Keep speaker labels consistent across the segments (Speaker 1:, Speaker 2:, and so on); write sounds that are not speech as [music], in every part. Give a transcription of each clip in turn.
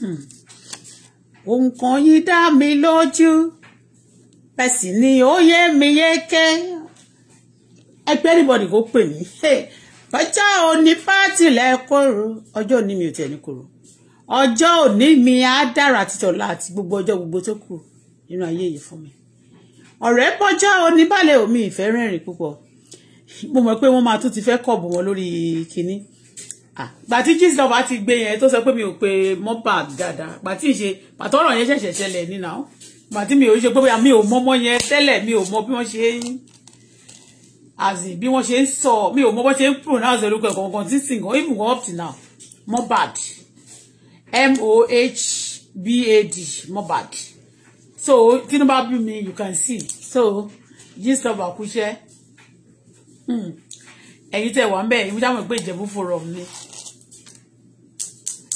Speaker 1: Hmm. ohun kan yìí dá mi lójú bẹ́ẹ̀ sì ni ó yé mi yéké ẹgbẹ́ anybody kò pè mí ọjọ́ òní fátìlẹ̀ kóró ọjọ́ òní mi ò tẹ̀ ní kóró ọjọ́ òní mi á dára títọ́lá àti gbogbo ọjọ́ gbogbo tó kù nínú ayé yìí fún mi ọ̀rẹ́ bọ́jọ́ oníbàlẹ̀ omi ìfẹ́ rẹ́rìn púpọ̀ mo mọ̀ pé wọ́n máa tún ti fẹ́ kọ̀bù wọn lórí kinní Ah. gbàtí jesus ọba ti gbé yẹn tó sọ pé mi ò pe Mohbad dáadáa gbàtí ìṣe pàtọ́rọ̀ yẹn ṣẹ̀ṣẹ̀ ṣẹlẹ̀ nínà ó gbàtí mi ò ṣe pé mi ò mọ́mọ́ yẹn tẹ́lẹ̀ mi ò mọ bí wọ́n ṣe ń àzì bí wọ́n ṣe ń sọ mi ò mọ bọ́ ṣe ń pronounce orúkọ ẹ̀ kọ̀ọ̀kan tí sìn gan even up till now Mohbad m-o-h-b-a-d Mohbad so tinubu bí mi you can see so jesus ọba kúṣẹ́ ẹ̀yin tẹ̀ wá ń bẹ̀ ẹ̀yin jáwọ́ pé Ìjẹ̀bú forum ni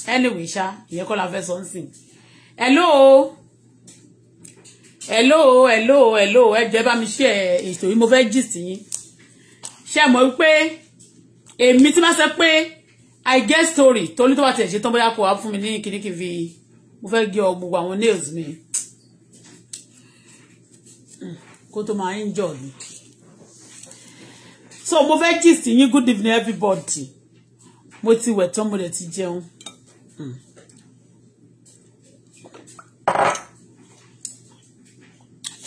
Speaker 1: anyway ṣá ìyẹn kọ́ la fẹ́ sọ ń hello hello hello hello ẹ jẹ́ bá mi ṣe ètò yìí mo fẹ́ jì sí yín ṣe mọ̀ wípé èmi tí máa sọ pé i get story torí tó bá tiẹ̀ ṣe tán bóyá kò wá fún mi ní kìnnìkìnnì mo fẹ́ gé ọ gbogbo àwọn nails mi kó tó máa ń jọ ni so mo fẹ́ gist yín good evening everybody mo ti wẹ̀ tán mo dẹ̀ ti jẹun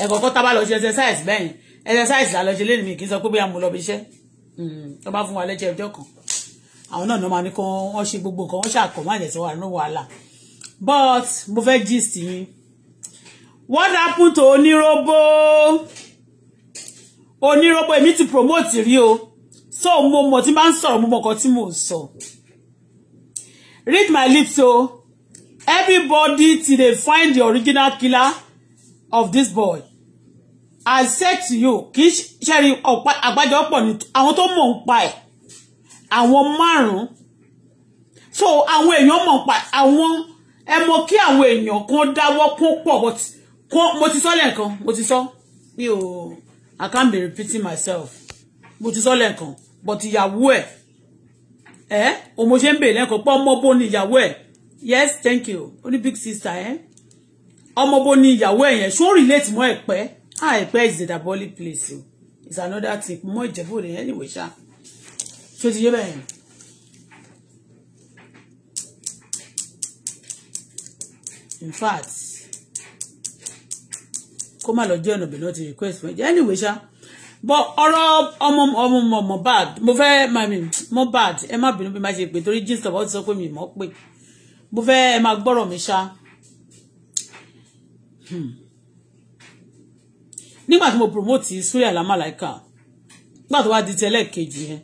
Speaker 1: ẹ̀kọ́kọ́ tá a bá lọ ṣe exercise bẹ́yìn exercise la lọ ṣe lẹ́nu mi kì í sọ pé bí a mú lọ bí iṣẹ́ hmm, tó bá fún wa lẹ́jẹ̀ ọjọ́ kan àwọn náà máa ní kó wọ́n ṣe gbogbo nǹkan wọ́n ṣàkọ́ má jẹ̀ sí wa ní wàhálà but mo fẹ́ gist yín what happen to oníróbó oníróbó èmi ti promote rí o so mo mọ̀ tí n bá ń sọ̀rọ̀ mo mọ̀ kan tí mò ń So read my lips so oh. everybody till they find the original killer of this boy I said to you kì í ṣẹ́rí àgbájọpọ̀ ní àwọn tó mọ̀ ń pa ẹ̀ àwọn márùn-ún so àwọn èèyàn mọ̀ ń pa àwọn ẹ mọ kí àwọn èèyàn kan dáwọ́ kún pọ̀ mo ti sọ lẹ́ẹ̀kan mo ti sọ mi ò I can't be repeating myself mo ti sọ lẹ́ẹ̀kan but ìyàwó ẹ̀ ẹ o mo ṣe ń bèèrè lẹ́kọ̀ọ́ pé ọmọ bo ni ìyàwó ẹ̀ yes thank you ó ní big sister ẹ ọmọ bo ni ìyàwó ẹ̀ yẹn ṣó relate mọ́ ẹ̀pẹ́ ah ẹ̀pẹ́ is a daboli place o is another thing mọ́ ìjẹ́bù rẹ̀ anyway ṣá ṣó ti yé bẹ́ẹ̀ yẹn. in fact kó má lọ jẹ́ ọ̀nà bẹ̀rẹ̀ lọ́ti request fún ẹ̀ anyway ṣá bọ ọ̀rọ̀ ọmọ ọmọ ọmọ Mohbad mo fẹ́ mami bad, ẹ má bínú bí má ṣe pé torí gist ọba ó ti sọ pé mi mọ̀ pé mo fẹ́ ẹ má gbọ́rọ̀ mi ṣá hmm. nígbà tí mo promote Suri Alama Laika nígbà tó wá di tẹ́lẹ̀ kejì yẹn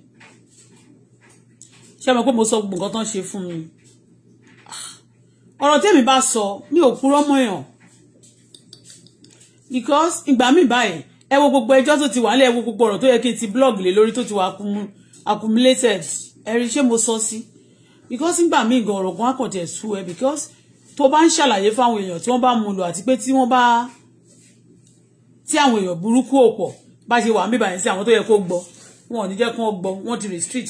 Speaker 1: ṣé mo pé mo sọ gbogbo nǹkan tó ń ṣe fún mi ọ̀rọ̀ tèmi bá sọ mi ò purọ́ mọ́ èèyàn because ìgbà mi báyìí ẹ wo gbogbo ẹjọ́ tó ti wà nílẹ̀ ẹ wo gbogbo ọ̀rọ̀ tó yẹ kí n ti blog lé lórí tó ti wà accumulated ẹ rí ṣé mo sọ sí because nígbà míì gan ọ̀rọ̀ kan á kàn tẹ̀ sú ẹ because tó bá ń ṣàlàyé fáwọn èèyàn tí wọ́n bá mú lò àti pé tí wọ́n bá tí àwọn èèyàn burúkú ò bá ṣe wà níbàyẹn sí àwọn tó yẹ kó gbọ́ wọn ò ní jẹ́ kó gbọ́ wọ́n ti restrict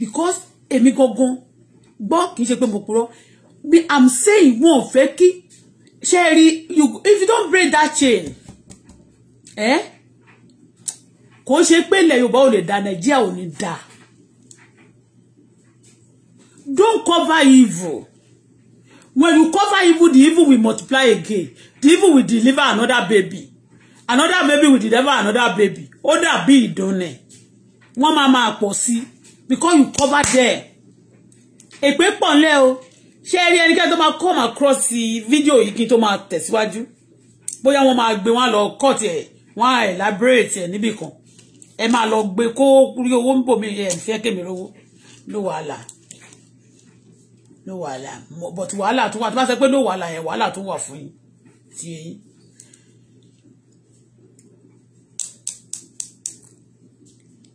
Speaker 1: because èmi gangan gbọ́ kì í ṣe pé mo purọ́ i'm saying wọn ò fẹ́ kí ṣe rí if you don't break that chain ẹ́ eh? kò ṣe pé ilẹ̀ Yorùbá ò lè da Nàìjíríà ò ní da don't cover evil when you cover evil the evil will multiply again the evil will deliver another baby another baby will deliver another baby ó be ìdánlẹ̀ wọ́n máa máa pọ̀ sí because you cover there. èpè pọ̀ ńlẹ̀ o ṣé ẹ rí ẹnikẹ́ni tó come across the video. yìí kí n tó máa tẹ̀síwájú bóyá wọ́n máa gbé wọn lọ kọ́ọ̀tì ẹ̀ wọ́n á elaborate ẹ̀ níbì kan ẹ máa lọ gbé kó rí owó ń bò mí ẹ̀ fẹ́ kémi rówó ló wàhálà ló wàhálà but wàhálà tó wà tó bá sọ pé ló wàhálà yẹn wàhálà tó wà fún yín ti yín.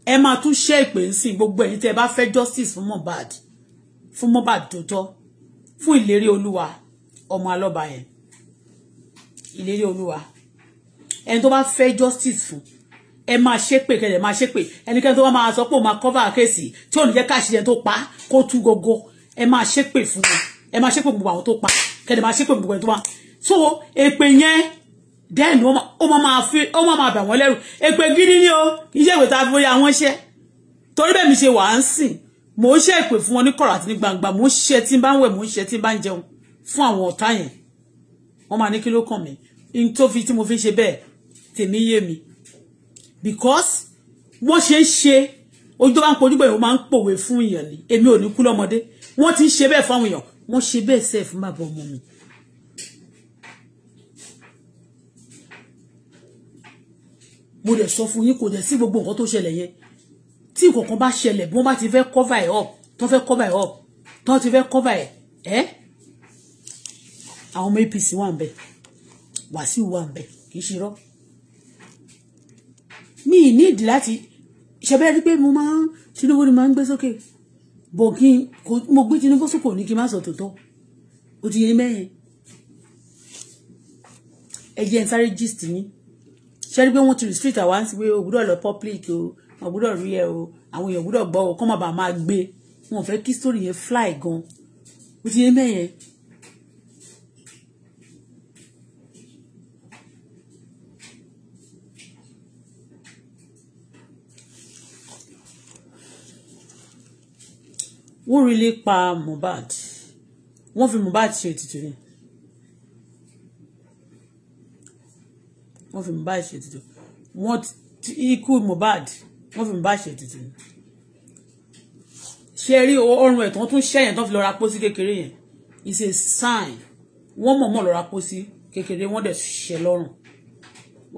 Speaker 1: ẹ máa tún ṣe ìpè ń sìn gbogbo ẹ̀yin tí ẹ bá fẹ́ justice fún Mohbad fún Mohbad tó tọ́ fún ìlérí olúwa ọmọ alọ́ba yẹn ìlérí olúwa ẹni tó bá fẹ́ justice fún ẹ máa ṣépè kẹlẹ̀ máa ṣépè ẹnikẹ́ni tó bá máa sọ pé ó máa cover àkẹ́sì tí ò ní jẹ́ káṣíṣe tó pa kó tú gogo ẹ máa ṣépè fún wọn ẹ máa ṣépè gbogbo àwọn tó pa kẹlẹ̀ máa ṣépè gbogbo ẹni tó bá so èpè yẹn then ó máa máa fi ó máa máa bà wọ́n lẹ́rù èpè gidi ni o kì í ṣe ìwé tá a fi bóyá wọ́n ṣẹ́ torí bẹ́ẹ̀ mi ṣe wà á ń sìn mò ń ṣe èpè fún wọn ní kọ̀rọ̀ àti ní gbangba mò ń ṣe tí n bá ń wẹ̀ mò ń ṣe tí n bá ń jẹun fún àwọn ọ̀tá yẹn wọ́n máa ní kí ló kàn mí n tó fi tí mo fi ṣe bẹ́ẹ̀ tèmi yé mi because wọ́n ṣe ń ṣe ojú bá ń pojú bẹ́ẹ̀ wọ́n máa ń pòwe fún èèyàn ni èmi ò ní kú lọ́mọdé wọ́n ti ń ṣe bẹ́ẹ̀ fáwọn èèyàn wọ́n ṣe bẹ́ẹ̀ sẹ́ẹ̀ fún bàbá ọmọ mi. mo dẹ̀ sọ fún yín kò dẹ̀ sí gbogbo nǹkan tó ṣẹlẹ̀ yẹn tí nǹkan bá ṣẹlẹ̀ bí wọ́n bá ti fẹ́ cover ẹ̀ up tó fẹ́ cover ẹ̀ up tó ti fẹ́ cover ẹ̀ ẹ́ àwọn ọmọ APC wà ń bẹ̀ Wàsíù wà ń bẹ̀ kì í ṣe irọ́ mi ì ní ìdí láti ṣẹbẹ́ rí pé mo máa ń Tinubu ni máa ń gbé sókè bò kí n mo gbé Tinubu sókò ní kí n má sọ tòótọ́ ó ti yẹ mẹ́yẹn ẹ jẹ́ ń sáré gist yín ṣe rí pé wọ́n ti restrict àwa ń sì pé ògbúdọ̀ lọ public o ògbúdọ̀ rí ẹ o àwọn èèyàn ògbúdọ̀ gbọ́ o kọ́ má bàa máa gbé wọn ò fẹ́ kí story yẹn fly gan ó ti yẹ mẹ́yẹn wọ́n rílé pa Mohbad wọ́n fi Mohbad ṣe ètùtù ni wọ́n fi Mohbad ṣe ètùtù wọ́n ikú Mohbad wọ́n fi Mohbad ṣe ètùtù ni ṣe rí ọrùn ẹ̀ tó tún ṣẹ̀yìn tó fi lọ́ra pósí kékeré yẹn is a sign wọ́n mọ̀ọ́mọ̀ lọ́ra pósí kékeré wọ́n dẹ̀ ṣẹ̀ lọ́rùn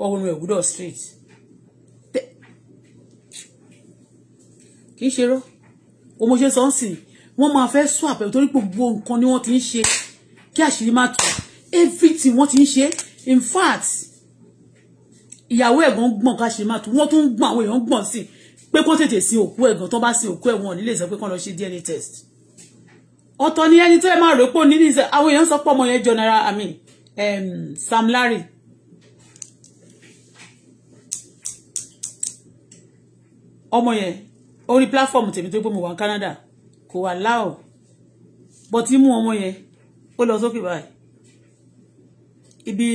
Speaker 1: ọrùn ẹ̀ gbúdọ̀ straight kì í ṣe rọ́ o mo ṣe sọ ń sìn wọ́n máa fẹ́ sọ àpẹẹrẹ torí gbogbo nǹkan ni wọ́n ti ń ṣe kí àṣírí má tù everything wọ́n ti ń ṣe in fact ìyàwó ẹ̀gbọ́n gbọ̀n káṣírí má tù wọ́n tún gbọ̀n àwọn èèyàn gbọ̀n sí pé kó tètè sin òkú ẹ̀gbọ́n tó bá sin òkú ẹ̀wọ̀n nílé sọ pé kán lọ ṣe DNA test ọ̀tọ̀ ni ẹni tó ẹ máa rò pé òní ní àwọn èèyàn sọ pé ọmọ general jọ náírà àmì Sam Larry ọmọ yẹn orí platform tèmi tó pé mo wà ní Canada kò wà láò bọ́ tí mú ọmọ yẹn ó lọ sókè báyìí ibi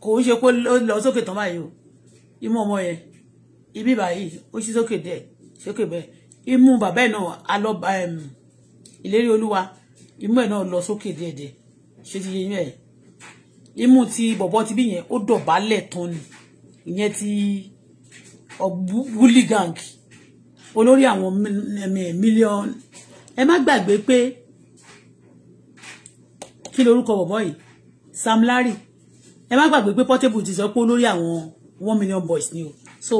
Speaker 1: kò ń ṣe kó lọ sókè tán báyìí o imú ọmọ yẹn ibi báyìí ó ṣí sókè dẹ sókè bẹ́ẹ̀ imú bàbá ẹ̀ náà alọ́ba ìlérí olúwa imú ẹ̀ náà lọ sókè díẹ̀díẹ̀ ṣé ti yẹ yín imú ti bọ̀bọ̀ ti bí yẹn ó dọ̀bálẹ̀ tán ni ìyẹn ti ọ̀bùbùlì gàǹkì olórí àwọn mílíọ̀nù ẹ má gbàgbé pé kí lorúkọ bọ̀bọ̀ yìí Sam Larry ẹ má gbàgbé pé Portable ti sọ pé olórí àwọn one million boys ni o so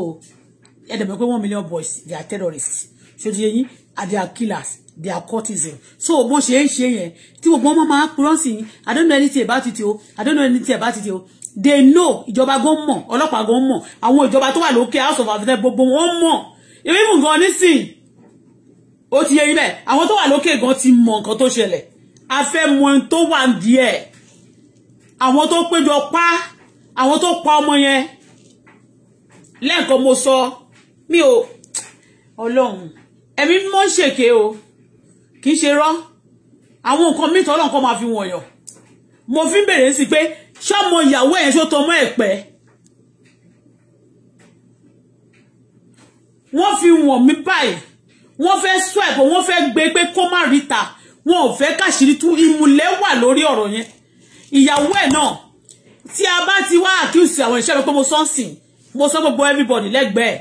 Speaker 1: ẹ dẹ̀ mọ̀ pé one million boys they are terrorists So, ti yẹ yín and they are killers they are courtesan so bó ṣe é ṣe yẹn tí gbogbo ọmọ máa purọ́ sí i I don't know anything about it o I don't know anything about it o they know ìjọba gan mọ̀ ọlọ́pàá gan mọ̀ àwọn ìjọba tó wà lókè house of affairs gbogbo wọn mọ̀ even gan nísìn ó ti yẹ yín bẹ́ẹ̀ àwọn tó wà lókè gan ti mọ nǹkan tó ṣẹlẹ̀ a fẹ́ mọ ohun tó wà ń di ẹ̀ àwọn tó péjọ pa àwọn tó pa ọmọ yẹn lẹ́ẹ̀kan mo sọ mi ò ọlọ́run ẹ̀mí mọ́ ṣèké o kì í ṣe rọ́ àwọn nǹkan mìtọ́ ọlọ́run kan máa fi wọ̀nyàn mo fi ń bèrè sí pé ṣọ́mọ ìyàwó ẹ̀yẹn ṣó tọmọ ẹ̀ pẹ́ wọ́n fi wọ̀n mí báyìí wọ́n fẹ́ swipe wọ́n fẹ́ gbé pé kó má ríta wọn ò fẹ́ káṣírí tú ìmùlẹ̀ wà lórí ọ̀rọ̀ yẹn ìyàwó ẹ̀ náà tí a bá ti wá àkíyèsí àwọn ìṣẹ́ mi pé mo sọ ń sìn mo sọ gbogbo everybody lẹ́gbẹ̀ẹ́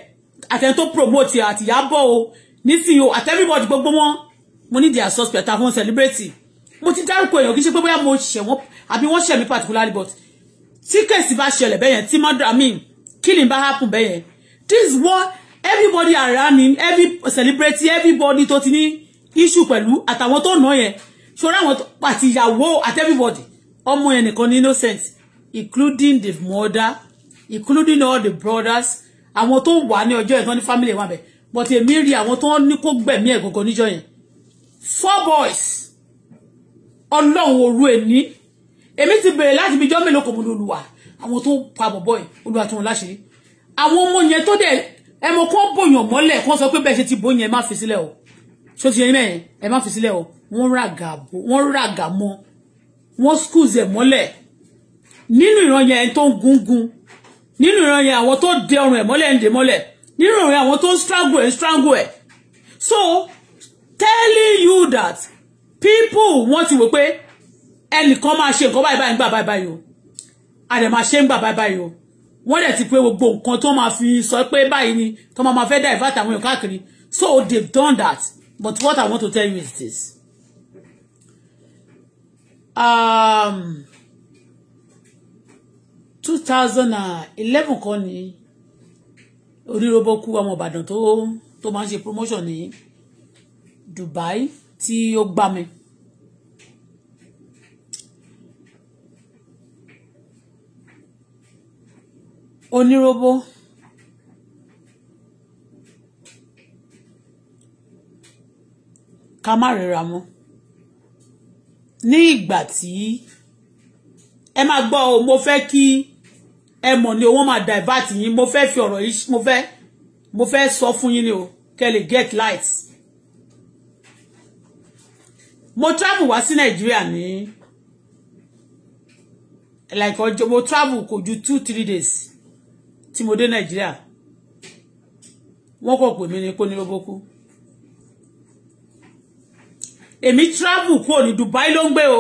Speaker 1: àtẹni tó promote àtìyábọ̀ o nísìnyí o àti everybody gbogbo wọn mo ní their suspect àwọn celebrity mo ti dárúkọ èèyàn kì í ṣe pé bóyá mo ṣẹ̀ wọ́n àbí wọ́n ṣẹ̀ mí particularly but tí kẹ̀sì bá ṣẹlẹ̀ bẹ́yẹn tí mọ́dà mi killing bá happen bẹ́yẹn this is what everybody around me every celebrity everybody tó ti ní issue pẹ̀lú àtàwọn tó nà yẹn ṣọ́ra àwọn àti ìyàwó àti everybody ọmọ yẹn nìkan ní innocent including the mother including all the brothers àwọn tó wà ní ọjọ́ yẹn tó ní family wọn bẹ̀ but èmi rí àwọn tó ní kó gbẹ̀mí ẹ̀ gọ́gọ́ níjọ́ yẹn four boys ọlọ́run òru èní èmi ti bèrè láti bíjọ́ mélòó kò mú lulùwà àwọn tó pa bọ̀bọ̀ yìí olùwà tó wọn láṣìírí àwọn ọmọ yẹn tó dẹ̀ ẹ mọ̀ kó bòyàn mọ́lẹ̀ kó sọ pé bẹ́ẹ̀ ṣe ti bòyàn ẹ má fi sílẹ̀ o ṣó ti yẹ mẹ́rin ẹ má fi sílẹ̀ o wọ́n ràgà wọ́n ràgà mọ́ wọ́n schools ẹ̀ mọ́lẹ̀ nínú ìran yẹn ẹni tó ń gungun nínú ìran yẹn àwọn tó dè ọrùn ẹ̀ mọ́lẹ̀ ń dè mọ́lẹ̀ nínú ìran yẹn àwọn tó ń strangle ẹ̀ strangle ẹ̀ so telling you that people wọ́n ti wò pé ẹnìkan máa ṣe nǹkan báyìí báyìí ń gbà báyìí báyìí o àdèmàṣe ń gbà báyìí báyìí o wọ́n dẹ̀ ti pé gbogbo nǹkan tó máa fi sọ pé báyìí ni tó máa fẹ́ divert àwọn èèyàn káàkiri so they done that but what I want to tell you is this. Um, 2011 kan ni oníróbó kú ọmọ Ìbàdàn tó tó máa ń ṣe promotion ní Dubai tí ó gbá mi oníróbó ká má ríra mọ́ ní ìgbà tí ẹ máa gbọ́ o mo fẹ́ kí ẹ mọ̀ ni o máa divert yín mo fẹ́ fi ọ̀rọ̀ yìí mo fẹ́ mo fẹ́ sọ fún yín ni o kẹ́ lè get light mo travel wá sí Nàìjíríà ní like ọjọ́ mo travel kò ju two three days tí mo dé nàìjíríà wọ́n kò pè mí ní kó èmi travel kúrò ní Dubai ló ń gbé o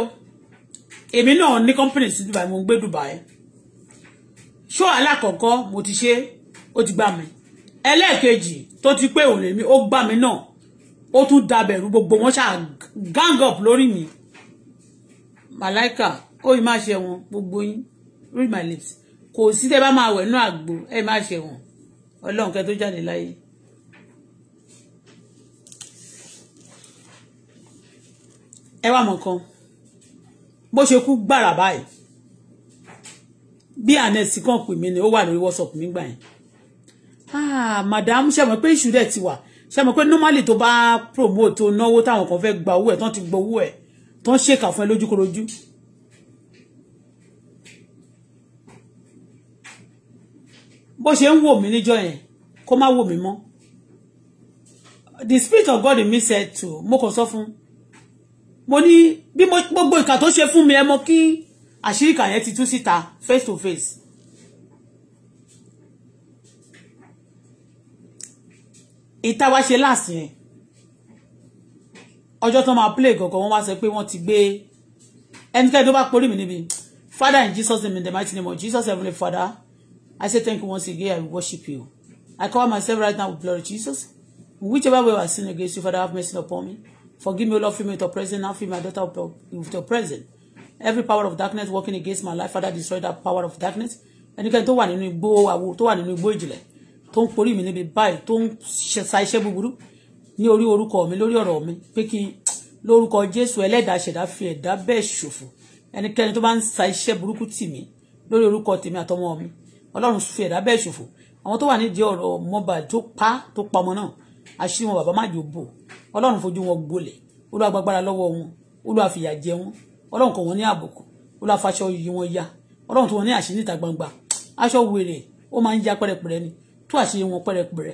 Speaker 1: èmi náà ní company sí Dubai mo ń gbé Dubai ṣó alákọ̀ọ́kọ́ mo ti ṣe ó ti gbà mí ẹlẹ́ẹ̀kejì tó ti pé òun lèmi ó gbà mí náà ó tún dabẹ̀rù gbogbo wọn ṣáà gang up lórí mi màláìkà ó yìí má ṣe wọn gbogbo yín read my lips kò sí tẹ́ bá máa wẹ̀ nínú àgbo ẹ má ṣẹ̀wọ̀n ọlọ́run kẹ́ tó jáde láyé. ẹ wá mọ̀ kan bó ṣe kú gbàrà báyìí bí ànẹ́sì kan pè mí ni ó wà lórí WhatsApp nígbà yẹn ah madam ṣe mọ̀ pé ìṣúrẹ̀ ti wà ṣe mọ̀ pé normally tó bá promote tó náwó táwọn kan fẹ́ gba owó ẹ̀ tán ti gbowó ẹ̀ tán ṣèkà fún ẹ lójúkorojú. bó ṣe ń wò mí níjọ́ yẹn kó má wò mí mọ́ the spirit of God in me said to mo kàn sọ fún mo ní bí mo gbogbo ìkà tó ṣe fún mi ẹ mọ kí àṣírí ìkà yẹn ti tú síta face to face. ìta wá ṣe láàsì yẹn ọjọ́ tó máa play gọ̀gọ̀ wọ́n wá sọ pé wọ́n ti gbé ẹnikẹ́ni tó bá porí mi níbi Father in Jesus name in the mighty name of Jesus heavenly Father. I say thank you once again. I worship you. I call myself right now with glory, Jesus. Whichever way I sin against you, Father, have mercy upon me. Forgive me, Lord, fill me with your presence. Now fill my daughter with your presence. Every power of darkness working against my life, Father, destroy that power of darkness. Ẹnikẹ́ni tó wà nínú igbó àwo tó wà nínú igbó ìjìnlẹ̀ tó ń porí mi níbi báyìí tó ń sa iṣẹ́ búburú ní orí orúkọ mi lórí ọ̀rọ̀ mi pé kí lórúkọ Jésù ẹlẹ́dàá ṣẹ̀dá fi ẹ̀dá bẹ́ẹ̀ ṣòfò ẹnikẹ́ni tó bá ń sa iṣẹ́ burúkú tì mí lórí orúkọ tèmi atomo mi ọlọ́run fi ẹ̀dá bẹ́ẹ̀ ṣòfò àwọn tó wà nídìí ọ̀rọ̀ Mohbad tó pa tó pa ọmọ náà àṣírí wọn bàbá má jò bò ọlọ́run fojú wọn gbolẹ̀ Olúwa gbàgbára lọ́wọ́ wọn Olúwa fìyà jẹ wọn ọlọ́run kò wọn ní àbùkù Olúwa faṣọ yí wọn ya ọlọ́run tó wọn ní àṣírí níta gbangba aṣọ wèrè ó máa ń ya pẹ́rẹpẹ́rẹ ni tó àṣírí wọn pẹ́rẹpẹ́rẹ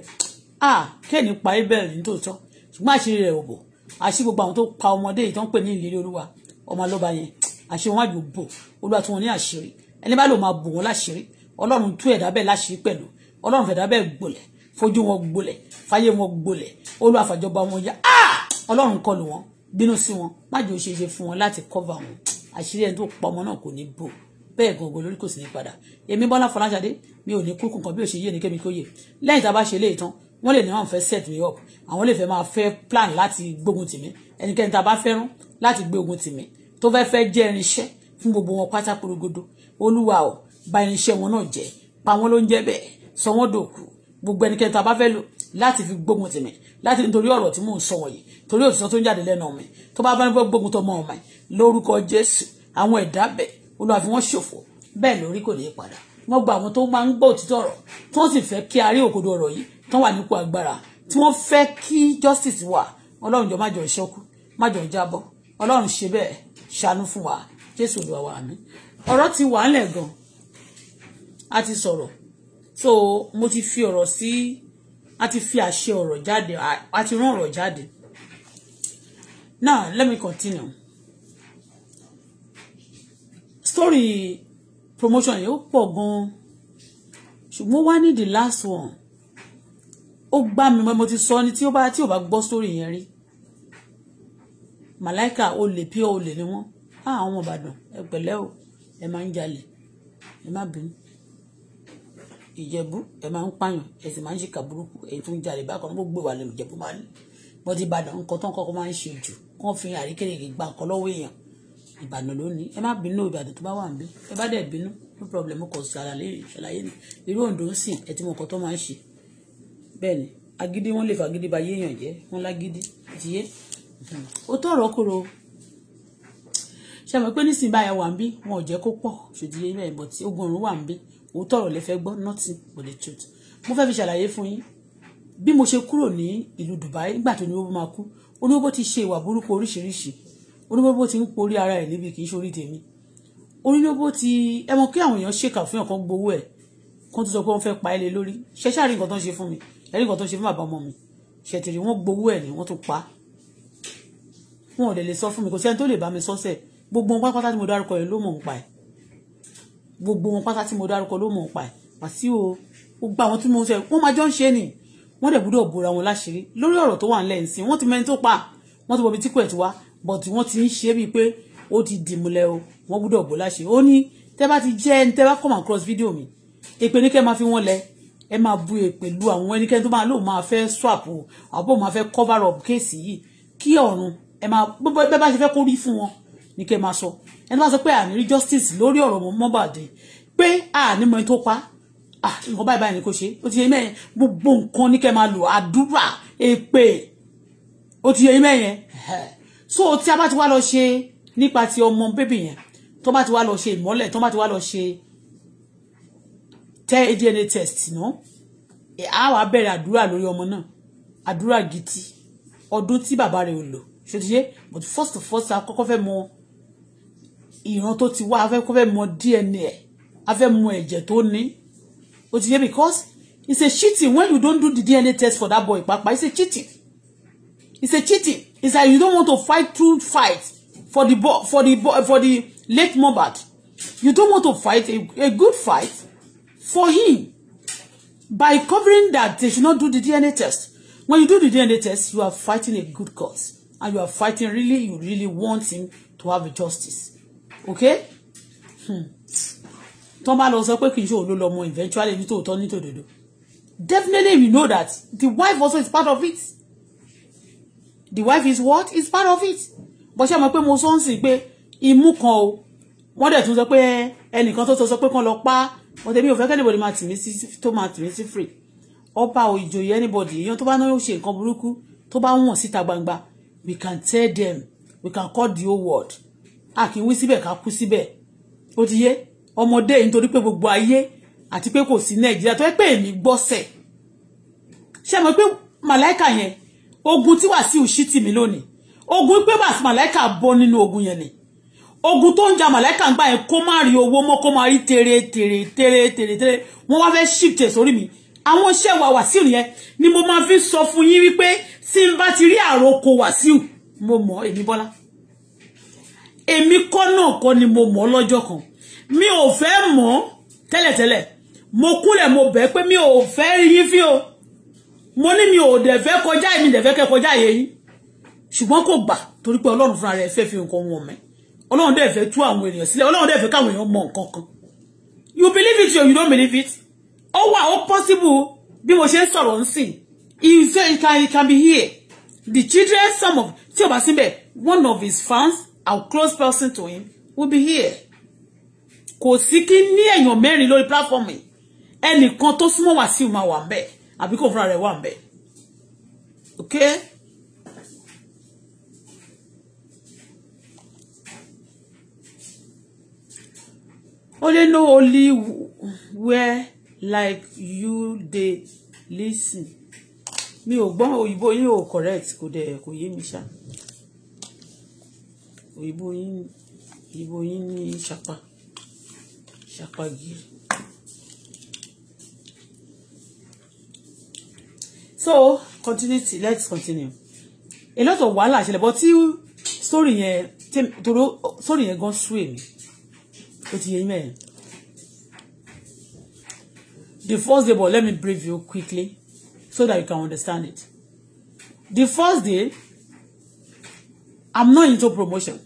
Speaker 1: ah kéènì pa abel nítòótọ́ ṣùgbọ́n àṣírí rẹ̀ ò bò àṣírí gbogbo àwọn tó pa ọmọdé yìí tó ń pè ní ìlérí Olúwa ọmọ alọ́ba yẹn àṣírí wọn àjò bò Olúwa tó ọlọ́run tú ẹ̀dá bẹ́ẹ̀ láṣìí pẹ̀lú ọlọ́run fẹ̀dá bẹ́ẹ̀ gbolẹ̀ fojú wọn gbolẹ̀ fáyé wọn gbolẹ̀ olúwàfàjọba wọn yá ah! ọlọ́run kọlù wọn bínú sí wọn májò ṣe ṣe fún wọn láti cover wọn àṣírí ẹni tó pa ọmọ náà kò ní bò bẹ́ẹ̀ gangan lórí kò sì ní padà èmi bọ́lá fọláṣadé mi ò ní kúkú kan bí ò ṣe yé ni kémi kó yè lẹ́yìn tá a bá ṣe léè tán wọ́n lè ní àwọn fẹ́ set me up àwọn lè fẹ́ máa fẹ́ plan láti gbógun tì mí ẹnikẹ́ni tá a bá fẹ́ràn láti gbógun tì mí tó fẹ́ fẹ́ jẹ́ irinṣẹ́ fún gbogbo wọn pátákó rogodo olúwa o ba irinṣẹ́ wọn náà jẹ́ pa wọ́n ló ń jẹ́ bẹ́ẹ̀ sọ wọ́n dòkú gbogbo ẹnikẹ́ni tá a bá fẹ́ lò láti fi gbógun tèmi láti nítorí ọ̀rọ̀ tí mò ń sọ wọ̀nyí torí òtítọ́ tó ń jáde lẹ́nu mi tó bá bá ní fẹ́ gbógun tó mọ ọmọ yìí lórúkọ Jésù àwọn ẹ̀dá bẹ̀ Olúwa fi ṣòfò bẹ́ẹ̀ lórí kò ní í padà wọ́n gba àwọn tó máa ń gbọ́ òtítọ́ ọ̀rọ̀ tó sì fẹ́ kí a rí òkodo ọ̀rọ̀ yìí tó wà nípò agbára tí wọ́n fẹ́ kí justice wà Ọlọ́run jọ má jọ ìṣọ́kù má jọ ìjábọ̀ Ọlọ́run ṣe bẹ́ẹ̀ ṣàánú fún wa Jésù Olúwa wa àmín ọ̀rọ̀ ti wà ńlẹ̀ gan-an a ti sọ̀rọ̀ so mo ti fi ọ̀rọ̀ sí a ti fi àṣẹ ọ̀rọ̀ jáde a ti rán ọ̀rọ̀ jáde now let me continue story promotion yìí ó pọ̀ gan-an ṣùgbọ́n wá ní the last one ó gbá mi mo ti sọ ni tí ó bá tí ò bá gbọ́ story yẹn rí màláìka olè pure olè ni wọ́n àwọn ọmọ Ìbàdàn ẹ pẹ̀lẹ́ o ẹ máa ń jalè ẹ má bínú ìjẹ̀bú ẹ máa ń pààyàn ẹ sì máa ń ṣìkà burúkú ẹ tún jalè bákan náà gbogbo ìwà lè ìjẹ̀bú máa ní wọ́n ti bàdàn nǹkan tó ń kọ́kọ́ máa ń ṣe jù wọ́n fi àríkèrèkè gba nǹkan lọ́wọ́ èèyàn ìbàdàn lónìí ẹ má bínú ìbàdàn tó bá wà níbí ẹ bá dẹ̀ bínú no problem kò ṣàlàyé ṣàlàyé ni irú òǹdó ń sìn ẹ ti mọ nǹkan tó máa ń ṣe bẹ́ẹ̀ ni ba yéèyàn jẹ́ wọ́n lágídí tiyé ó tọ̀rọ̀ kúrò ṣe mọ̀ pé nísìnyí báyà wà ń bí wọn ò òótọ́ ọ̀rọ̀ lè fẹ́ gbọ́ nothing but the truth mo fẹ́ fi ṣàlàyé fún yín bí mo ṣe kúrò ní ìlú Dubai nígbà tó ní owó máa kú oníwó ti ṣe ìwà burúkú oríṣiríṣi oníwó ti ń porí ara ẹ̀ níbi kì í ṣorí tèmi oníwó ti ẹ mọ̀ kí àwọn èèyàn ṣèkà fún ọ̀kan gbowó ẹ̀ kan tó sọ pé wọ́n fẹ́ pa ẹ́ lé lórí ṣe ṣáàrin nǹkan tó ń ṣe fún mi ẹ̀rí nǹkan tó ń ṣe fún bàbá ọmọ mi ṣètìrì wọ́n gbowó ẹ̀ ni wọ́n tún pa wọn ò dẹ̀ lè sọ fún mi kò sẹ́ni tó lè bá mi sọ́sẹ̀ gbogbo pátápátá tí mo dárúkọ yẹn ló mọ̀ ń pa ẹ̀ gbogbo wọn pátá tí mo dárúkọ ló mọ̀ ọ́ pa ẹ̀ Wàsíù ó gbà wọn tí mo ń sọ wọ́n máa jọ ń ṣe ni wọ́n dẹ̀ gbúdọ̀ bora wọn láṣìírí lórí ọ̀rọ̀ tó wà ńlẹ̀ ń sìn wọ́n ti mẹ́ni tó pa wọ́n ti wọ́n bí tíkù ẹ̀ ti wá bọ̀tí wọ́n ti ń ṣe bíi pé ó ti dìmúlẹ̀ o wọ́n gbúdọ̀ bò láṣìírí ó ní tẹ́ bá ti jẹ́ ẹni tẹ́ bá come across fídíò mi èpè ní kẹ́ máa fi wọ́n lẹ̀ ẹ máa bu èpè lu àwọn ẹnikẹ́ni tó máa lò máa fẹ́ swap àbọ̀ máa fẹ́ cover up kéèsì yìí kí ọ̀run ẹ máa bẹ́ẹ̀ bá ṣe fẹ́ kó rí fún wọn ní kẹ́ máa sọ ẹni bá sọ pé àní rí justice lórí ọ̀rọ̀ Mohbad pé àní mọ ẹni tó pa nǹkan báyìí báyìí ni kò ṣe ó ti yẹ mẹ́yẹn gbogbo nǹkan ní kẹ́ máa lò àdúrà èpè ó ti yẹ mẹ́yẹn so tí a bá ti wá lọ ṣe nípa ti ọmọ bébì yẹn tó bá ti wá lọ ṣe ìmọ́lẹ̀ tó bá ti wá lọ ṣe tẹ́ DNA test náà a wá bẹ̀rẹ̀ àdúrà lórí ọmọ náà àdúrà gidi ọdún tí bàbá rẹ̀ ò lò ṣe ti ṣe but first of all sa kọ́kọ́ fẹ́ mọ ìran tó ti wá a kó fẹ́ mọ DNA ẹ̀ a mọ ẹ̀jẹ̀ tó ní o ti yé because it's a cheating when you don't do the DNA test for that boy papa it's a cheating it's a cheating it's like you don't want to fight true fight for the bo for the bo for the late Mohbad you don't want to fight a, a good fight for him by covering that they should not do the DNA test when you do the DNA test you are fighting a good cause and you are fighting really you really want him to have a justice okay hmm. tó bá lọ sọ pé kì í ṣe òun ló lọ mọ eventually ní tòótọ́ ní tòdodo definitely we know that the wife also is part of it the wife is what is part of it bó ṣe mọ̀ pé mo sọ ń sìn pé imú kan o wọ́n dẹ̀ tún sọ pé ẹnìkan tó sọ pé kán lọ pa wọ́n tẹ̀mí òfẹ́ kẹ́nìbọ̀dì máa tì mí sí tó máa tì mí sí free ọba ò ìjòyè ẹnìbọ̀dì èèyàn tó bá náà ṣe nǹkan burúkú tó bá wọ̀n síta gbangba we can tell them we can call the whole world a kì í wí síbẹ̀ ká kú síbẹ̀ ó ti yé ọmọdé yìí nítorí pé gbogbo ayé àti pé kò sí nàìjíríà tó yẹ pé èmi gbọ́sẹ̀ ṣe mọ̀ pé màláìka yẹn ogun tí Wàsíù ṣí tì mí lónìí ogun pé wàsí màláìka bọ́ nínú ogun yẹn ni ogun tó ń ja màláìka ń gbà yẹn kó má rí owó mọ́ kó má rí tere tere tere tere tere wọ́n wá fẹ́ shift sórí mi àwọn iṣẹ́ wa Wàsíù yẹn ni mo máa fi sọ fún yín wípé tí n bá ti rí àròkọ Wàsíù mo mọ̀ èmi Bọ́lá èmi kọ́ náà kọ́ ni mo mọ̀ lọ́jọ́ kan mi ò fẹ́ mọ̀ tẹ́lẹ̀tẹ́lẹ̀ mo kúnlẹ̀ mo bẹ̀ pé mi ò fẹ́ yín fí o mo ní mi ò dẹ̀ fẹ́ kọjá èmi dẹ̀ fẹ́ kẹ́ kọjá yẹ yín ṣùgbọ́n kò gbà torí pé ọlọ́run fúnra rẹ̀ fẹ́ fi nǹkan wọn mẹ́ ọlọ́run dẹ̀ fẹ́ tú àwọn ènìyàn sílẹ̀ ọlọ́run dẹ̀ fẹ́ káwọn èèyàn mọ̀ nǹkan kan you believe it or you don't believe it ó wà ó possible bí mo ṣe ń sọ̀rọ̀ ń can it can be here the children some of tí o bá síbẹ̀ one of his fans our close person to him will be here kò sí kí ní èèyàn mẹ́rin lórí platform yìí ẹnìkan tó súnmọ́ Wàsíù máa wà ń bẹ̀ àbí kò fúnra rẹ̀ wà ń bẹ̀ okay. only know only where like you dey listen mi ò gbọ́n òyìnbó yín ò correct kò dẹ̀ kò yé mi ṣá òyìnbó yín òyìnbó yín ní ṣapa ṣapa gírì. so continue let's continue a lot of wàhálà ṣẹlẹ̀ but tí story yẹn toro story yẹn gan sú èmi ó ti yẹ yín mẹ́rin the first day but let me brief you quickly so that you can understand it the first day i'm not into promotion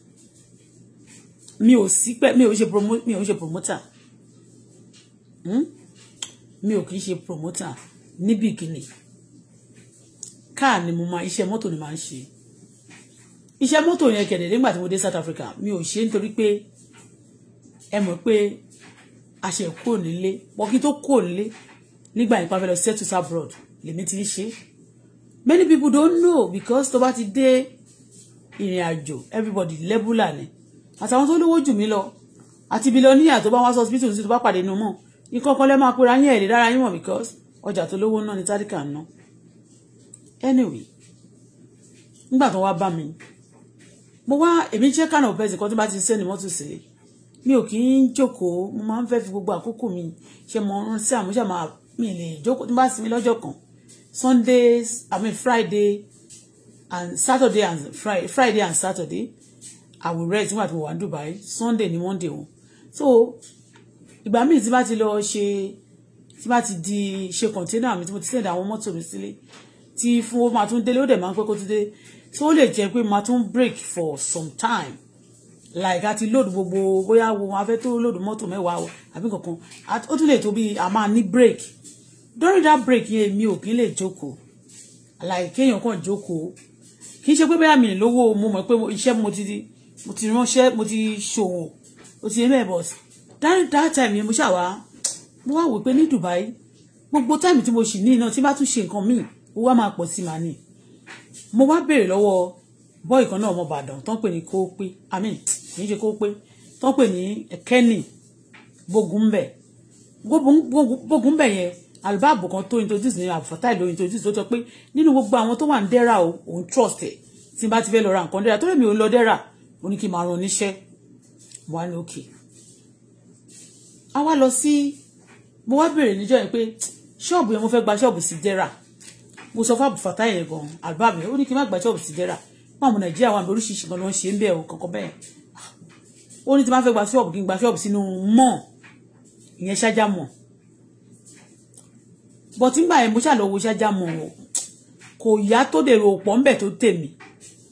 Speaker 1: mi ò sí pé mi ò ṣe promoter hmm? mi ò ṣe promoter mi ò kì í ṣe promoter níbi ìkíni káà ni mo máa iṣẹ́ mọ́tò ni máa ń ṣe iṣẹ́ mọ́tò yẹn kẹ̀dẹ̀ nígbà tí mo dé South Africa mi ò ṣe nítorí pé ẹ mọ̀ pé àṣẹ kò nílé wọ́kí tó kò nílé nígbà yìí pàfẹ́ lọ settle abroad lèmi ti ń ṣe many people don't know because tó bá ti dé ìrìn àjò everybody lẹ́bùlà ni àtàwọn tó lówó jù mí lọ àti bilọ́níyà tó bá wá sọ hospital tó bá pàdé inú mọ̀ nǹkan kan lẹ́ máa pera yín ẹ̀rí dára yín mọ̀ because ọjà tó lówó náà ni tádìkà ń ná anyway nígbà tó wá bá mi mo wá èmi jẹ́ kànáà bẹ́ẹ̀ sì kan tó bá ti sẹ́ni mọ́tò sí mi ò kì í jókòó mo máa ń fẹ́ fi gbogbo àkókò mi ṣe mọ ọrùn sí àmúṣàmá mi lè jókòó tó bá sinmi lọ́jọ́ kan Sundays I mean Friday and Saturday and Friday Friday and Saturday I will rest nígbà tí mo wà ní Dubai Sunday ni Monday wọn so ìgbà míì tí bá ti lọ ṣe tí bá ti di ṣe container mi tí mo ti send àwọn mọ́tò mi sílé tí fún ó máa tún délé ó dẹ̀ máa ń pẹ́ kó tún dé so ó lè jẹ́ pé máa tún break for some time like a ti load gbogbo bóyá wo wọn a fẹ́ tó load mọ́tò mẹ́wàá o àbí kankan ó tún lè tó bí a máa ní break during that break yẹn mi ò kí lè jókòó like kéèyàn kàn jókòó kì í ṣe pé bẹ́ẹ̀ mi lówó mo mọ̀ pé iṣẹ́ mo ti mo ti ránṣẹ́ mo ti ṣòwò o ti yé mẹ́ẹ̀ bọ̀ sí that time yẹn mo ṣàwá mo wá wò pé ní Dubai gbogbo time tí mo ṣì ní iná tí bá tún ṣe nǹkan míì ó wá máa pọ̀ sí màá nì mo wá béèrè lọ́wọ́ bọ́ọ̀ ìkan náà ọmọ Ìbàdàn tó ń pè ní Kóópé àmì kì í ṣe Kóópé tó ń pè ní Kenny Bógúnbẹ̀ Bógúnbẹ̀ yẹn àlùbáàbò kan tó introduce ní àbùfátà ìlú introduce tó sọ pé nínú gbogbo àwọn tó wà ní dẹ́ra o òun trust ẹ̀ tí n bá ti fẹ́ lọ ra nǹkan dẹ́ra tó lè mi ò ń lọ dẹ́ra mo ní kí n máa ran oníṣẹ́ wà ní òkè. a wá lọ sí mo wá bèrè níjọ́ yẹn pé ṣọ́ọ̀bù yẹn mo fẹ́ gba ṣọ́ọ̀bù sí dẹ́ra mo sọ fún àbùfátà yẹn gan àlùbáàbò ó ní kí n má gba ṣọ́ọ̀bù sí dẹ́ra fún àwọn nàìjíríà wà ń ṣe ń but nígbà yẹn mo ṣáà lọ wo ṣájà mọ kò yá tó dèrò pọ̀ ńbẹ̀ tó tèmi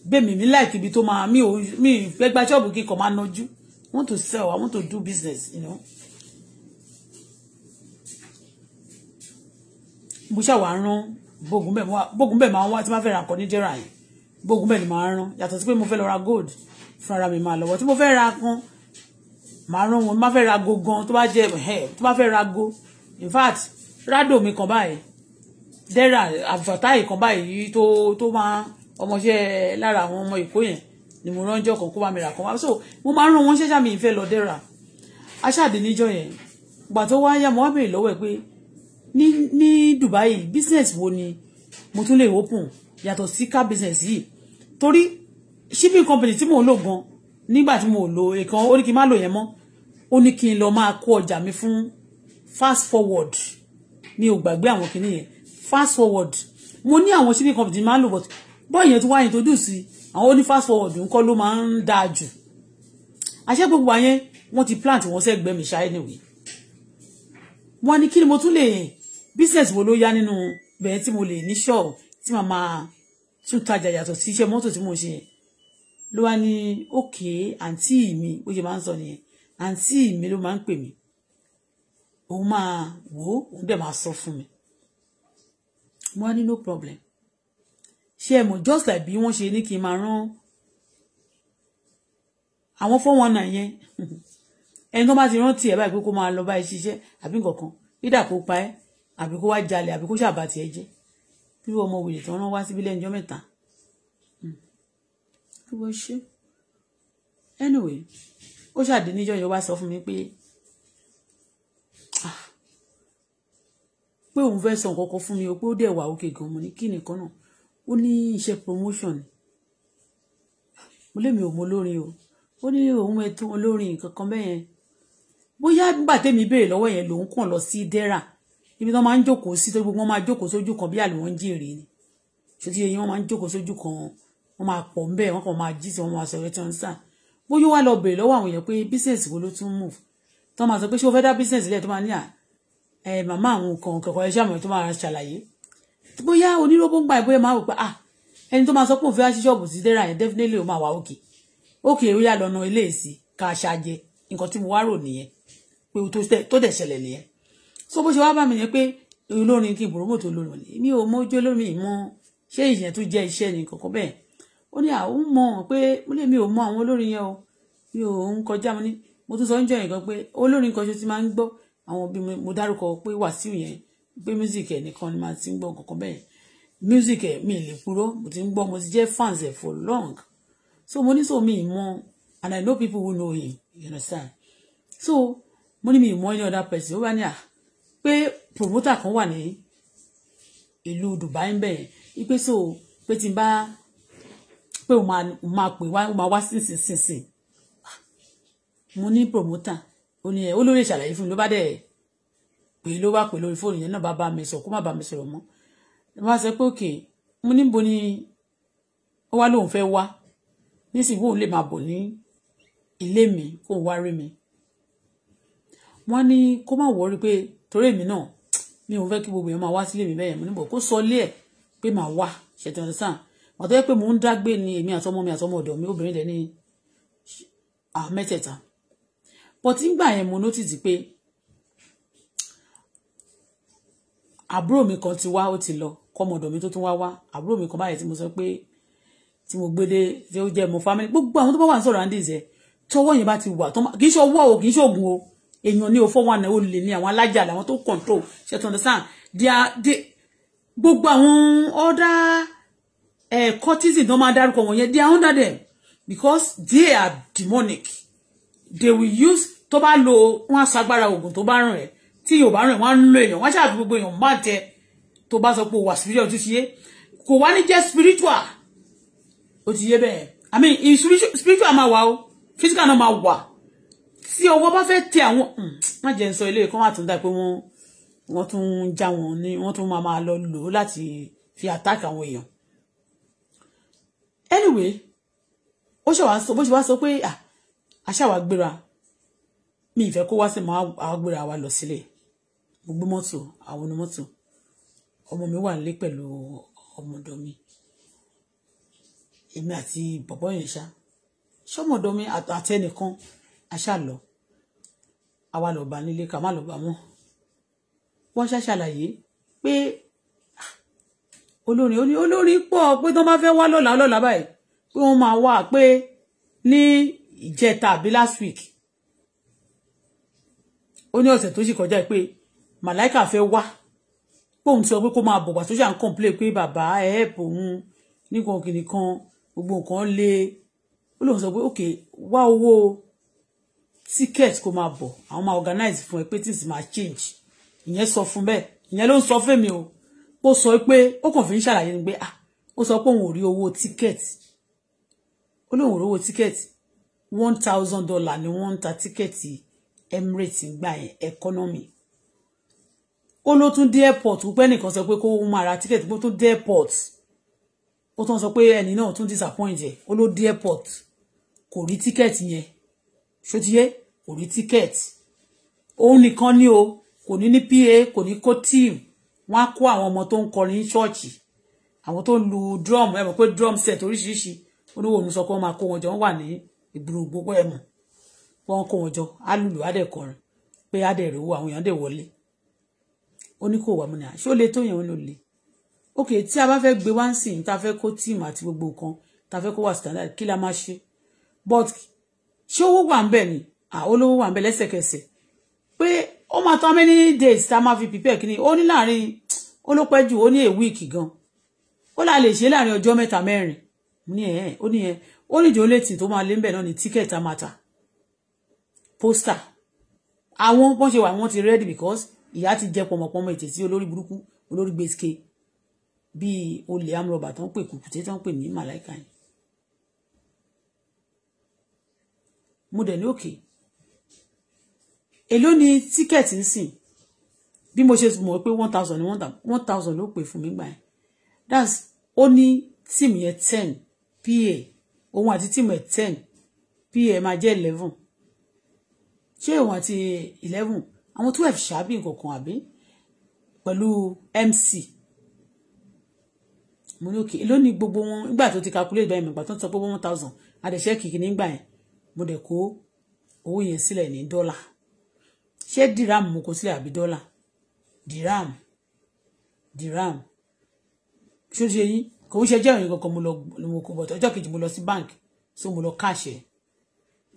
Speaker 1: bẹ́ẹ̀ mi láìkí ibi tó máa mi ò mi fẹ́ gba ṣọ́ọ̀bù kíkọ̀ máa nájú I want to sell I want to do business you know. mo ṣàwà rán bógúnbẹ̀ máa ń wá tí máa fẹ́ ra nǹkan ní jẹ́ra yìí bógúnbẹ̀ ni máa rán yàtọ̀ sí pé mo fẹ́ lọ ra gold fún ara mi máa lọ́wọ́ tí mo fẹ́ ra kan máa rán wọn máa fẹ́ ra go tó bá jẹ́ tó bá fẹ́ ra go in fact rádò mi kan báyìí dẹ́rà àfàtáì kan báyìí tó tó máa ọmọọṣẹ́ lára àwọn ọmọ èkó yẹn ni mo ránjọ́ kan kó bá mi rà kan so mo máa ń rán wọn ṣẹ́ṣà mi ìfẹ́ lọ dẹ́rà aṣáàdì níjọ́ yẹn gbà tó wá yá mo wá béèrè lọ́wọ́ ẹ̀ pé ní ní Dubai business wo ni mo tún lè open yàtọ̀ sí car business yìí torí shipping company tí mò ń lò gan nígbà tí mo lò èkan ó ní kí n má lò yẹn mọ́ ó ní kí n lọ máa kó ọjà mi fún fast forward mi ò gbàgbé àwọn kinní yẹn fast forward mo ní àwọn shipping company máa ń lò but bọ́ọ̀ yẹn ti wá introduce àwọn oní fast forward ńkọ́ ló máa ń dáa jù àṣẹ gbogbo àyẹn wọ́n ti plant wọ́n sẹ́gbẹ́ mi ṣáá anyway wọ́n ní kí ni mo tún lè business wo ló yá nínú bẹ̀rẹ̀ tí mo lè ní ṣọ́ọ̀ tí màá máa tún tajà yàtọ̀ sí iṣẹ́ mọ́tò tí mo ṣe yẹn ló wá ní òkè àǹtí mi ó yẹ máa ń sọ nìyẹn àǹtí mi ló máa ń pè mí òun máa wò ó òun dẹ̀ máa sọ fún mi wọ́n ní no problem ṣé ẹ mọ̀ just like bí wọ́n ṣe ní kí n máa rán àwọn four one nine yẹn [laughs] ẹni tó bá ti rántí ẹ báyìí pé kó máa lọ báyìí ṣiṣẹ́ àbí nǹkankan nídà kó pa ẹ́ àbí kó wá jalè àbí kó ṣàbà tiẹ̀ jẹ́ bí ọmọ wèrè tó rán wá síbí lẹ́njọ́ mẹ́ta bí hmm. wọ́n ṣe anyway ó ṣàdé níjọ́ yẹn wá sọ fún mi pé pé òun fẹ́ sọ nǹkan kan fún mi o pé ó dẹ̀ wà òkè gan mo ní kí nìkan náà ó ní iṣẹ́ promotion ni mo lè mi ò mọ olórin o ó ní òun ẹtún olórin kankan bẹ́ẹ̀ yẹn bóyá nígbà tẹ́mi béèrè lọ́wọ́ yẹn lòun kàn lọ sí dẹ́rà ibi tí wọ́n máa ń jókòó sí tó gbogbo máa jókòó sójú kan bí àlùwọ̀n ń jèrè ni ṣòtí eyín wọn máa ń jókòó sójú kan wọn máa pọ̀ ńbẹ̀ wọn kàn máa jí sí wọn máa sọ̀rọ̀ tí wọ́n ń sàn bóyá wà lọ béèrè lọ́wọ́ àwọn èèyàn pé business wo ló tún move tí wọ́n máa sọ pé ṣé o fẹ́ dá business lẹ̀ tó máa ní à màmá àwọn nǹkan kẹ̀kọ́ iṣẹ́ àmọ́ tó máa ṣàlàyé bóyá oníròbó ń gbà bóyá máa wò pé ah ẹni tó máa sọ pé òun fẹ́ wá sí ṣọ́ọ̀bù sí dẹ́ra yẹn definitely ó máa wà òkè òkè èrò yà lọ́nà eléyìí ká ṣáájẹ nǹkan tí mo wá rò nìyẹn pé tó dẹ̀ ṣẹlẹ̀ nìyẹn so bó ṣe wá bá mi yẹn pé olórin kí n bòrò mọ́tò olórin ni mi ò mójú olórin mi mọ ṣé ìyẹn tó jẹ́ iṣẹ́ ni kankan bẹ́ẹ̀ ó ní àwọn mọ pé mo lè mi ò mọ àwọn olórin yẹn o mi ò ń kọjá mo ní mo tún sọ ń jọ yẹn pé olórin kan ṣe ti máa ń gbọ́ àwọn bí mo dárúkọ pé Wàsíù yẹn pé music ẹ̀ nìkan ni màá ti ń gbọ́ kankan bẹ́ẹ̀ music ẹ̀ mi lè purọ́ mo ti ń gbọ́ mo ti jẹ́ fans ẹ̀ for long so mo ní so mi mọ and I know people who know him you understand so mo ní mi mọ any other person ó bá ní à pé promoter kan wà ní ìlú Dubai ń bẹ̀yẹn ipe so pé tí bá pé o máa pè wá o máa wá sínsìnsìn ah, mo ní promoter ó ní ẹ ó lórí ìṣàlàyé fún mi ló bá dẹ̀ pé ló wá pè lórí fóònù yẹn náà bá bá mi sọ kó má bá mi sọ̀rọ̀ mọ́ wá sọ pé òkè mo níbo ni ó wá lóun fẹ́ wá nísìnyí òun lè máa bọ̀ ní ilé mi kó wá rí mi wọ́n ní kó má wọrí pé torí èmi náà mi ò fẹ́ kí gbogbo èèyàn máa wá sílé mi bẹ́ẹ̀ mo níbo kó sọ lé ẹ̀ pé màá wá ṣètò ọ̀sán àtọ́jọ́ pé mò ń dágbé ni èmi àtọmọ mi àtọmọ ọ̀dọ̀ mi obìnrin dẹ̀ ní àmẹ́tẹ̀ẹ̀ta ah, but nígbà yẹn mo notice pé àbúrò mi kan ti wá ó ti lọ kọ́mọdọ̀ mi tó tún wá wá àbúrò mi kan báyìí tí mo sọ pé tí mo gbédé tí ó jẹ́ mo family gbogbo àwọn tó bá wà ní sọ̀rọ̀ àǹdíìsì ẹ̀ tọwọ́ yẹn bá ti wà kì í ṣe ọwọ́ o kì í ṣe oògùn o èèyàn ní o fọ́ wọn ò lè ní àwọn alájà làwọn tó control ṣe tó understand gbogbo àwọn ọ̀dà courtesan tó máa dárúkọ wọ̀nyẹn they are under them because they are demonic they will use tó bá lo wọn aṣagbára oògùn tó bá ràn ẹ́ tí yóò bá ràn ẹ́ wọ́n á lo èèyàn wọ́n ṣáà fi gbogbo èèyàn má jẹ tó bá sọ pé wà spiritual ti ṣe kò wá ní jẹ́ spiritual ó ti yé bẹ́ẹ̀ i mean spiritual spiritual, máa wà o physical náà máa wà tí ọwọ́ bá fẹ́ tẹ àwọn hmm, má jẹ́ ń sọ ilé kan wà tó ń dá pé wọ́n wọ́n tún ń já wọn ní wọ́n tún máa máa lọ lò ó láti fi attack àwọn èèyàn anyway ó ṣe wá sọ bó ṣe wá sọ pé àṣà wa gbéra mi ìfẹ́ kó wá sí mọ́ àgbèrè àwa lọ sílé mo gbé mọ́tò àwọn onímọ́tò ọmọ mi wà nílé pẹ̀lú ọmọdọ̀ mi èmi àti bọ̀bọ̀ yẹn ṣá ṣọmọdọ̀ mi àtẹnìkan aṣá lọ àwa lọ bá nílé ká má lọ bá wọn wọ́n ṣá ṣàlàyé pé ah, olórin ó ní olórin pọ̀ pé tí wọ́n bá fẹ́ wá lọ́la lọ́la báyìí pé wọ́n máa wá pé ní ìjẹta àbí last week ó ní ọ̀sẹ̀ tó sì kọjá pé màláìkà fẹ́ wá póun sọ pé kó máa bọ̀ wá tó ṣà ń kọ̀ǹplé pé bàbá ẹ̀ẹ́pù òun nìkan kìnì kan gbogbo nǹkan lé ó lóun sọ pé ok wá owó ticket kó máa bọ̀ àwọn máa organize fún ẹ pé things máa change ìyẹn sọ fún bẹ́ẹ̀ ìyẹn ló ń sọ fún mi o ó sọ pé ó kàn fi ń ṣàlàyé ni pé ah ó sọ pé òun ò rí owó ticket ó lóun ò rí owó ticket one thousand dollar ni wọ́n ń ta ticket yìí Emirates gbà yẹn e- economy ó ló tún dé airport pẹ́ nìkan sọ pé kó o máa ra tíkẹ́ẹ̀tì kó tún dé airport ó tún sọ pé ẹni náà tún disappoint yẹ ó ló dé airport kò rí tíkẹ́ẹ̀tì yẹn ṣótiyé kò rí tíkẹ́ẹ̀tì òun nìkan ni o kò ní ní pa kò ní kó tíìmù wọn á kó àwọn ọmọ tó ń kọrin ṣọ́ọ̀ṣì àwọn tó ń lu drum ẹ mọ̀ pé drum set oríṣiríṣi oníwòrán sọ pé wọ́n máa kó wọn jọ wọ́n wà ní ìgboro gbogbo ẹ̀ mọ̀ wọn kó wọn jọ á lùlù á dẹ̀ kọrin pé á dẹ̀ rówó àwọn èèyàn dẹ̀ wọlé ó ní kò wá múnà ṣé ó tó yẹn ó lò le ok tí a bá fẹ́ gbé wá ń sìn tá kó tíìmù àti gbogbo nǹkan tá a kó wà standard kí la máa ṣe but ṣé owó wà ń bẹ̀ ni olówó wà ń bẹ̀ lẹ́sẹ̀kẹsẹ̀ pé ó máa tán many days tá a máa fi prepare kí ni ó ní láàrin ó ló pẹ́ jù ó ní a week gan ó là lè ṣe láàrin ọjọ́ mẹ́ta mẹ́rin ní ẹ̀ ó ní ẹ̀ ó ní ìjọ létí tó máa lé ń bẹ̀ náà ní tíkẹ́ẹ̀tì àmàtà Poster. àwọn bọ́n ṣe wà wọ́n ti ready because ìyá ti jẹ pọmọpọmọ ètè tí olórí burúkú olórí gbèsè bíi olè amúrọ̀bà tó ń pè kùkùté tó ń pè ní màláìka yẹn mo dẹ̀ ní òkè èló ni tíkẹ́ẹ̀tì ń sìn bí mo ṣe mọ̀ pé one thousand ni one thousand ló pè fún mi gbà yẹn that's ó ní tíìmù yẹn ten pa òun àti tíìmù yẹn ten pa máa jẹ́ eleven ṣé òun àti eleven àwọn twelve ṣáàbì nǹkankan àbí pẹ̀lú mc mo ní òkè lónìí gbogbo wọn nígbà tó ti calculate báyìí nígbà tó ń sọ pé one thousand àdẹ̀ṣẹ́ kìkì nígbà yẹn mo dẹ̀ kó owó yẹn sílẹ̀ ní dọ́là ṣé dìrámù mo kó sílẹ̀ àbí dọ́là dìrámù dìrámù ṣó ṣe yín kò ń ṣe jẹ́ ìrìn kankan mo lọ mo kó bọ̀tọ̀ ọjọ́ kejì mo lọ sí bank so mo lọ káàṣẹ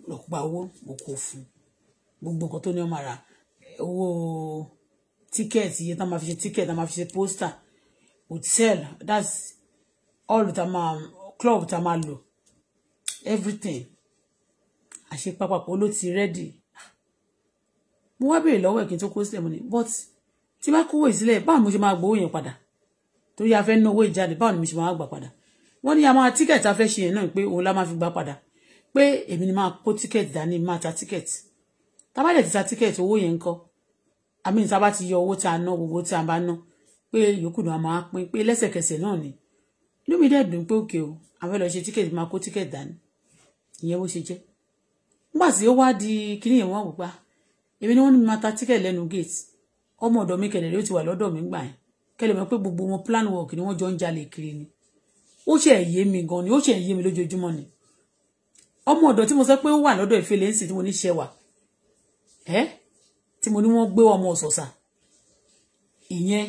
Speaker 1: lọ gba owó mo kó fún un gbogbo nǹkan tó ní ọmọ ara owó tíkẹ́ẹ̀tì iye tá máa fi ṣe tíkẹ́ẹ̀tì tá máa fi ṣe pósítà hotel that's all tá máa club tá máa lò everything àṣepapapọ̀ ló ti rẹ́dì mo wá béèrè lọ́wọ́ ẹ̀kí tó kó sílẹ̀ mo ní but tí bá kówó ìsílẹ̀ báwo mo ṣe máa gbowó yẹn padà torí a fẹ́ ná owó ìjáde báwo ni mo ṣe máa gbà padà wọ́n ní a máa tíkẹ́ẹ̀tì a fẹ́ ṣe yẹn náà pé òun la máa fi gbà padà pé èmi ni máa kó tíkẹ́ẹ̀tì dání máa ta tíkẹ́ẹ̀tì tá bá dẹ̀ ti ta tíkẹ́ẹ̀tì owó yẹn ń kọ́ àmì tá bá ti yọ owó tí a ná gbogbo tí a bá ná pé yòókù náà máa pín pé lẹ́sẹ̀kẹsẹ̀ náà ni inú mi dẹ̀ dùn pé òkè o àwọn ẹlọ́ ṣe tíkẹ́ẹ̀tì máa kó tíkẹ́ẹ̀tì dání ìyẹn bó ṣe jẹ́ nígbà tí ó wá di kini yẹn wọ́n wùpá ah, èmi ni wọ́n ní máa ta tíkẹ́ẹ̀tì lẹ́nu gate ọmọ ọ̀dọ̀ mi kẹ̀lẹ̀ ló ti wà lọ́dọ̀ mi gbà yẹn kẹlẹ̀ mọ́ pé gbogbo wọn plan work ni wọ́n jọ ń jalè kiri ni ó ṣe ẹ̀yẹ mi gan ni ó ṣe ẹ̀yẹ mi lójoojúmọ́ ni ọmọ ọ̀dọ̀ tí mo sọ pé ó wà lọ́dọ̀ ìfẹ́lẹ́ǹsì tí mo ní ṣẹwàá eh? tí mo ní wọ́n gbé ọmọ ọ̀sọ̀sà ìyẹn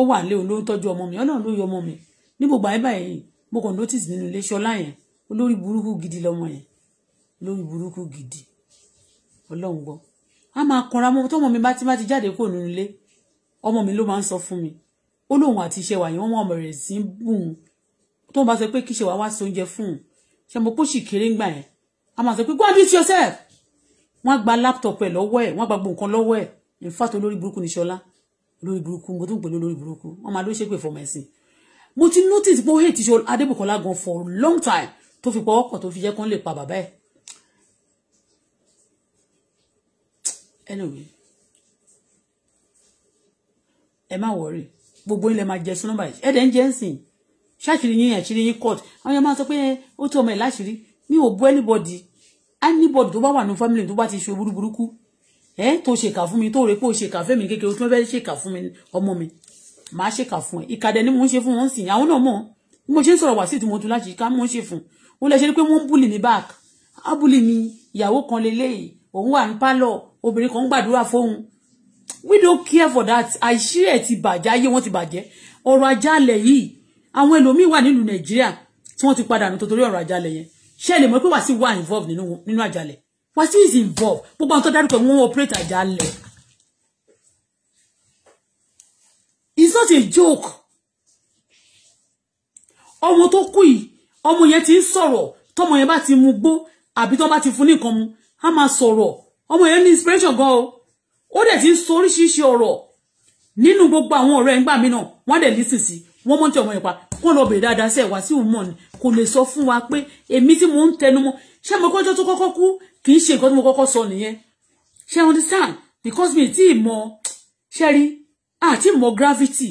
Speaker 1: ó wà nílé òun ló ń tọ́jú ọmọ mi ọlọ́run ló yọ ọmọ mi ní gbogbo àyè báyìí mo kàn notice nínú ilé ṣọlá yẹn olórí burúkú gidi lọmọ yẹn olórí burúkú gidi ọlọ́run gbọ́ a máa kanra mọ́ tọ́mọ mi bá ti bá ti jáde kúrò nínú ilé ọmọ mi ló máa ń sọ fún mi ó lóun àti iṣẹ́ wà yẹn wọ́n wọ́n bẹ̀rẹ̀ sí í bùn tó ń bá se pé kí iṣẹ́ wà wá sí oúnjẹ fún un ṣe mo pọ́ṣì a máa sọ pé go and do it yourself wọ́n gba laptop ẹ̀ lọ́wọ́ ẹ̀ wọ́n gba gbogbo nǹkan lọ́wọ́ ẹ̀ in fact olórí burúkú ni ṣọlá olórí burúkú mo tún pè ní olórí burúkú wọ́n máa ló ṣépè fọmọ ẹ̀sìn mo ti notice pé ó hate ṣọlá adébùkọ́lá gan for long time tó fi pọ̀ ọkọ̀ tó fi jẹ́ kán lè pa bàbá ẹ̀ anyway ẹ má wọrí gbogbo ilẹ̀ máa jẹ súnmọ́ báyìí ẹ̀dẹ̀ ń jẹ́ ń sìn ṣáàṣìrí yín àṣírí yín court àwọn yẹn máa sọ pé ó tó ọmọ ẹ̀ láṣìírí mi ò bú anybody anybody tó bá wà ní family tó bá ti ṣe burúburúkú ẹ tó ṣèkà fún mi tó rẹ pé ó ṣèkà fẹmi kékeré tó fẹ́ ṣèkà fún mi ọmọ mi màá ṣèkà fún ẹ ìkàdẹ ni mò ń ṣe fún wọn sìn àwọn náà mọ bí mo ṣe ń sọ̀rọ̀ wá sí ìtumọ̀ tó láti ká mò ń ṣe fún wọn lè ṣe pé wọ́n bùlì mi back á bùlì mi ìyàwó kan lélẹ́yìí òun wà ní pálọ̀ obìnrin kan ń gbàdúrà fóun we don't care for that àìṣírí ẹ̀ ti bàjẹ́ ayé wọn ti bàjẹ́ ọ̀rọ̀ ajálẹ̀ yìí àwọn ẹlòmíín wà nílùú nàìjíríà tí wọ́n ti padà nù tòtórí ọ̀rọ̀ ajálẹ̀ yẹn ṣé ẹ lè mọ̀ pé Wàsíù wà involved nínú nínú àjálẹ̀ Wàsíù is involved gbogbo àwọn tó dárúkọ wọn operate àjálẹ̀ it's not a joke ọmọ tó kú yìí ọmọ yẹn ti ń sọ̀rọ̀ tọmọ yẹn bá ti mu gbó àbí tó bá ti fún nìkan mu á máa sọ̀rọ̀ ọmọ yẹn ní inspiration gan o ó dẹ̀ ti ń sọ oríṣiríṣi ọ̀rọ̀ nínú gbogbo àwọn ọ̀rẹ́ ńgbà mí náà wọ́n dẹ̀ lísìn sí i wọ́n mọ́ tí ọmọ yẹn pa wọ́n lọ bèrè dáadáa sí ẹ̀wà sí ìmọ̀ ni kò lè sọ fún wa pé èmi tí mò ń tẹnu mọ́ ṣé mo kọ́jọ́ tó kọ́kọ́ kú kì í ṣe nǹkan tí mo kọ́kọ́ sọ nìyẹn ṣé you understand because mi tí ì mọ ṣẹ́rí àti mọ gravity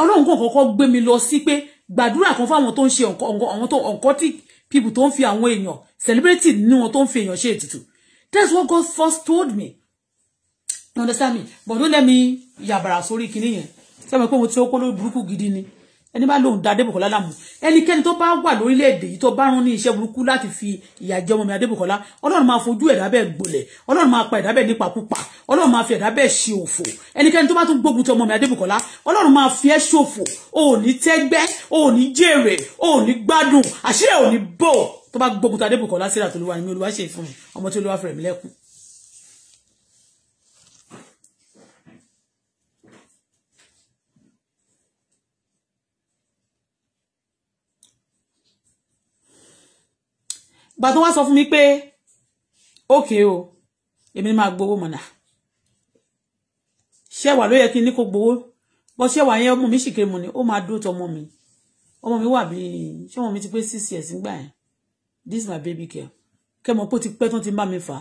Speaker 1: ọlọ́run kò kọ́kọ́ gbé mi lọ sí pé gbàdúrà kan fáwọn tó ń ṣe àwọn tó ọ̀nkọ́tì people tó ń fi àwọn èèyàn celebrity ní wọn tó ń fi èèyàn ṣe ètùtù that's what God first told me you understand me but don't let me yàbàrà sórí kinní yẹn sọ ma pé mo ti ó kó lórí burúkú gidi ni ẹni bá lóhùn da Adébùkọ́lá láàmú ẹnikẹ́ni tó bá wà lórílẹ̀‐èdè yìí tó bá rún ní iṣẹ́ burúkú láti fi ìyà ọmọ mi Adébùkọ́lá Ọlọ́run máa fojú ẹ̀dá bẹ́ẹ̀ gbolẹ̀ Ọlọ́run máa pa ẹ̀dá bẹ́ẹ̀ nípakúpa Ọlọ́run máa fi ẹ̀dá bẹ́ẹ̀ ṣe òfò ẹnikẹ́ni tó bá tún gbógun ti ọmọ mi Adébùkọ́lá Ọlọ́run máa fi ẹ́ ṣòfò o ò ní tẹ́gbẹ́ o ò ní jèrè o ò ní gbádùn àṣírí ò ní bò tó bá gbógun ti Adébùkọ́lá síra tó lówà mi ọmọ tí olúwa fẹ̀rẹ̀ mi gbà tó wá sọ fún mi pé ókè o èmi máa gbowó mọ̀nà ṣẹ́wà ló yẹ kí n ní kó gbowó bọ́ ṣẹ́wà yẹn ọmọ mi ṣìkè mọ̀ ni ó máa dúró tọmọ mi ọmọ mi wà bí ṣé ọmọ mi ti pé six years ńgbà yẹn this is my baby girl kẹ́mọ̀ pé ó ti pẹ́ tó ti bá mi fà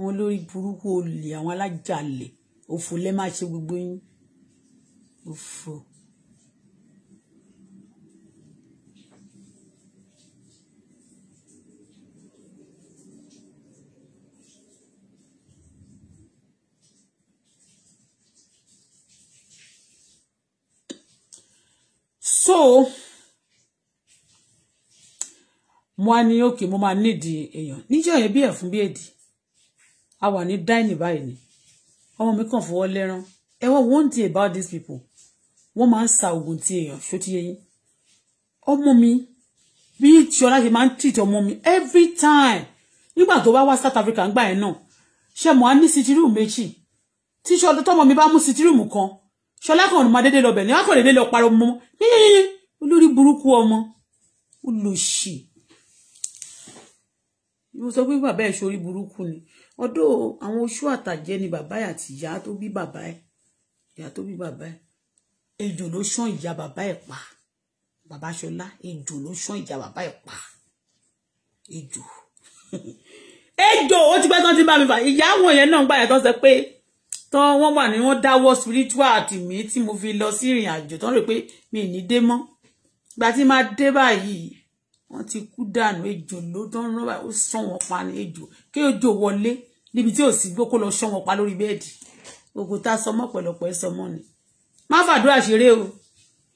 Speaker 1: wọn lórí burúkú olè àwọn alájàlè òfò lẹ́ máa ṣe gbogbo yín òfò. so wọn á ní òkè mo máa nídìí èèyàn níjọ́ yẹn bí ẹ̀fún bí èdè a wà ní dáìní báyìí ni ọmọ mi kàn fọwọ́ lẹ́rán ẹ wọ́n one thing about these people wọ́n máa ń sa oògùn ti èèyàn ṣó ti yé yín ọmọ mi bí tíọ́lá ṣe máa treat ọmọ mi every time nígbà tó bá wá South Africa ńgbà yẹn náà ṣe mo á mechi. sitiru méjì tíṣọ́ tọ́mọ mi bá mú sitiru kan ṣọlá kan máa dédé lọ bẹ̀ ní wọn kò dédé lọ parọ́ mọ́ yẹ́yẹ́yẹ́ olórí burúkú ọmọ olùṣì mo sọ pé bàbá ẹ̀ ṣorí burúkú ni ọ̀dọ̀ àwọn oṣù àtàjẹ ni bàbá ẹ̀ àti ìyá tó bí bàbá ẹ̀ ìyá tó bí bàbá ẹ̀ ejò ló ṣán ìyá bàbá ẹ̀ pa bàbá ṣọlá ejò ló ṣán ìyá bàbá ẹ̀ pa ejò [laughs] ejò ó ti pẹ́ tán ti bá mi fà ìyá àwọn yẹn náà ń gbàyà tó sọ pé tó wọ́n wà ní wọ́n dáwọ́ spiritual àti mi tí mo fi lọ sí ìrìn àjò tó ń rò pé mi ì ní dé mọ́ ìgbà tí máa dé báyìí wọ́n ti kú dànù ejò ló tó ń rán báyìí ó sàn wọ́n pa ní ejò kí ejò wọlé níbi tí ò sí gbókó lọ sàn wọ́n pa lórí bẹ́ẹ̀dì gbogbo tá a sọmọ pẹ̀lọpọ̀ ẹ sọmọ ni má fàdúrà ṣeré o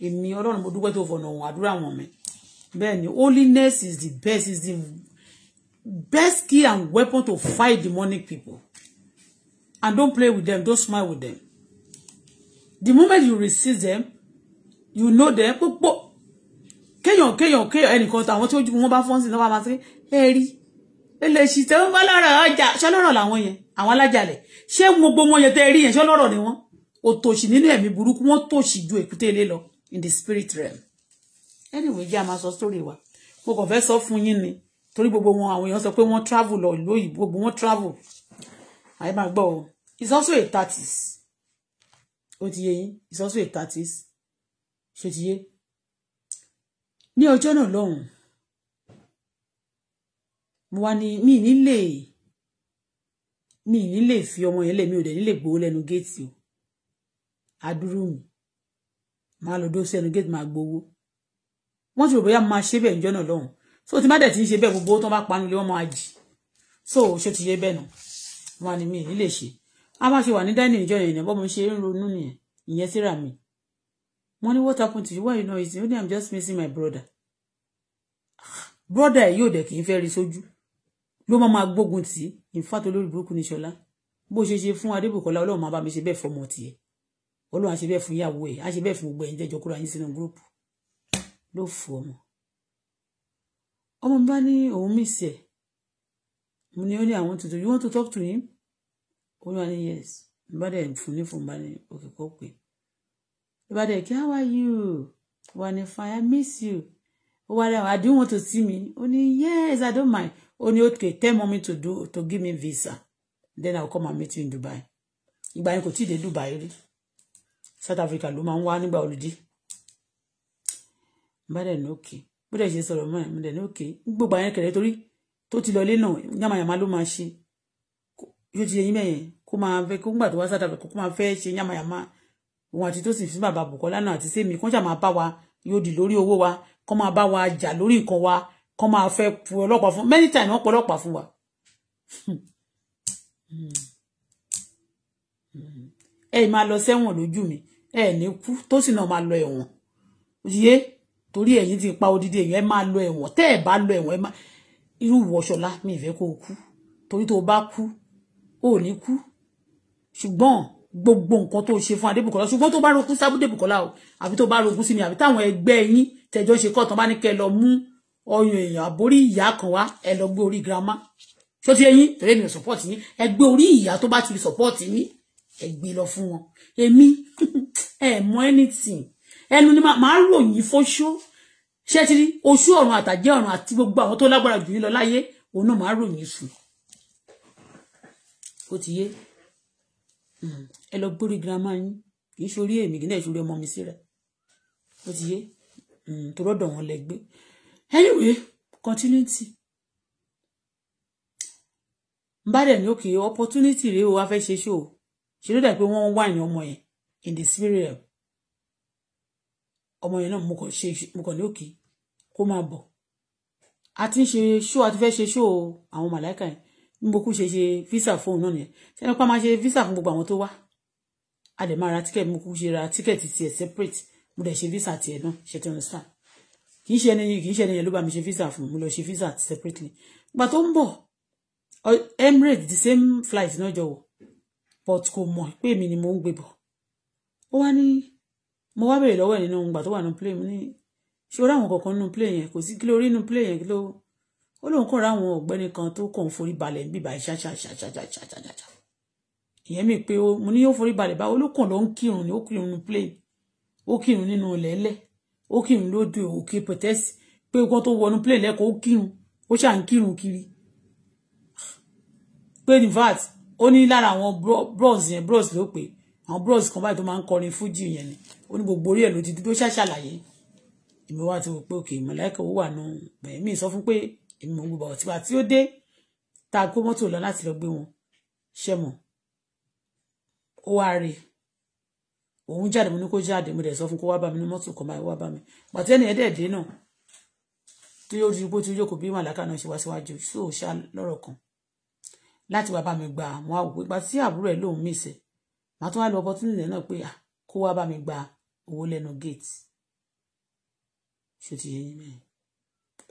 Speaker 1: èmi ọlọ́run mo dúpẹ́ tó fọ̀nà òun àdúrà wọn mi bẹ́ẹ̀ ni holiness is the best is the best key and weapon to fight demonic people and don't play with them don't smile with them the moment you receive them you know them púpọ̀ kéèyàn kéèyàn kéèyàn ẹnìkan tó àwọn tí ojú wọn bá fọ́n sí náà máa ṣe é rí eléṣì tẹ ń bá lọ́rọ̀ ọjà ṣọlọ́rọ̀ làwọn yẹn àwọn alájàlẹ̀ ṣé gbogbo wọn yẹn tẹ rí yẹn ṣọlọ́rọ̀ ni wọn òtòṣì nínú ẹ̀mí burúkú wọn tòṣì ju èkúté ilé lọ in the spirit realm anyway jẹ́ a máa sọ story wa mo kàn fẹ́ sọ fún yín ni torí gbogbo wọn àwọn èèyàn sọ pé wọ́n travel lọ ìlú òyìnbó gbogbo wọn travel àyè máa gbọ́ o. He's also a tactics ó ti yé also a tactics ṣe ti ojo no long. náà lọ́hùn ni le. ní mi nílé mi fi omo yele lẹ mi ni le nílé gbowó lẹ́nu géètì o adúrú mi máa lọ dó sẹ́nu géètì máa gbowó wọ́n ti rò bóyá máa ṣe bẹ́ẹ̀ níjọ́ náà lọ́hùn so tí má dẹ̀ ti ń ṣe bẹ́ẹ̀ gbogbo tó bá panu lé wọ́n so ṣe ti yé bẹ́ẹ̀ nù wọ́n á ní a máa ṣe wà ní dining ìjọ yẹn bọ́ mo ṣe ń ronú nìyẹn ìyẹn síra mi mo ní what happen to you why you know it only i'm just missing my brother brother ẹ̀ yóò dẹ̀ kì í fẹ́ rí sójú ló máa máa gbógun tì í in fact olórí burúkú ní ṣọlá bó ṣe ṣe fún adébùkọ́lá ọlọ́run máa bá mi ṣe bẹ́ẹ̀ fọmọ tiẹ̀ ọlọ́run á ṣe bẹ́ẹ̀ fún ìyàwó ẹ̀ á ṣe bẹ́ẹ̀ fún gbogbo ẹ̀yin tẹ́jọ kúrò ayé sínú gúrúùpù ló fò ọmọ ọmọ bá ní òun mí sẹ̀ mo ó ní àwọn tuntun you want to talk to him kó ní wà ní yes bá dẹ̀ fún ní fún bá ní òkè kó pè bá dẹ̀ kí how are you wà ní fine I miss you ó wá rẹ̀ I do want to see me ó ní yes I don't mind ó ní okay tell mommy to do to give me visa then I will come and meet you in Dubai ìgbà yẹn kò tí ì dé Dubai rí South Africa ló máa ń wá nígbà olùdí bá dẹ̀ ní òkè bó dẹ̀ ṣe sọ̀rọ̀ mọ́ ẹ̀ mo dẹ̀ ní òkè gbogbo àyẹ̀kẹ̀rẹ̀ torí tó ti lọ ilé náà yàmàyàmà ló máa ṣe yóò ti yẹ yín mẹ́yẹn kó máa fẹ́ kó gbà tó wá South Africa kó máa fẹ́ ṣe yàmàyàmà òun àti tó wa yóò di lórí wa kó máa wa jà lórí nǹkan wa kó máa fẹ́ pu many times wọ́n pọ̀ ọlọ́pàá wa. ẹ máa lọ sẹ́wọ̀n lójú mi ẹ ní kú tó sì náà máa lọ ẹ̀wọ̀n yé torí ẹ̀yin ti pa odidi èèyàn ẹ máa lọ ẹ̀wọ̀n tẹ́ ẹ bá lọ ẹ̀wọ̀n ẹ máa irú ìwọ̀ṣọ̀lá mi ìfẹ́ kó o kú torí tó o o ò ní ṣùgbọ́n gbogbo nǹkan tó ṣe fún Adébùkọ́lá ṣùgbọ́n tó bá rogún sábúdébùkọ́lá o àbí tó bá rogún sí mi àbí táwọn ẹgbẹ́ yín tẹjọ́ ṣe kọ́ tán bá ní kẹ́ lọ mú ọyàn èèyàn àbórí ìyá kan wá ẹ lọ gbé orí girama ṣó ti ẹyin torí ènìyàn support yín ẹ gbé orí ìyá tó bá ti support yín ẹ gbé lọ fún wọn èmi [laughs] ẹ mọ anything ẹnu ni màá ròyìn fóṣó ṣé ti rí oṣù ọ̀run àtàjẹ́ ọ̀run àti gbogbo àwọn tó lágbára jù yín lọ láyé òun náà màá ròyìn sùn ó ti yé Mm. ẹ lọ gbórí girama yín kì í ṣorí èmi kì í náà ṣorí ọmọ mi síra ó ti yé mm, tó rọ́dọ̀ wọn lẹ gbé anyway continuity n bá dẹ̀ ní òkè opportunity rèé o wá fẹ́ ṣe ṣó o ṣe ló dà pé wọ́n ń wá ọmọ yẹn in the spirit ọmọ yẹn náà mo kàn ṣe mo kàn ní òkè kó máa bọ̀ a ti ń ṣe ṣó a ti fẹ́ ṣe ṣó o àwọn màláìka yẹn gbogbo ṣe ṣe visa fóun náà nìyẹn ṣe nípa máa ṣe visa fún gbogbo àwọn tó wá a dẹ̀ máa ra ticket mo ṣe ra ticket tiẹ̀ separate mo dẹ̀ ṣe visa tiẹ̀ náà ṣe ti understand kì í ṣe ẹni yìí kì í ṣe ẹni yẹn ló bá mi ṣe visa fún mo lọ ṣe visa separately gbà tó ń bọ̀ Emirates the same flight náà jọ wọ̀ but kò mọ̀ pé èmi ni mo ń gbé bọ̀ ó wá ní mo wá bèrè lọ́wọ́ ẹ̀ nínú ìgbà tó wà nínú plane mo ní ṣé o ráwọn kankan nínú plane yẹn kò sí kí ló nínú plane yẹn kí ló ó lóun kàn ráwọn ọ̀gbẹ́ni kan tó kàn forí balẹ̀ ń bíbá ṣáṣáṣáṣáṣáṣáṣá ìyẹn mi pé mo ní yóò forí balẹ̀ báwo ló kàn ló ń kírun ni ó kírun nínú plane ó kírun nínú lẹ́lẹ́ ó kírun lóde òkè pẹ̀tẹ́sì pé kó tó wọnú plane lẹ́kọ̀ọ́ ó kírun ó ṣà ń kírun kiri pé in fact ó ní lára àwọn bros yẹn bros ló pè àwọn bros kan báyìí tó máa ń kọrin fújì yẹn ni ó ní gbogbo orí ẹ̀ ló ti dúdú ó ṣàṣàlàyé ìmọ̀ wa ti wò pé òkè mọ̀láìkà wà nù bẹ̀yẹ̀mí sọ fún pé èmi mò ń gbọ́ bọ̀ tiwa tí ó dé ta kó mọ́tò lọ láti lọ gbé wọn ṣe mọ̀ ó wá rí òun jáde mo ní kó jáde mo dẹ̀ sọ fún kó wá bá mi ní mọ́tò kan báyìí wá bá mi pàtó ẹni ẹ̀ẹ́dẹ̀ẹ̀dẹ́ náà tó yóò di bó ti jókòó bí màláka náà ṣe wá síwájú ṣó o ṣá lọ́rọ̀ kan láti wá bá mi gba àwọn àwòrán ipa tí àbúrò ẹ̀ lòun mìíṣẹ́ màá tún wá lọ opportunity náà pé kó wá bá mi gba owó lẹ́nu gate ṣó ti yẹ yín mẹ́rin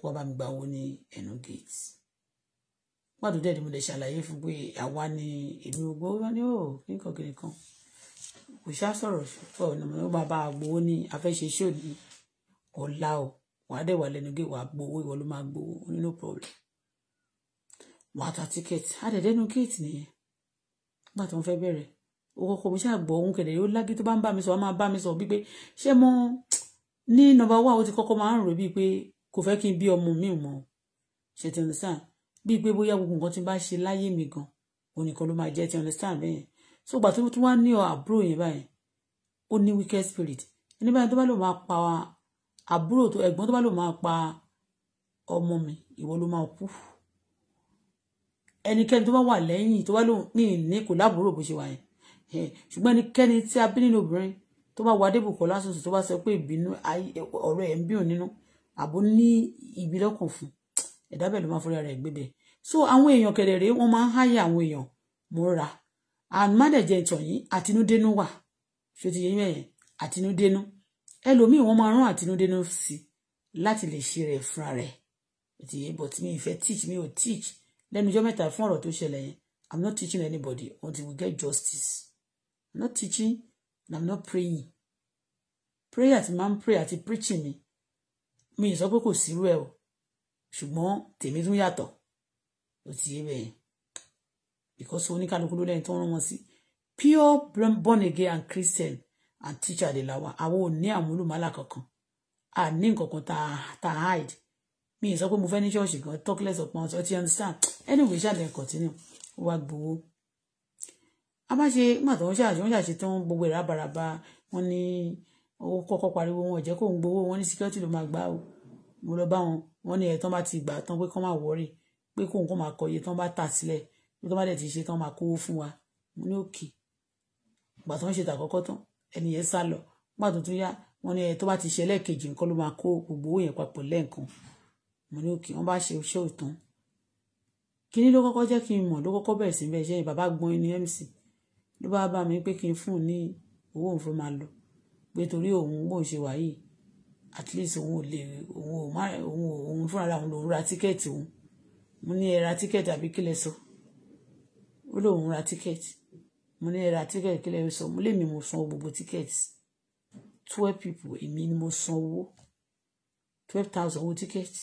Speaker 1: wá bá mi gba owó ní ẹnu gate pàtó dẹ́ẹ̀dì mo lè ṣàlàyé fún pé àwa ni èmi ògbó wọn ni oh, ó nǹkan kiri kan kò ṣá sọ̀rọ̀ sọ ọ̀nà ó bàbá àgbowó ní afẹ́ṣe ṣó ọ̀la o wàá dẹ̀ wà lẹ́nu gate wàá gbowó ìwọ ló máa gbowó ní no problem wàá ta ticket àdẹ̀dẹ́nu gate nìyẹn nígbà tó ń fẹ́ bẹ̀rẹ̀ owó kò mo ṣáà gbọ́ ohun kẹ̀lẹ́ yóò lágí tó bá ń bá mi sọ wọ́n máa bá mi sọ bíi pé ṣé mo ní nọ́mbà wà ó ti kọ́kọ́ máa ń rò bíi pé kò fẹ́ kí n bí ọmọ mi mọ́ ṣe ti understand bíi pé bóyá gbogbo nǹkan tí n bá ṣe láyé mi gan òun ló máa jẹ́ ti understand bẹ́ẹ̀ so gbà tó tún wá ní àbúrò yẹn báyìí ó ní wicked spirit ẹni báyìí tó bá lò máa pa àbúrò tó ẹ̀gbọ́n tó bá lò máa pa ọmọ mi ìwọ ló máa kú ẹnikẹ́ni tó bá wà lẹ́yìn tó bá lò ní ìní kò láàbúrò bó ṣe wà yẹn ṣùgbọ́n ẹnikẹ́ni tí a bí nínú obìnrin tó bá wà débùkọ̀ lásòsò tó bá sọ pé ìbínú ọ̀rọ̀ ẹ̀ ń bí òun nínú àbó ní ibi lọ́kàn fún ẹ̀dá bẹ́ẹ̀ ló máa fúnra rẹ̀ gbé so àwọn èèyàn kẹ̀dẹ̀rẹ́ wọ́n máa ń háyà àwọn èèyàn mọ́ra àmọ́dẹ̀jẹ̀ ìtàn yìí àtinúdénú wà ṣé ti yẹ yín ẹ̀yẹn àtinúdénú ẹlòmíì wọ́n máa rán àtinúdénú sí láti lè ṣe rẹ̀ fúnra rẹ̀ ti yẹ but mi ìfẹ́ teach mi ò teach lẹ́nu ọjọ́ mẹ́ta fún ọ̀rọ̀ tó ṣẹlẹ̀ yẹn i'm not teaching anybody until we get justice i'm not teaching and i'm not praying prayer ti máa ń pray àti preaching mi mi ì sọ pé kò sírú ẹ o ṣùgbọ́n tèmi tún yàtọ̀ ló ti yé bẹ́ẹ̀ because oníkálukú ló lẹ́yìn tó ń rán wọn sí pure born again and Christian and teacher de la wa àwọn ò ní àmúlùmálà kankan a ní nǹkankan tá a hide mi ì sọ pé mo fẹ́ ní ṣọ́ọ̀ṣì gan talk less of pounds ọtí understand anyway ṣáà lẹ́yìn continue ó wá gbowó a bá ṣe nígbà tó ń ṣàṣe wọn ṣàṣe tán gbogbo ìrábaraba wọn ní ó kọ́kọ́ pariwo wọn jẹ́ kó ń gbowó wọn ní security ló máa gbà ó mo lọ bá wọn wọn ní ẹ̀ tán bá ti gbà tán pé kán máa wọrí pé kóun kó máa kọ iye tán bá tà sílẹ̀ pé tán bá dẹ̀ ti ṣe tán máa kówó fún wa mo ní òkè ìgbà tán ṣe tàkọ́kọ́ tán ẹni yẹn sá lọ nígbà tó tún yá wọn ní ẹ tó bá ti ṣe ẹlẹ́ẹ̀kejì nǹkan ló máa kó gbogbo owó yẹn papọ̀ lẹ́ẹ̀kan mo ní òkè wọn bá ṣe iṣẹ́ òtán kíní ló kọ́kọ́ jẹ́ kí n mọ̀ ló kọ́kọ́ bẹ̀rẹ̀ sí bẹ́ẹ̀ ṣe bàbá gbọ́n ní mc ló bá bá mi pé kí n fún ní owó òun fún máa lọ pé torí òun bó ṣe wà yìí at least òun ò lè òun ò má òun ò òun fúnra òun lòun ra tíkẹ́ẹ̀tì òun mo ní ẹ ra tíkẹ́ẹ̀tì àbí kílẹ̀ sọ ó lóun ra tíkẹ́ẹ̀tì mo ní ẹ ra tíkẹ́ẹ̀tì kílẹ̀ sọ mo lè mi mo san gbogbo tíkẹ́ẹ̀tì twelve people èmi ni mo san owó twelve thousand owó tíkẹ́ẹ̀tì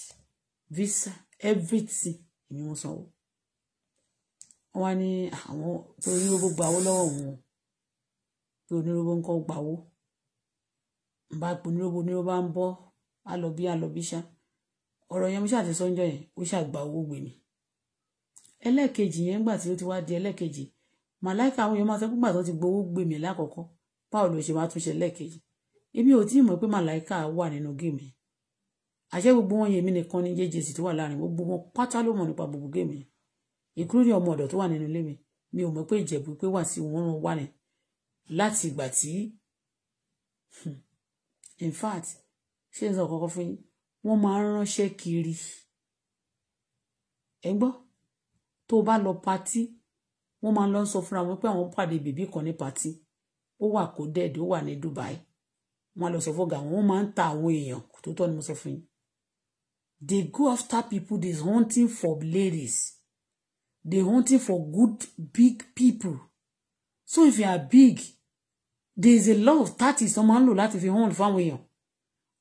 Speaker 1: visa everything èmi mo san owó wọn wá ní àwọn tó onírúurú gbawó lọ́wọ́ wọn tó onírúurú ń kọ́ gbawó n bá pe oníròbó oníròbó bá ń bọ́ á lọ bí á lọ bí ṣá ọ̀rọ̀ yẹn mo ṣáà ti sọ́njọ́ yẹn ó ṣáà gba owó gbé mi ẹlẹ́ẹ̀kejì yẹn ńgbà tí ó ti wá di ẹlẹ́ẹ̀kejì màláìka àwọn èèyàn máa sọ pé gbà tó ti gbowó gbé mi lákọ̀ọ́kọ́ báwo ló ṣe máa tún ṣe lẹ́ẹ̀kejì èmi ò tí ì mọ̀ pé màláìka wà nínú géèmì àṣẹ gbogbo wọn yẹn mi nìkan ní jẹjẹsì tó wà láàrin gbogbo wọn pátá ló mọ̀ nípa gbogbo géèmì ìkúrú ní ọmọ ọ̀dọ̀ tó wà nínú ilé mi mi ò mọ̀ pé ìjẹ̀bú pé wà sí wọn wà ní láti ìgbà tí hmm, in fact ṣé n sọ kọ́kọ́ fún yín wọ́n máa ń ránṣẹ́ kiri ẹ gbọ́ tó o bá lọ patí wọ́n máa ń lọ sọ fúnra wọn pé àwọn pàdé bèbí kan ní patí ó wà kó dẹ́ẹ̀dì ó wà ní Dubai wọ́n á lọ sọ fọ́gà wọn wọ́n máa ń ta àwọn èèyàn tó tọ́ ni mo sọ fún yín they go after people they hunting for ladies they hunting for good big people so if you are big there is a lot of tactics someone máa ń lò láti fi hunt fáwọn èèyàn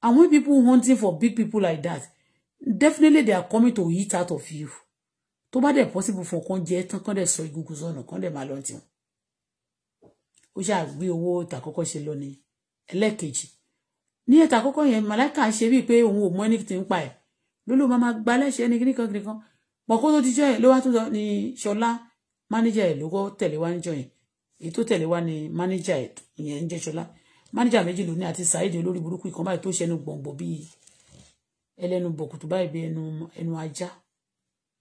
Speaker 1: and when people hunting for big people like that definitely they are coming to eat out of you tó bá dẹ̀ possible fún ọkàn jẹ́ tán kán dẹ̀ sọ egungun sọ̀nà kán dẹ̀ máa lọ tiwọn ó ṣáà gbé owó tàkọ́kọ́ ṣe lọ ní ẹlẹ́ẹ̀kejì ní ẹ̀ta àkọ́kọ́ yẹn màláìka ṣe bíi pé òun ò mọ anything pa ẹ̀ lóló máa máa gba aláṣẹ ní kíníkan kíníkan pọ̀kó tó ti jọ yẹn ló wá tún sọ ní ṣọlá mánéjà ẹ̀ ló kọ́ tẹ̀lé wá níjọ èyí tó tẹ̀lé wá ni mánéjà ìyẹn ń jẹ́ mánéjà méjì ló àti saheed olórí burúkú ìkan báyìí tó ṣẹnu gbọ̀ngbọ̀ bíi ẹlẹ́nu bọ̀kùtù báyìí bíi ẹnu ajá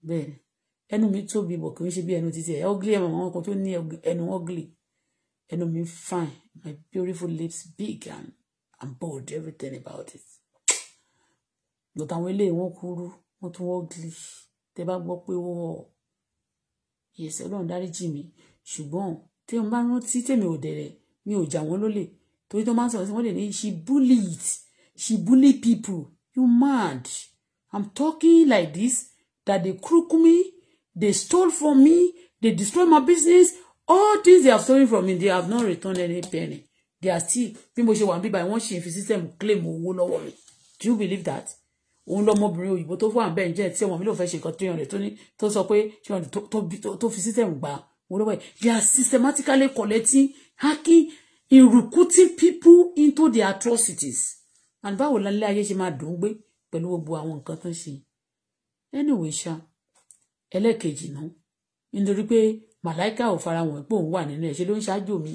Speaker 1: bẹ́ẹ̀ ni ẹnu mi tóbi bọ̀ kì í ṣe bí ẹnu títí ẹ̀ ọ́gílì ẹ̀mọ̀ àwọn kan tó ní ẹnu ọ́gílì ẹnu mi fine my beautiful lips big and and bold everything about it lọ́tà àwọn eléyìí wọ́n kúrú wọ́n tún ọ́gílì tẹ́ bá gbọ́ pé wọ́ọ́ yẹ̀sẹ̀ ọlọ́run dáríjì mi tí wọ́n bá rántí tèmi ọ̀dẹ̀rẹ̀ mi ò jà wọ́n lólè torí tó máa ń sọ̀rọ̀ sí wọ́n lè ní she bullied she bully people you mad i'm talking like this that they crook me they stole from me they destroy my business all things they have stolen from me they have not returned any penny they are still bí mo ṣe wà bíbá wọ́n ṣe fi system claim owó lọ́wọ́ mi do you believe that òun lọmọbìnrin òyìnbó tó fún àbẹ́ǹjẹ́ tí ọmọ mi ló fẹ́ ṣe nǹkan tó yàn rẹ̀ tó ní tó sọ pé tó fi system gbà á whatever they are systematically collecting hacking in recruiting people into the atrocities and báwo lálẹ́ ayé ṣe máa dùn ún gbé pẹ̀lú gbogbo àwọn nǹkan tó ń anyway ṣá elekeji no, nítorí pé màláìka ò fara wọn pé òun wà nínú ẹ̀ ṣe ló ń ṣáájú mi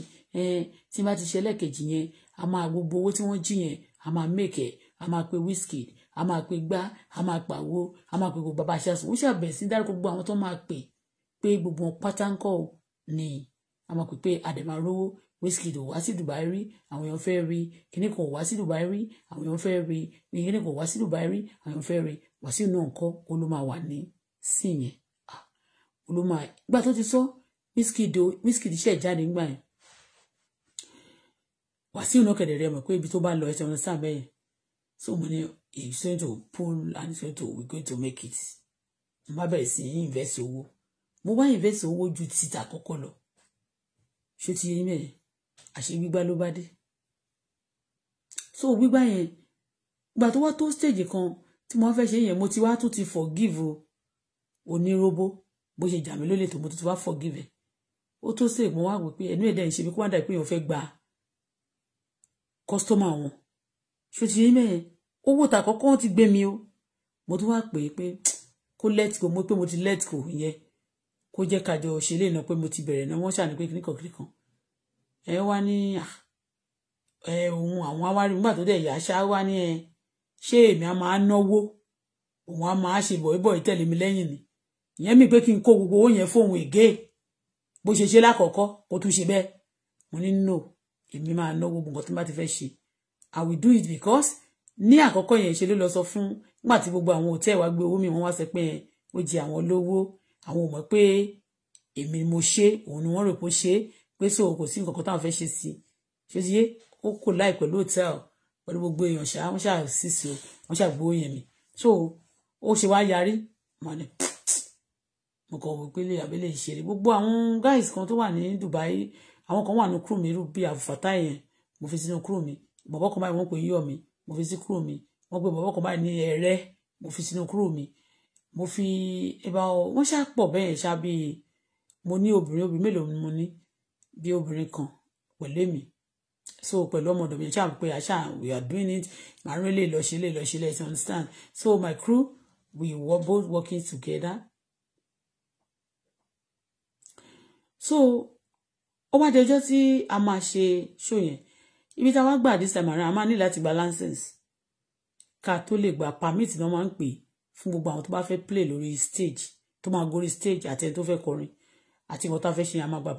Speaker 1: tí bá ti ṣe ẹlẹ́ẹ̀kejì yẹn a máa gbogbo owó tí wọ́n jí yẹn a máa mèkẹ́ a máa pe Wizkid a máa pe gbá a máa pàwó a máa pe gbogbo bàbá aṣáṣun ó ṣàbẹ̀ sí dárúkọ gbogbo àwọn tó máa pè pé gbogbo wọn pátánkọ ni a máa pè pé àdèmàrówó Wizkid ò wá sí Dubai rí àwọn èèyàn fẹ́ rí kíní kan ò wá sí Dubai rí àwọn èèyàn fẹ́ rí kíní kan ò wá sí Dubai rí àwọn èèyàn fẹ́ rí Wàsíù náà kọ́ ó ló máa wà ní sí yẹn ó ìgbà tó ti sọ Wizkid Wizkid ṣẹ̀ jáde ńgbà yẹn Wàsíù náà kẹ̀dẹ̀ rẹ̀ mọ̀ pé ibi tó bá lọ ẹsẹ̀ ọ̀nà sáà bẹ́yẹn so mo ní he's going to pull and he's going to we're going to make it mo bá bẹ̀rẹ̀ sí invest owó mo wá invest owó ju títà kọ́kọ́ lọ ṣé ti yẹ mẹ́rin àṣẹ gbígbá ló bá dé so gbígbá yẹn ìgbà tó wá tó stage kan tí mo fẹ́ ṣe yẹn mo ti wá tún ti forgive o oníróbó bó ṣe jà mí lólè tó mo ti wá forgive ẹ̀ ó tó stage mo wá wò pé ẹnu ẹ̀dá ìṣe mi kó wá dà pé èèyàn fẹ́ gba kọ́sítọ́mà wọn ṣé ti yẹ mẹ́rin owó tà kọ́kọ́ wọn ti gbé mi o mo tún wá pè é pé kó let go mo pé mo ti let go yẹn kó jẹ́ kájọ òṣèlè náà pé mo ti bẹ̀rẹ̀ náà wọ́n ṣàní pé kíníkan kíníkan ẹ wá ní ah, ẹ òun àwọn awárí nígbà tó dẹ̀ yà á ṣá wá ní ẹ ṣé èmi á máa náwó òun á máa ṣe bọ̀ẹ́bọ̀ ìtẹ̀lé mi lẹ́yìn ni ìyẹn mi pé kí n kó gbogbo owó yẹn fóun ègé bó ṣe ṣe lákọ̀ọ́kọ́ kó tún ṣe bẹ́ẹ̀ mo ní no èmi máa náwó gbogbo tí n bá ti fẹ́ ṣe i will do it because ní àkọ́kọ́ yẹn ṣe ló lọ sọ fún nígbà tí gbogbo àwọn òtẹ́ wa gbé owó mi wọ́n wá sọ pé ó jẹ àwọn lówó àwọn ò mọ̀ pé èmi mo ṣe òun ni wọ́n rò pé ó ṣe pé sóò kò sí nǹkan kan táwọn fẹ́ ṣe sí i ṣé ti yé ó kò láì pẹ̀lú hòtẹ́ẹ̀lì pẹ̀lú gbogbo èèyàn ṣá wọ́n ṣá sísè o wọ́n ṣá gbowó yẹn mi so ó ṣe wá yarí màdé mo kàn wò lè abẹ́lé ìṣeré gbogbo àwọn guys kan tó wà ní Dubai àwọn kan wà ní crew mi irú bí àfàtà yẹn mo fi sínú crew mi bọ̀bọ̀ kan báyìí wọ́n pè yọ̀ mi mo fi sí crew mi wọ́n pè bọ̀bọ̀ kan báyìí ní ẹ̀rẹ́ mo fi sínú crew mi mo fi ẹ̀bá wọ́n ṣá pọ̀ bẹ́ẹ̀ ṣá bíi mo ní obìnrin obìnrin mélòó ni mo ní bí obìnrin kan pẹ̀lú èmi so pẹ̀lú ọmọdọ̀ mi ṣáà pé àṣà we are doing it màrún lè lọ ṣe lè lọ ṣe lè understand so my crew we were both working together so ó wá di ọjọ́ tí a máa ṣe show yẹn ibi tá a wá gbà this time around a máa ní láti gba license ká tó lè gba permit náà máa ń pè é fún gbogbo àwọn tó bá fẹ́ play lórí stage tó máa gorí stage àti ẹni tó fẹ́ kọrin àti nǹkan tá a fẹ́ ṣe a máa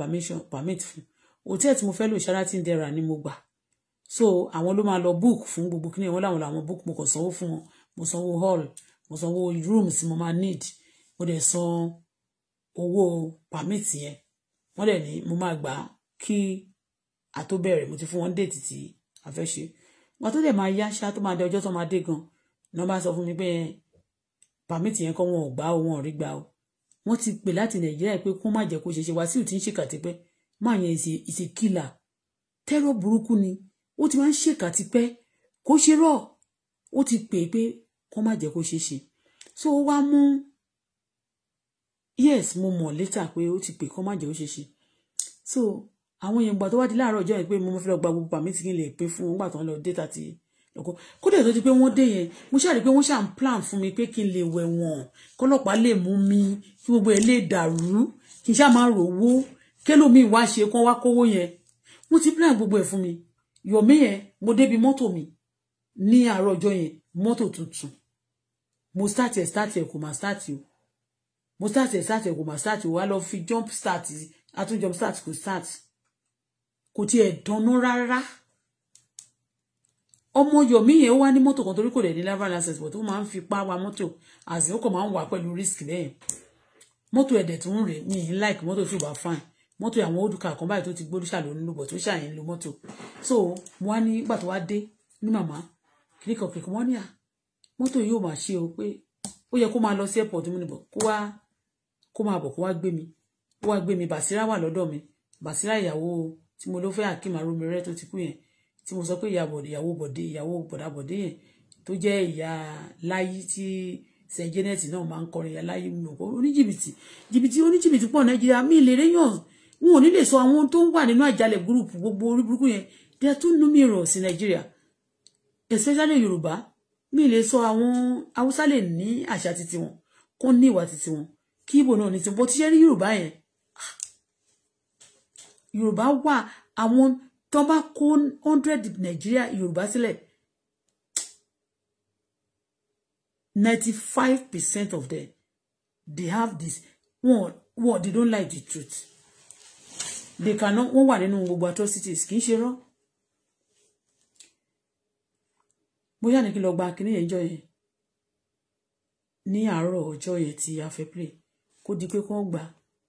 Speaker 1: permit fún hotel tí mo fẹ́ lò Sheraton dẹ́ra ni mo gbà so àwọn ló máa lọ book fún gbogbo kíni wọn làwọn làwọn book mo kàn sanwó fún wọn mo sanwó hall mo sanwó rooms mo máa need mo dẹ̀ san owó permit yẹn wọ́n dẹ̀ ní mo máa gbà kí a tó bẹ̀rẹ̀ mo ti fún wọn déètì tí a fẹ́ ṣe wọn tó dẹ̀ máa yá ṣá tó máa dé ọjọ́ tó máa dé gan ni wọ́n bá sọ fún mi pé pàmìtì yẹn kọ́ wọn ò gbà ó wọn ò rí gbà ó wọ́n ti pè láti nàìjíríà pé kó má jẹ́ kó ṣe ṣe wàsíù tí ń ṣèkà tipẹ́ má yẹn ìṣe ìṣe kìlà tẹ́rọ̀ burúkú ni ó ti máa ń ṣèkà tipẹ́ kó ṣe rọ̀ ó ti pè pé kó má jẹ́ kó ṣe ṣe so ó wá mú yes mo mọ̀ létà pé ó ti pè kó má jẹ́ ó ṣe ṣe so àwọn èèyàn gbà tó wá di láàárọ̀ ọjọ́ yẹn pé mo fẹ́ lọ gba gbogbo pàmìtì kí n lè pé fún wọn gbà tó ń lọ dé tàti ọkọ kódà tó di pé wọ́n dé yẹn mo ṣáà rí i pé wọ́n ṣáà ń plan fún mi pé kí n lè wẹ̀ wọ̀n kọ́lọ́pàá lè mú mi kí gbogbo ẹ̀ lè dàrú kí n ṣáà máa rówó kélòmíì wá ṣe kán wá kówó yẹn wọ́n ti plan gbogbo ẹ̀ fún mi yọ̀mí yẹn mo débi mọ́tò mi ní àárọ̀ ọjọ́ yẹn mọ́tò tuntun mo start ẹ̀ start ẹ̀ kò máa start o mo start ẹ̀ start ẹ̀ kò máa start o wá lọ fi jump start atún jump start kò start kò tiẹ̀ dáná rárá ọmọ yomi yẹn ó wá ní mọ́tò kan torí kò dẹ̀ ní driver license but ó máa ń fi pa wa mọ́tò àti ó kàn máa ń wà pẹ̀lú risk bẹ́ẹ̀ mọ́tò ẹ̀dẹ̀ tó ń rè mí ń like mọ́tò tí ò bá fine mọ́tò àwọn olùkà kan báyìí tó ti gbórí ṣàlò ń lò bọ̀ ṣàyẹn lo mọ́tò so mo wá ní ìgbà tó wá dé ní màmá kíríkan kíríkan wọ́n ní à mọ́tò yóò máa ṣe o pé ó yẹ kó máa lọ sí airport mi nìbọ̀ kó wá kó máa bọ̀ kó wá gbé mi kó wá gbé mi bàṣírà wà lọ́dọ̀ mi bàṣírà ìyàwó tí mo ló fẹ́ Akeem Aromire tó ti kú yẹn tí mo sọ pé ìyá bọ̀dé ìyàwó bọ̀dé ìyàwó bọ̀dá bọ̀dé yẹn tó jẹ́ ìyá láyé tí Saint Janet náà máa ń kọrin ìyá láyé mi ò oníjìbìtì jìbìtì oníjìbìtì pọ̀ Nàìjíríà mi lè réyàn wọn ò ní lè sọ àwọn tó ń wà nínú àjálẹ̀ gúrùpù gbogbo orí burúkú yẹn they are too numerous in Nigeria especially Yorùbá mi lè sọ àwọn Haúsá lè ní àṣà titi wọn kó ní ìwà titi wọn kí Ìgbò náà ní tiwọn bó ti ṣe rí Yorùbá yẹn ah, Yorùbá wà àwọn tó bá kó hundred Nigeria yorùbá sílẹ̀ ninety five percent of them they have this one one they don't like the truth they cannot wọ́n wà nínú gbogbo atrocities kì í ṣe rán bóyá ní kí lọ gba kíní yẹn jọ yẹn ní àárọ̀ ọjọ́ yẹn tí a fẹ́ play kó di pé kó gbà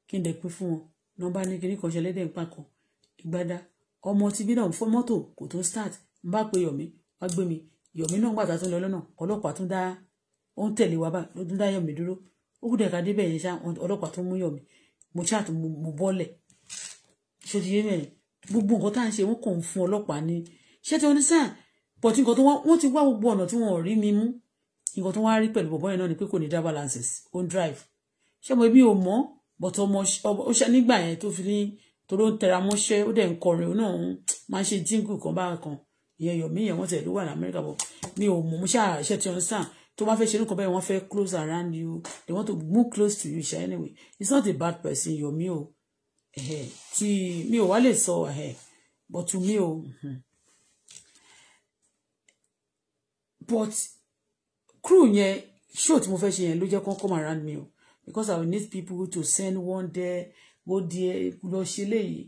Speaker 1: kí n dẹ̀ pé fún wọn nọ́mbà ní kíní kan ṣẹlẹ́dẹ̀ ń pa kan ìgbádá ọmọ ti bí náà fọ́ mọ́tò kò tó start n bá pe yọ̀mí wá gbé mi yọ̀mí náà gbàtà tó ń lọ lọ́nà ọlọ́pàá tún dá ó ń tẹ̀lé wa báyìí ó tún dá yọ̀mí dúró ó kú dẹ̀ka débẹ̀ yẹn ṣá ọlọ́pàá tún mú yọ̀mí mo chat mo bọ́lẹ̀ ṣó ti yé mẹ́rin gbogbo nǹkan tá à ń ṣe wọ́n kàn ń fún ọlọ́pàá ní ṣé ti wọn sàn pọ̀ tí nǹkan tó wọ́n ti wá gbogbo ọ̀nà tí wọ́n rí mi mú nǹkan tó wá rí pẹ̀lú bọ̀bọ́ yẹn náà ni pé kò ní dá balances ó ń drive ṣé mo ebi ò mọ́ bọ̀tọ̀ ọmọ ó ṣe nígbà yẹn tó fi ní toró ń tẹra mọ́ṣẹ́ ó dẹ̀ ń kọrin òun náà máa ń ṣe jíngù kan bá kan ìyẹn yọ̀mí ìyẹn wọ́n tẹ̀ ló wà ní Amẹ́ríkà bọ̀ mi ò mọ̀ mo ṣáà ṣe ti understand tó bá fẹ́ ṣe nǹkan bẹ́ẹ̀ wọ́n fẹ́ close around you they want to move close to you ṣá anyway it's not a bad person yọ̀mí o tí mi ò wá lè sọ but to me mhm. but crew yẹn show tí mo fẹ́ ṣe yẹn ló jẹ́ kó come around me o because I will need people to send one there mo di eh, lọ ṣe léyìí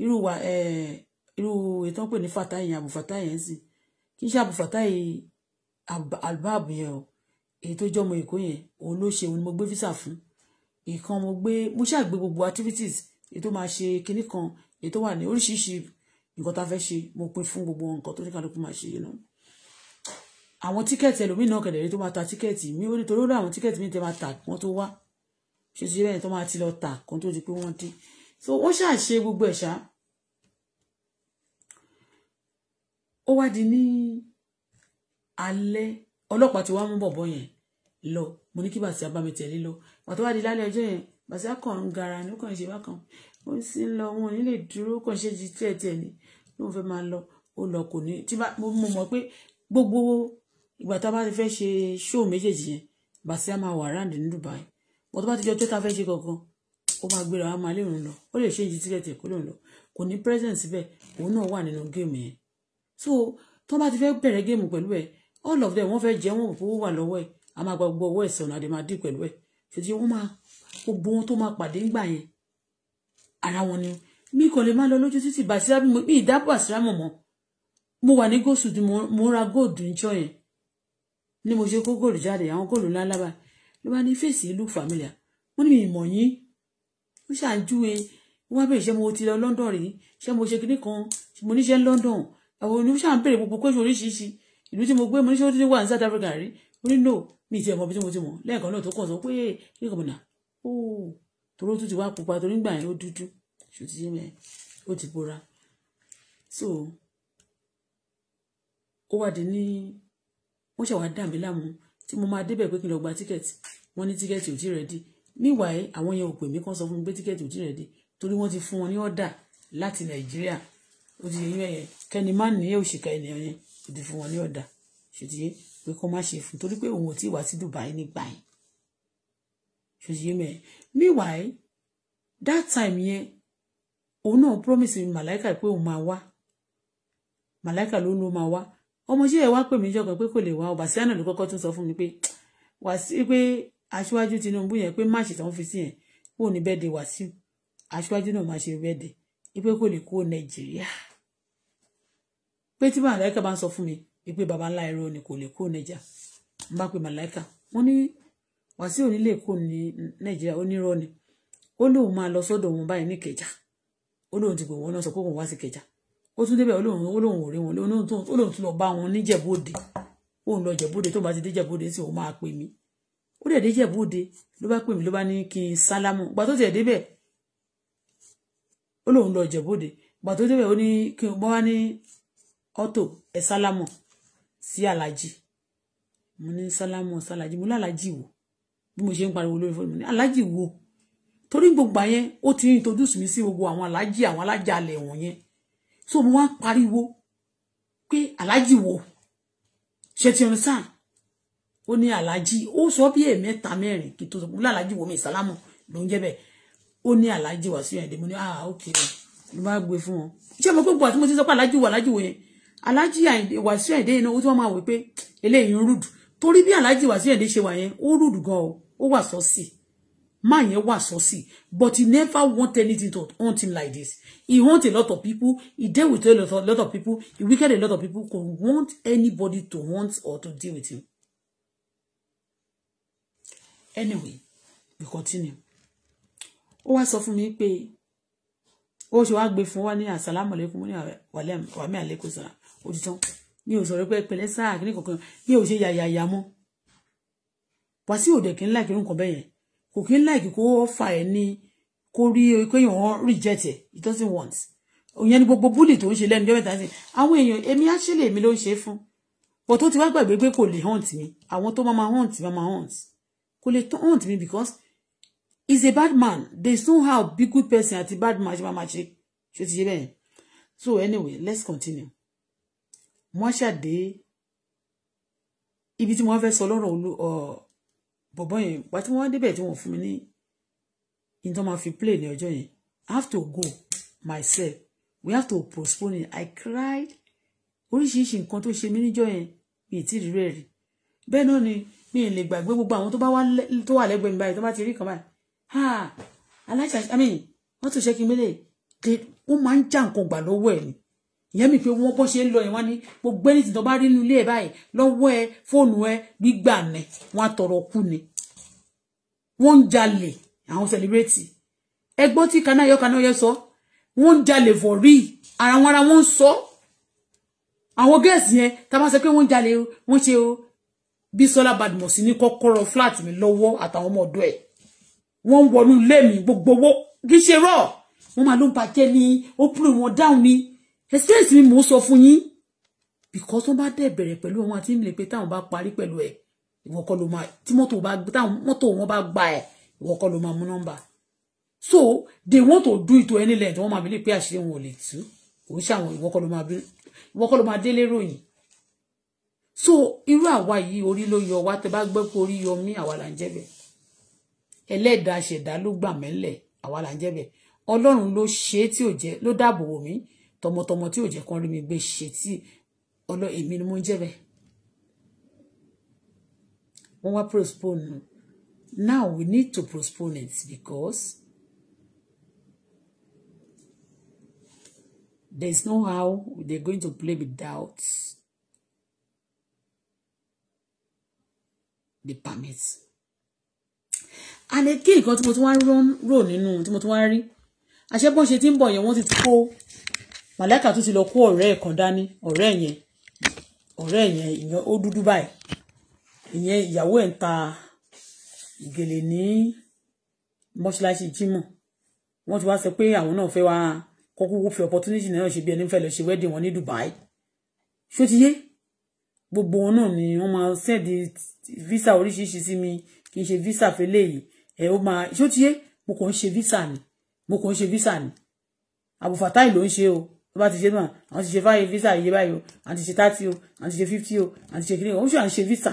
Speaker 1: irú wa eh, irú ètò ń pè ní fatayi àbùfatayi ẹ̀ sì kì í ṣe àbùfatayi albab yẹn o èyí tó jọmọ èkó yẹn òun ló ṣe òun ni mo gbé visa fún ìkan mo gbé mo ṣàgbé gbogbo activities èyí tó máa ṣe kinní kan èyí tó wà ní oríṣiríṣi nǹkan tá a fẹ́ ṣe mo pín fún gbogbo nǹkan tó ní kálukú máa ṣe yìí náà àwọn tíkẹ́ẹ̀tì ẹlòmíì náà kẹ̀lẹ́rẹ́ tó máa ta tíkẹ́ẹ̀tì mi ó nítorí ó ní àwọn tíkẹ́ẹ̀tì mi tẹ́ máa tà wọ́n tó wá ṣe ti lẹ́yìn tó máa ti lọ tà kan tó di pé wọ́n dín so wọ́n ṣáà ṣe gbogbo ẹ̀ ṣá ó wá di ní alẹ́ ọlọ́pàá ti wá mú bọ̀bọ̀ yẹn lọ mo ní kí bàtí abámi lọ pàtó wá di lálẹ́ ọjọ́ yẹn bàtí akàn gara ni ó kàn ń ṣe bákan ó sì ń lọ wọn ò ní lè dúró kàn ṣe di tiẹ̀ tiẹ̀ ni lóun fẹ́ máa lọ ó lọ kò ní tí mo mọ̀ pé gbogbo ìgbà tá a bá ti fẹ́ ṣe ṣóò méjèèjì yẹn bàtí a máa wà ráǹdì ní Dubai bọ́ tó bá ti jọ tó ta fẹ́ ṣe kankan ó máa gbéra wá máa lè rùn lọ ó lè ṣe ìjì tíkẹ́ẹ̀tì kó lòun lọ kò ní presence síbẹ̀ òun náà wà nínú géèmù yẹn so tó bá ti fẹ́ bẹ̀rẹ̀ géèmù pẹ̀lú ẹ̀ all of them wọ́n fẹ́ jẹ́ wọn òpó wà lọ́wọ́ ẹ̀ a máa gba gbogbo ọwọ́ ẹ̀ sọ̀nà àdè máa dì pẹ̀lú ẹ̀ ṣètì wọ́n máa gbogbo wọn tó máa pàdé ńgbà yẹn ara wọn ni mi kò lè má lọ lójú títì bàṣírà mi ìdábò àṣírà mọ̀ mọ́ mo wà ní góòsù tí mo ra góòdù níjọ́ yẹn ni mo ṣe kó góòlù jáde àwọn góòlù ńlá lábàá ló bá ní fèsì look familiar mo ní mi ìmọ̀ yín ó ṣàǹjúwe wọ́n wá bẹ̀rẹ̀ ṣé mo ti lọ London rí ṣé mo ṣe kinní kan mo níṣẹ́ London àwọn olùṣà ń bèrè gbogbo pẹ́ṣọ oríṣiríṣi ìlú tí mo gbé mo níṣẹ́ tí wà ní South Africa rí mo ní no mi ti ọmọ bí tí mo ti mọ̀ lẹ́ẹ̀kan náà tó kàn sọ pé kí kò mọ̀ nà ó toró tún ti wá pupa torí gbà yẹn ó dúdú ṣùtì yín mẹ́ ó ti bora so ó wà dé ní wọ́n ṣàwádà mí láàmú tí mo máa débẹ̀ pé kí n lọ gba tíkẹ́ẹ̀tì wọ́n ní tíkẹ́ẹ̀tì ò tí rẹ́dí meanwhile àwọn yẹn ò pè mí kán sọ fún mi pé tíkẹ́ẹ̀tì ò tí rẹ́dí torí wọ́n ti fún wọn ní ọ̀dà láti nàìjíríà ó ti yẹ yẹn kẹ́ni má ní òṣìkà ènìyàn yẹn ó ti fún wọn ní ọ̀dà ṣòtìyẹ pé kán má ṣe fún torí pé òun ò tí wá sí Dubai nígbà yẹn ṣòtìyẹ mẹ́ẹ̀ meanwhile that time yẹn òun náà promise mi màláìkà pé òun máa wá màláìkà ló ló máa wá ọmọ ṣé ẹ wá pè mí jọkàn pé kò lè wá ọba síánà ló kọ́kọ́ tún sọ fún mi pé wàsí pé aṣíwájú Tinubu yẹn pé máàṣì tán fi sí yẹn kúrò ní bẹ́ẹ̀dẹ̀ Wàsíù aṣíwájú náà máa ṣe bẹ́ẹ̀dẹ̀ ipe kò lè kúrò Nàìjíríà pé tí màláìka bá ń sọ fún mi ipe baba ńlá ẹ̀rọ ni kò lè kúrò Nàìjíríà ń bá pe màláìka wọ́n ní Wàsíù ní lè kúrò ní Nàìjíríà ni ó lóun máa lọ sọ́dọ̀ òun báyìí ní Ìkẹjà ó lóun ti pè wọ́n náà sọ pé òun wá sí Ìkẹjà ó tún débẹ̀ olóhùn olóhùn ò rí wọn olóhùn tún lọ bá wọn níjẹ̀bóde òun lọ jẹ̀bóde tó bá ti dé jẹ̀bóde sí òun máa pè mí ó dẹ̀ dé jẹ̀bóde ló bá pè mí ló bá ní kí n sálámù gbà tó tiẹ̀ débẹ̀ olóhùn lọ jẹ̀bóde gbà tó débẹ̀ ó ní kí n bọ́ wá ní ọ́tò ẹ̀ sálámù sí alájì mo ní sálámù sálájì mo lálájì wò bí mo ṣe ń pariwo lórí fóònù mo ní alájì wò torí gbogbo àyẹn ó ti introduce mi sí gbogbo àwọn alájì àwọn alájàlẹ̀ wọ̀nyẹn so mo wá pariwo pé aláàjì wò ṣe ti rìn sáà ó ní aláàjì ó sọ bí ẹ̀mẹ́ta mẹ́rin kí tó sọ pé aláàjì wò mí ìsálámù ló ń jẹ́ bẹ́ẹ̀ ó ní aláàjì wà mo ní ah ok mo bá gbé fún wọn ṣé mo gbogbo àti mo ti sọ pé aláàjì wà aláàjì wò yẹn aláàjì wà sí ẹ̀dẹ̀ yẹn náà ó tún máa wò pé eléyìí ń rúdù torí bí aláàjì wà sí ẹ̀dẹ̀ ṣe wà yẹn ó rúdù gan o ó wà sọ́ọ̀sì man yẹn wà saucy but he never want anything to hunt him like this he hunt a lot of people he deal with a lot of, lot of people he wicked a lot of people could want anybody to hunt or to deal with him anyway we continue ó wá sọ fún mi pé ó ṣe wá gbé fún wa ní àsàlámọ̀lẹ́kùn alaikum. wàmí àlékún sara òtítàn mi ò sọ̀rọ̀ pé pẹ̀lẹ́ sáà kí ní kankan mi ò ṣe yàyàyà mọ́ wá sí òde kí ńlá kí nǹkan bẹ́yẹn kò kí ń láìkí kó fà ẹ́ ní kó rí kéèyàn wọn reject ẹ̀ it doesn't want òyìn ni gbogbo búlì tó ń ṣe lẹ́nu jọ́mẹ́ta sí àwọn èèyàn èmi á ṣẹlẹ̀ èmi ló ń ṣe fún but tó ti wá gbàgbé pé kò lè hunt mi àwọn tó máa hunt máa hunt kò lè hunt mi because he's a bad man they somehow be good person àti bad man ṣe máa máa ṣe ṣe ti ṣe bẹ́ẹ̀ so anyway let's continue wọ́n ṣàdé ibi tí wọ́n fẹ́ sọ lọ́rọ̀ bọ̀bọ́ yẹn wá tí wọ́n débẹ̀ tí wọ́n fún mi ní in tó máa fi play ní ọjọ́ yẹn I have to go myself we have to postpone it I cried oríṣiríṣi nǹkan tó ṣe mí níjọ́ yẹn mi ì tí rí rẹ̀ rí bẹ́ẹ̀ náà ni mi ì lè gbàgbé gbogbo àwọn tó bá wà lẹ́gbẹ̀ẹ́ mi báyìí tó bá ti rí kan báyìí ha aláìsàn I mean wọ́n tún ṣe kí n mélèé wọ́n máa ń já nǹkan gbà lọ́wọ́ ẹ̀ ni ìyẹn mi pé wọ́n bó ṣe ń lọ yẹn wọ́n ní gbogbo ẹni tí tó bá rí inú ilé ẹ̀ báyìí lọ́wọ́ ẹ fóònù ẹ gbígbà ni wọ́n á tọrọ kú ni wọ́n ń jalè àwọn sẹlẹbírẹ́tì ẹgbọ́n tí kanáyọ kanáyọ sọ wọ́n ń jalè for ara wọn ara wọn ń sọ àwọn gẹ́ẹ̀sì yẹn tá sọ pé wọ́n ń jalè wọ́n ṣe o Bísọ́lá Badmus ní kọ́kọ́rọ́ flat mi lọ́wọ́ àtàwọn ọmọ ọ̀dọ́ ẹ̀ wọ́n ń wọnú ilé mi gbogbo owó kì í ṣe rọ̀ wọ́n máa ló ń bàjẹ́ ní ó pùrù wọn dáhùn ni experience mi mò ń sọ fún yín because wọ́n bá dẹ̀ bẹ̀rẹ̀ pẹ̀lú ọmọ àti ìmìlẹ̀ pé táwọn bá parí pẹ̀lú ẹ̀ ìwọ kọ́ ló máa tí mọ́tò bá táwọn mọ́tò wọn bá gba ẹ̀ ìwọ kọ́ ló máa mú nọ́mbà so they want to do it to any length wọ́n máa bí lè pé àṣírí wọn ò lè tú kò ń ṣàwọn ìwọ kọ́ ló máa bí ìwọ kọ́ so irú àwa yìí orí ló yọ wá tẹ bá gbẹ́ pé orí yọ mí àwa là ń jẹ́ bẹ̀ ẹlẹ́dàá ṣẹ̀dá ló gbà mẹ́lẹ̀ àwa là ń jẹ́ bẹ̀ ọlọ́run ló ṣe é tí ò jẹ́ ló dáàbò wò mí tọmọtọmọ tí ò jẹ́ kán rí mi gbé ṣe tí ọlọ́ èmi ni mo ń jẹ́ bẹ́ẹ̀ wọ́n wá postpone now we need to postpone it because there is no how they're going to play with doubts the permit and again nǹkan tí mo tún wá rò nínú tí mo tún wá rí àṣẹ bọ́n ṣe ti ń bọ̀ yẹn wọ́n ti kó màláìka tún ti lọ kó ọ̀rẹ́ ẹ̀ kan dání ọ̀rẹ́ yẹn ọ̀rẹ́ yẹn ìyẹn ó dúdú báyìí ìyẹn ìyàwó ẹ̀ ń ta ìgèlè ní mọ́ṣáláṣí jímọ̀ wọ́n ti wá sọ pé àwọn náà fẹ́ wá kọ́kọ́ fi opportunity náà ṣe bí ẹni fẹ́ ṣe wedding wọn ní Dubai ṣó ti yé gbogbo wọn náà ni wọ́n máa send visa oríṣiríṣi sí mi kì í ṣe visa fẹ́lẹ́ yìí ẹ̀ ó máa ṣó ti yé mo kàn ń ṣe visa ni mo kàn ń ṣe visa ni àbùfàtáì ló ń ṣe o tó bá ti ṣe náà àwọn ti ṣe fáyé visa yìí báyìí o àwọn ṣe thirty o àwọn ṣe fifty o àwọn ti ṣe kiri òun à ń ṣe visa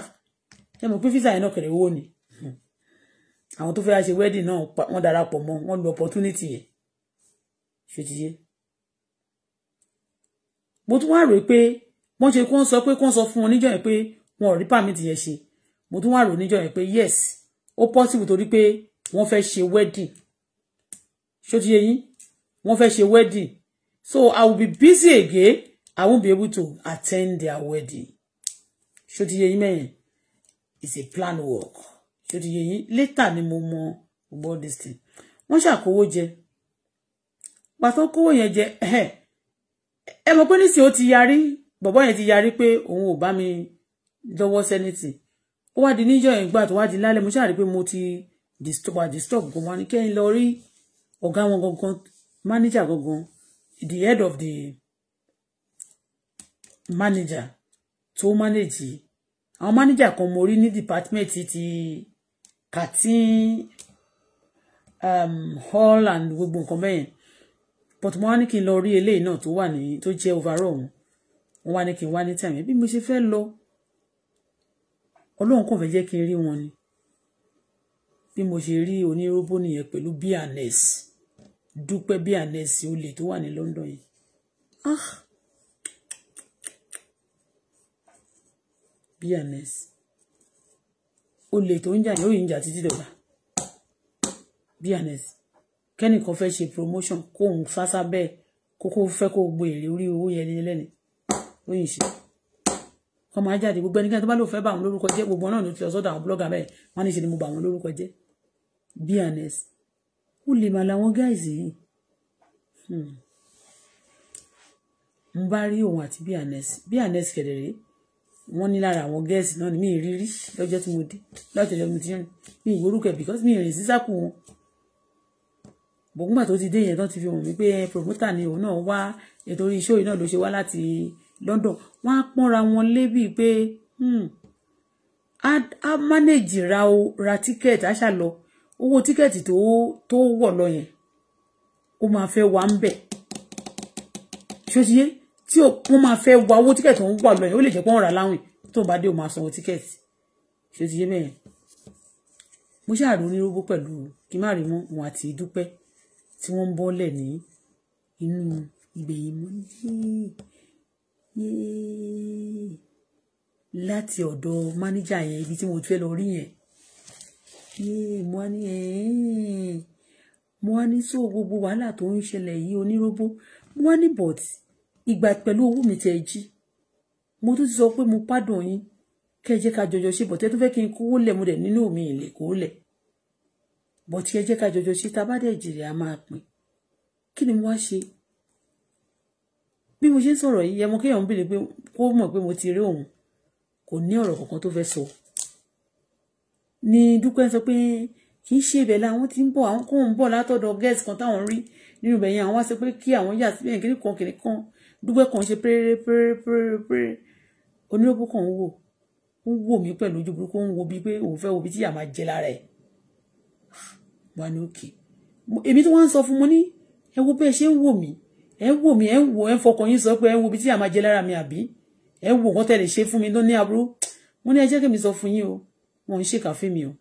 Speaker 1: ṣé mo pé visa yẹn náà kẹrẹ owó ni hmm. àwọn tó fẹ́ ṣe wedding náà wọ́n darapọ̀ mọ́ wọ́n lu opportunity yẹn ṣe ti yé mo tún wá rò pé wọ́n ṣe kó ń sọ pé kó ń sọ fún wọn níjọ́ yẹn pé wọn ò rí permit yẹn ṣe mo tún wá rò níjọ́ yẹn pé yes ó possible torí pé wọ́n fẹ́ ṣe wedding ṣó ti yé yín wọ́n fẹ́ ṣe wedding So I will be busy again. I won't be able to attend their wedding. Ṣó ti yé yín It's a plan work. Ṣó ti yé Later ni mo mọ gbọ́ this thing. Wọ́n ṣàkówó jẹ. Pàtó kówó yẹn Eh, Ẹ mọ̀ pé nísìnyí ó ti yarí. Bọ̀bọ́ yẹn ti yarí pé òun ò bá mi lọ́wọ́ sẹ́nìtì. Ó wá di níjọ́ yẹn gbà tó di lálẹ́. Mo ṣàrí pé mo ti disturb disturb gan-an. Wọ́n ní kẹ́yìn lọ rí ọ̀gá wọn gangan, mánéjà the head of the manager to manage our manager kan mo department ti Katin um, hall and gbogbo nǹkan bẹ́yẹn but mo wá ní kí n lọ rí eléyìí náà tó wà ní tó overall wọn wọn wá ní kí n time yẹn bí mo ṣe fẹ́ lọ ọlọ́run kò fẹ́ jẹ́ kí n rí wọn ni bí mo ṣe rí onírúbó nìyẹn pẹ̀lú bns dúpẹ́ bí ànẹ́sì olè tó wà ní London yìí ah bí ànẹ́sì olè tó ń jà ní òyìnjà títí dọ̀gba bí ànẹ́sì kẹ́nìkan fẹ́ ṣe promotion kó òun fásá bẹ́ẹ̀ kókó fẹ́ kó gbé èrè orí owó yẹn lẹ́ni lóyìn ṣe ọmọ ajáde gbogbo ẹnikẹ́ni tó bá lò fẹ́ bá àwọn lórúkọ jẹ́ gbogbo náà ló ti lọ sọ́dọ̀ àwọn blọ́gà bẹ́ẹ̀ wọ́n ní ṣe ni mo bá àwọn lórúkọ jẹ́ bí ànẹ́sì ó lè mà làwọn guys yìí hmm. mo bá rí òun àti bí anẹsì bí anẹsì kẹdẹrẹ wọn ní lára àwọn gẹẹsì náà ni mi rírí lọ́jọ́ tí mo dé láti ẹjọ́ mi ti rìn mi ìgbórúkẹ because mi rìn sísákù wọn bògúngbà tó ti dé yẹn tán ti fi hàn mí pé promoter ni òun náà wá nítorí iṣẹ́ òyìn náà ló ṣe wá láti London wọn á pọ́nra wọn lébì pé hmm, a manage ra o ra a ṣà owó tíkẹ́ẹ̀tì tó tó wọ̀ lọ yẹn ó máa fẹ́ wà ń bẹ̀ ṣóṣìyé tí wọ́n máa fẹ́ wà owó tíkẹ́ẹ̀tì tó ń wà lọ yẹn ó lè jẹ́ pé wọ́n rà láwìn tó bá dé o máa sanwó tíkẹ́ẹ̀tì ṣóṣìyé mẹ́yẹn mo ṣàrò onírúurú pẹ̀lú kí má rí mọ́ wọn àti dúpẹ́ tí wọ́n ń bọ́lẹ̀ ní inú ìgbẹ̀yìn mú láti ọ̀dọ̀ máníjà yẹn ibi tí mo fẹ́ lọ rí yẹn mo á ní mo á ní so gbogbo wàhálà tó ń ṣẹlẹ̀ yìí oníróbó mo á ní but ìgbà pẹ̀lú owó mi tẹ̀ jí mo tún ti sọ pé mo pardon yín kẹ́ ẹ jẹ́ ká jọjọ ṣe bọ̀tẹ́ tó fẹ́ kí n kówó lẹ̀ mo dẹ̀ nílò mi ìlẹ̀ kó lẹ̀ bọ̀tí ẹ jẹ́ ká jọjọ ṣe tá bá dẹ̀ jèrè a máa pín kí ni mo wá ṣe bí mo ṣe ń sọ̀rọ̀ yìí ẹ mọ kéèyàn ń bèèrè pé kó mọ̀ pé mo ti rí òun kò ní ọ̀rọ̀ kankan tó fẹ́ sọ. So ni dúpẹ́ sọ pé kì í ṣe ibẹ̀ làwọn ti ń bọ̀ àwọn kò ń bọ̀ látọ̀dọ̀ guest kan táwọn rí nínú ibẹ̀ yẹn àwọn wá sọ pé kí àwọn yà síbẹ̀ kiri kan kiri kan dúpẹ́ kan ṣe péré péré péré péré onírúurú kan wò ó wò mí pẹ̀lú ojú burúkú ó ń wo bíi pé òun fẹ́ wo bíi tí yà máa jẹ lára ẹ̀ wà ní òkè èmi tí wọ́n ń sọ fún mo ní ẹ wo bẹ́ẹ̀ ṣe ń wò mí ẹ ń wò mí ẹ ń wò ẹ ń fọkàn yín sọ pé ẹ ń wo bíi tí yà máa jẹ lára mi àbí ẹ ń wò kán tẹ̀lé ṣe fún mi tó ní aburú mo ní ẹ jẹ́ kí mi sọ fún yín o wọn ń ṣèkà fún mi o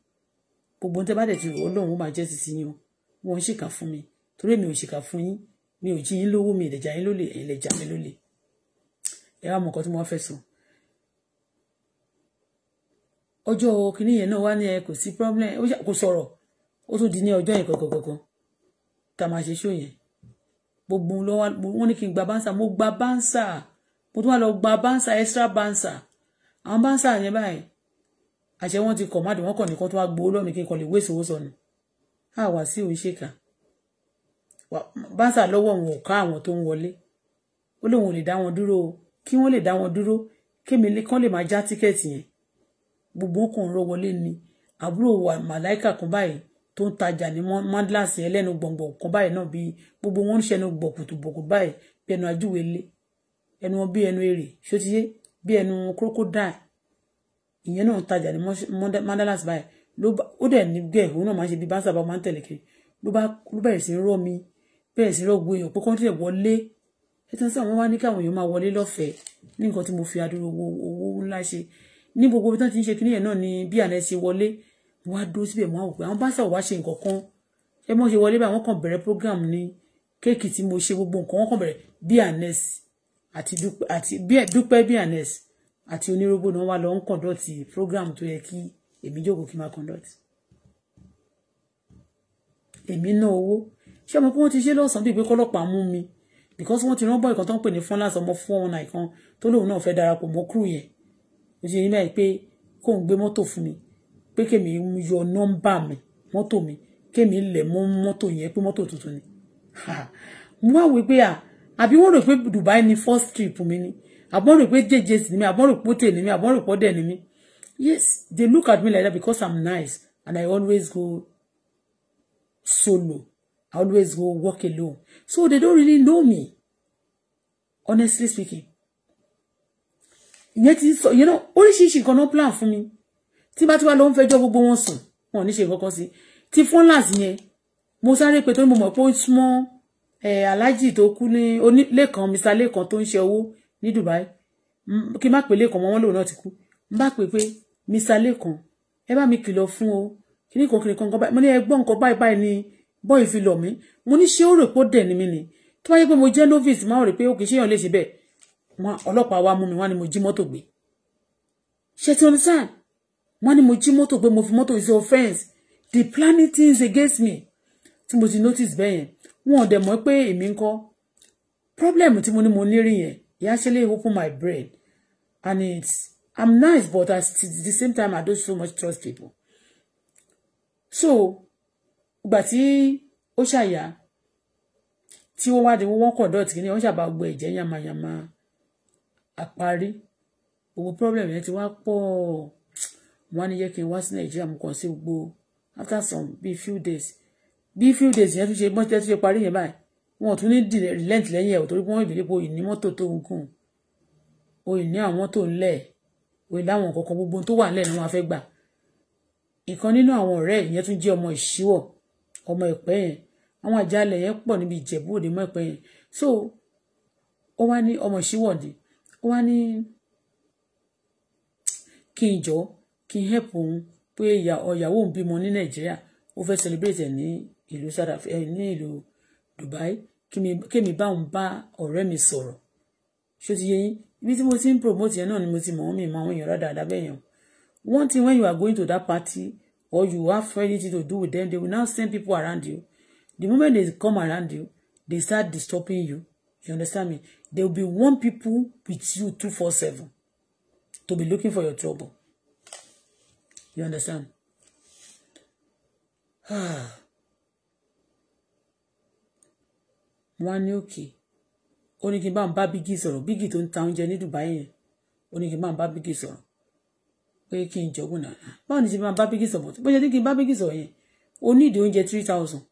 Speaker 1: gbogbo tẹ bá dẹ̀ ti rò ọlọ́run ó máa jẹ́ títí yín o wọn ń ṣèkà fún mi torí mi ò ṣèkà fún yín mi ò jí yín lówó mi ìdẹ̀jà yín lólè ẹ̀yìn lẹ̀jà mi lólè ẹ wá mọ nǹkan tí wọ́n fẹ́ sọ. ọjọ́ kìíní yẹn náà wá ní ẹ kò sí problem kò sọ̀rọ̀ ó tún di ní ọjọ́ yẹn kọ̀kọ̀kọ̀kọ̀ tá a máa ṣe ṣó yẹn gbogbo wọn ní kí n gba bánsà mo gba bánsà mo tún wá lọ gba bánsà extra bánsà àwọn bánsà yẹn báyìí àṣẹ wọn ti kọ̀ mádùn wọn kàn nìkan tó wá gbowó lọ́mí kí n kàn lè wéṣe owó sọnù á wá sí òun ṣèkà báńsà lọ́wọ́ òun ò ká àwọn tó ń wọlé ó lóun ò lè dá wọn dúró kí wọ́n lè dá wọn dúró kémi kán lè máa já tíkẹ́ẹ̀tì yẹn gbogbo kan rọ wọlé ni àbúrò wa màláìkà kan báyìí tó ń tajà ní mandlas ẹlẹ́nu gbọ̀ngbọ̀ kan báyìí náà bí gbogbo wọn ń ṣẹnu gbọ̀kùtùbọ̀kù báyìí bí ẹnu ajúwe lé ẹnu wọn bí ẹnu èrè ṣótiyé bí ẹnu crocodile ìyẹn náà ń tajà ní mandalas báyìí ó dẹ̀ nígbẹ̀ òun náà máa ń ṣe bí báńsà bá máa ń tẹ̀lé kiri ló bẹ̀rẹ̀ sí rọ́ mi bẹ́ẹ̀ sí rọ́gbó èèyàn pé kọ́ńtì ẹ̀ wọlé ẹtàn sí àwọn wá ní káwọn èèyàn máa wọlé lọ́fẹ̀ẹ́ ní nǹkan tí mo fi adúrò owó ńlá ṣe ní gbogbo ibi tí wọ́n ti ń ṣe kíní yẹn náà ni bí àná ṣe wọlé wá dúró síbẹ̀ mọ́ àwòpẹ́ àwọn báṣà wá ṣe nǹkan kan ẹ mọ́ ṣe wọlé báyìí wọ́n kàn bẹ̀rẹ̀ program ní kéèkì tí mo ṣe gbogbo nǹkan wọ́n kàn bẹ̀rẹ̀ bí ànẹ́s àti dúpẹ́ bí ànẹ́s àti onírúgbò náà wà lọ ń conduct program tó yẹ kí èmi jókòó kí n máa conduct èmi náà owó ṣé ọmọ pé wọ́n ti ṣe lọ́sàn-án bíi pé kọ́lọ́pàá mú mi because wọ́n ti rán bọ́ ìkan tó ń pè ní fọ́nlás ọmọ fún ọ̀nà ìkan tó lóun náà fẹ́ darapọ̀ mọ́ crew yẹn ó ṣe yín báyìí pé kóun gbé mọ́tò fún mi pé kèmí yọ nọ́mbà mi mọ́tò mi kèmí lẹ̀ mọ́ mọ́tò yẹn pé mọ́tò tuntun ni mo wá wí pé à àbí wọ́n rò pé Dubai ni first trip mi ni àbọ̀n rò pé jẹ́jẹ́ sí ni mi àbọ̀n rò pé tè ni mi àbọ̀n rò pé ọ̀dẹ̀ ni mi yes they look at me like that because i'm nice and i always go solo i always go walk alone so they don't really know me honestly speaking yet ti you know oríṣiríṣi nǹkan náà plan fún mi tí bá tí wàá lọ ń fẹjọ́ gbogbo wọn sùn wọn ò ní ṣe kankan sí ti fúnlàs yẹn mo sáré pé tó ní mo mọ̀ pé ó súnmọ́ eh, aláàjì tó kú ní onílé kan mr lẹ́kan tó ń ṣe ní Dubai kí n má pè lẹ́kàn wọn lòun náà ti kú n bá pè pé Mr lẹ́kàn ẹ bá mi kìlọ̀ fún o kíní kan kíní kan nǹkan báyìí mo ní ẹgbọ́n nǹkan báyìí báyìí ni bọ́ọ̀ì fi lọ̀ mí mo ní ṣé ó rò pé ó dẹ̀ ni mí ni tó bá yẹ pé mo jẹ́ novice máa rò pé ó kì í ṣe èèyàn lè ṣe bẹ́ẹ̀ wọn ọlọ́pàá wa mú mi wọn ni mo jí mọ́tò gbé ṣe ti understand wọn ni mo jí mọ́tò gbé mo fi mọ́tò is offence the planning things against me tí mo ti notice bẹ́ẹ̀ yẹn wọn ò dẹ̀ mọ̀ pé èmi ń kọ́ problem tí mo ní mo ní rí yẹn He actually opened my brain. And it's, I'm nice, but at the same time, I don't so much trust people. So, ìgbà tí ó ṣàyà tí wọ́n wá di wọ́n kọ̀ dọ̀tí kí ni wọ́n ṣàbà gbọ́ ẹ̀jẹ̀ yama àparí gbogbo problem yẹn ti wá pọ̀ wọ́n á ní jẹ́ kí n wá sí nàìjíríà mo kàn sí gbogbo after some be few days be few days yẹn tún ṣe mọ́tẹ́ tún ṣe parí yẹn báyìí wọn ò tún ní relent lẹ́yìn ẹ̀ torí pé wọ́n ìbílẹ̀ pé òyìn ní mọ́tò tó ń kùn òyìn ní àwọn mọ́tò ńlẹ̀ òyìn láwọn kọ̀ọ̀kan gbogbo tó wà ńlẹ̀ ni wọ́n á fẹ́ gbà ìkan nínú àwọn ọ̀rẹ́ ìyẹn tún jẹ́ ọmọ ìṣíwọ̀ ọmọ ẹ̀pẹ́ yẹn àwọn àjálẹ̀ yẹn pọ̀ níbi ìjẹ̀bú òde mọ́ ẹ̀pẹ́ yẹn so ó wá ní ọmọ ìṣíwọ̀ ni ó wá ní kí n jọ kí n help òun pé ìyàwó òun bímọ ní nàìjíríà ó fẹ́ celebrate ẹ̀ ní ìlú Dubai kémi bá òun bá ọ̀rẹ́ mi sọ̀rọ̀ ṣó ti yé yín ibi tí mo ti ń promote yẹn náà ni mo ti mọ̀ wọ́n mi mọ̀ àwọn èèyàn rádà àdábẹ́ yẹn one thing when you are going to that party or you have anything to do with them they will now send people around you the moment they come around you they start disturbing you you understand me there will be one people with you two four seven to be looking for your trouble you understand. [sighs] Ah. mo wá ní òkè ó ní kí n bá ń bá bígì sọ̀rọ̀ bígì tó ń ta oúnjẹ ní Dubai yẹn ó ní kí n bá ń bá bígì sọ̀rọ̀ pé kí n jọ̀gùn náà báwo ni ṣe máa bá bígì sọ̀rọ̀ bó ṣe ní kí n bá bígì sọ̀rọ̀ yẹn o need oúnjẹ three thousand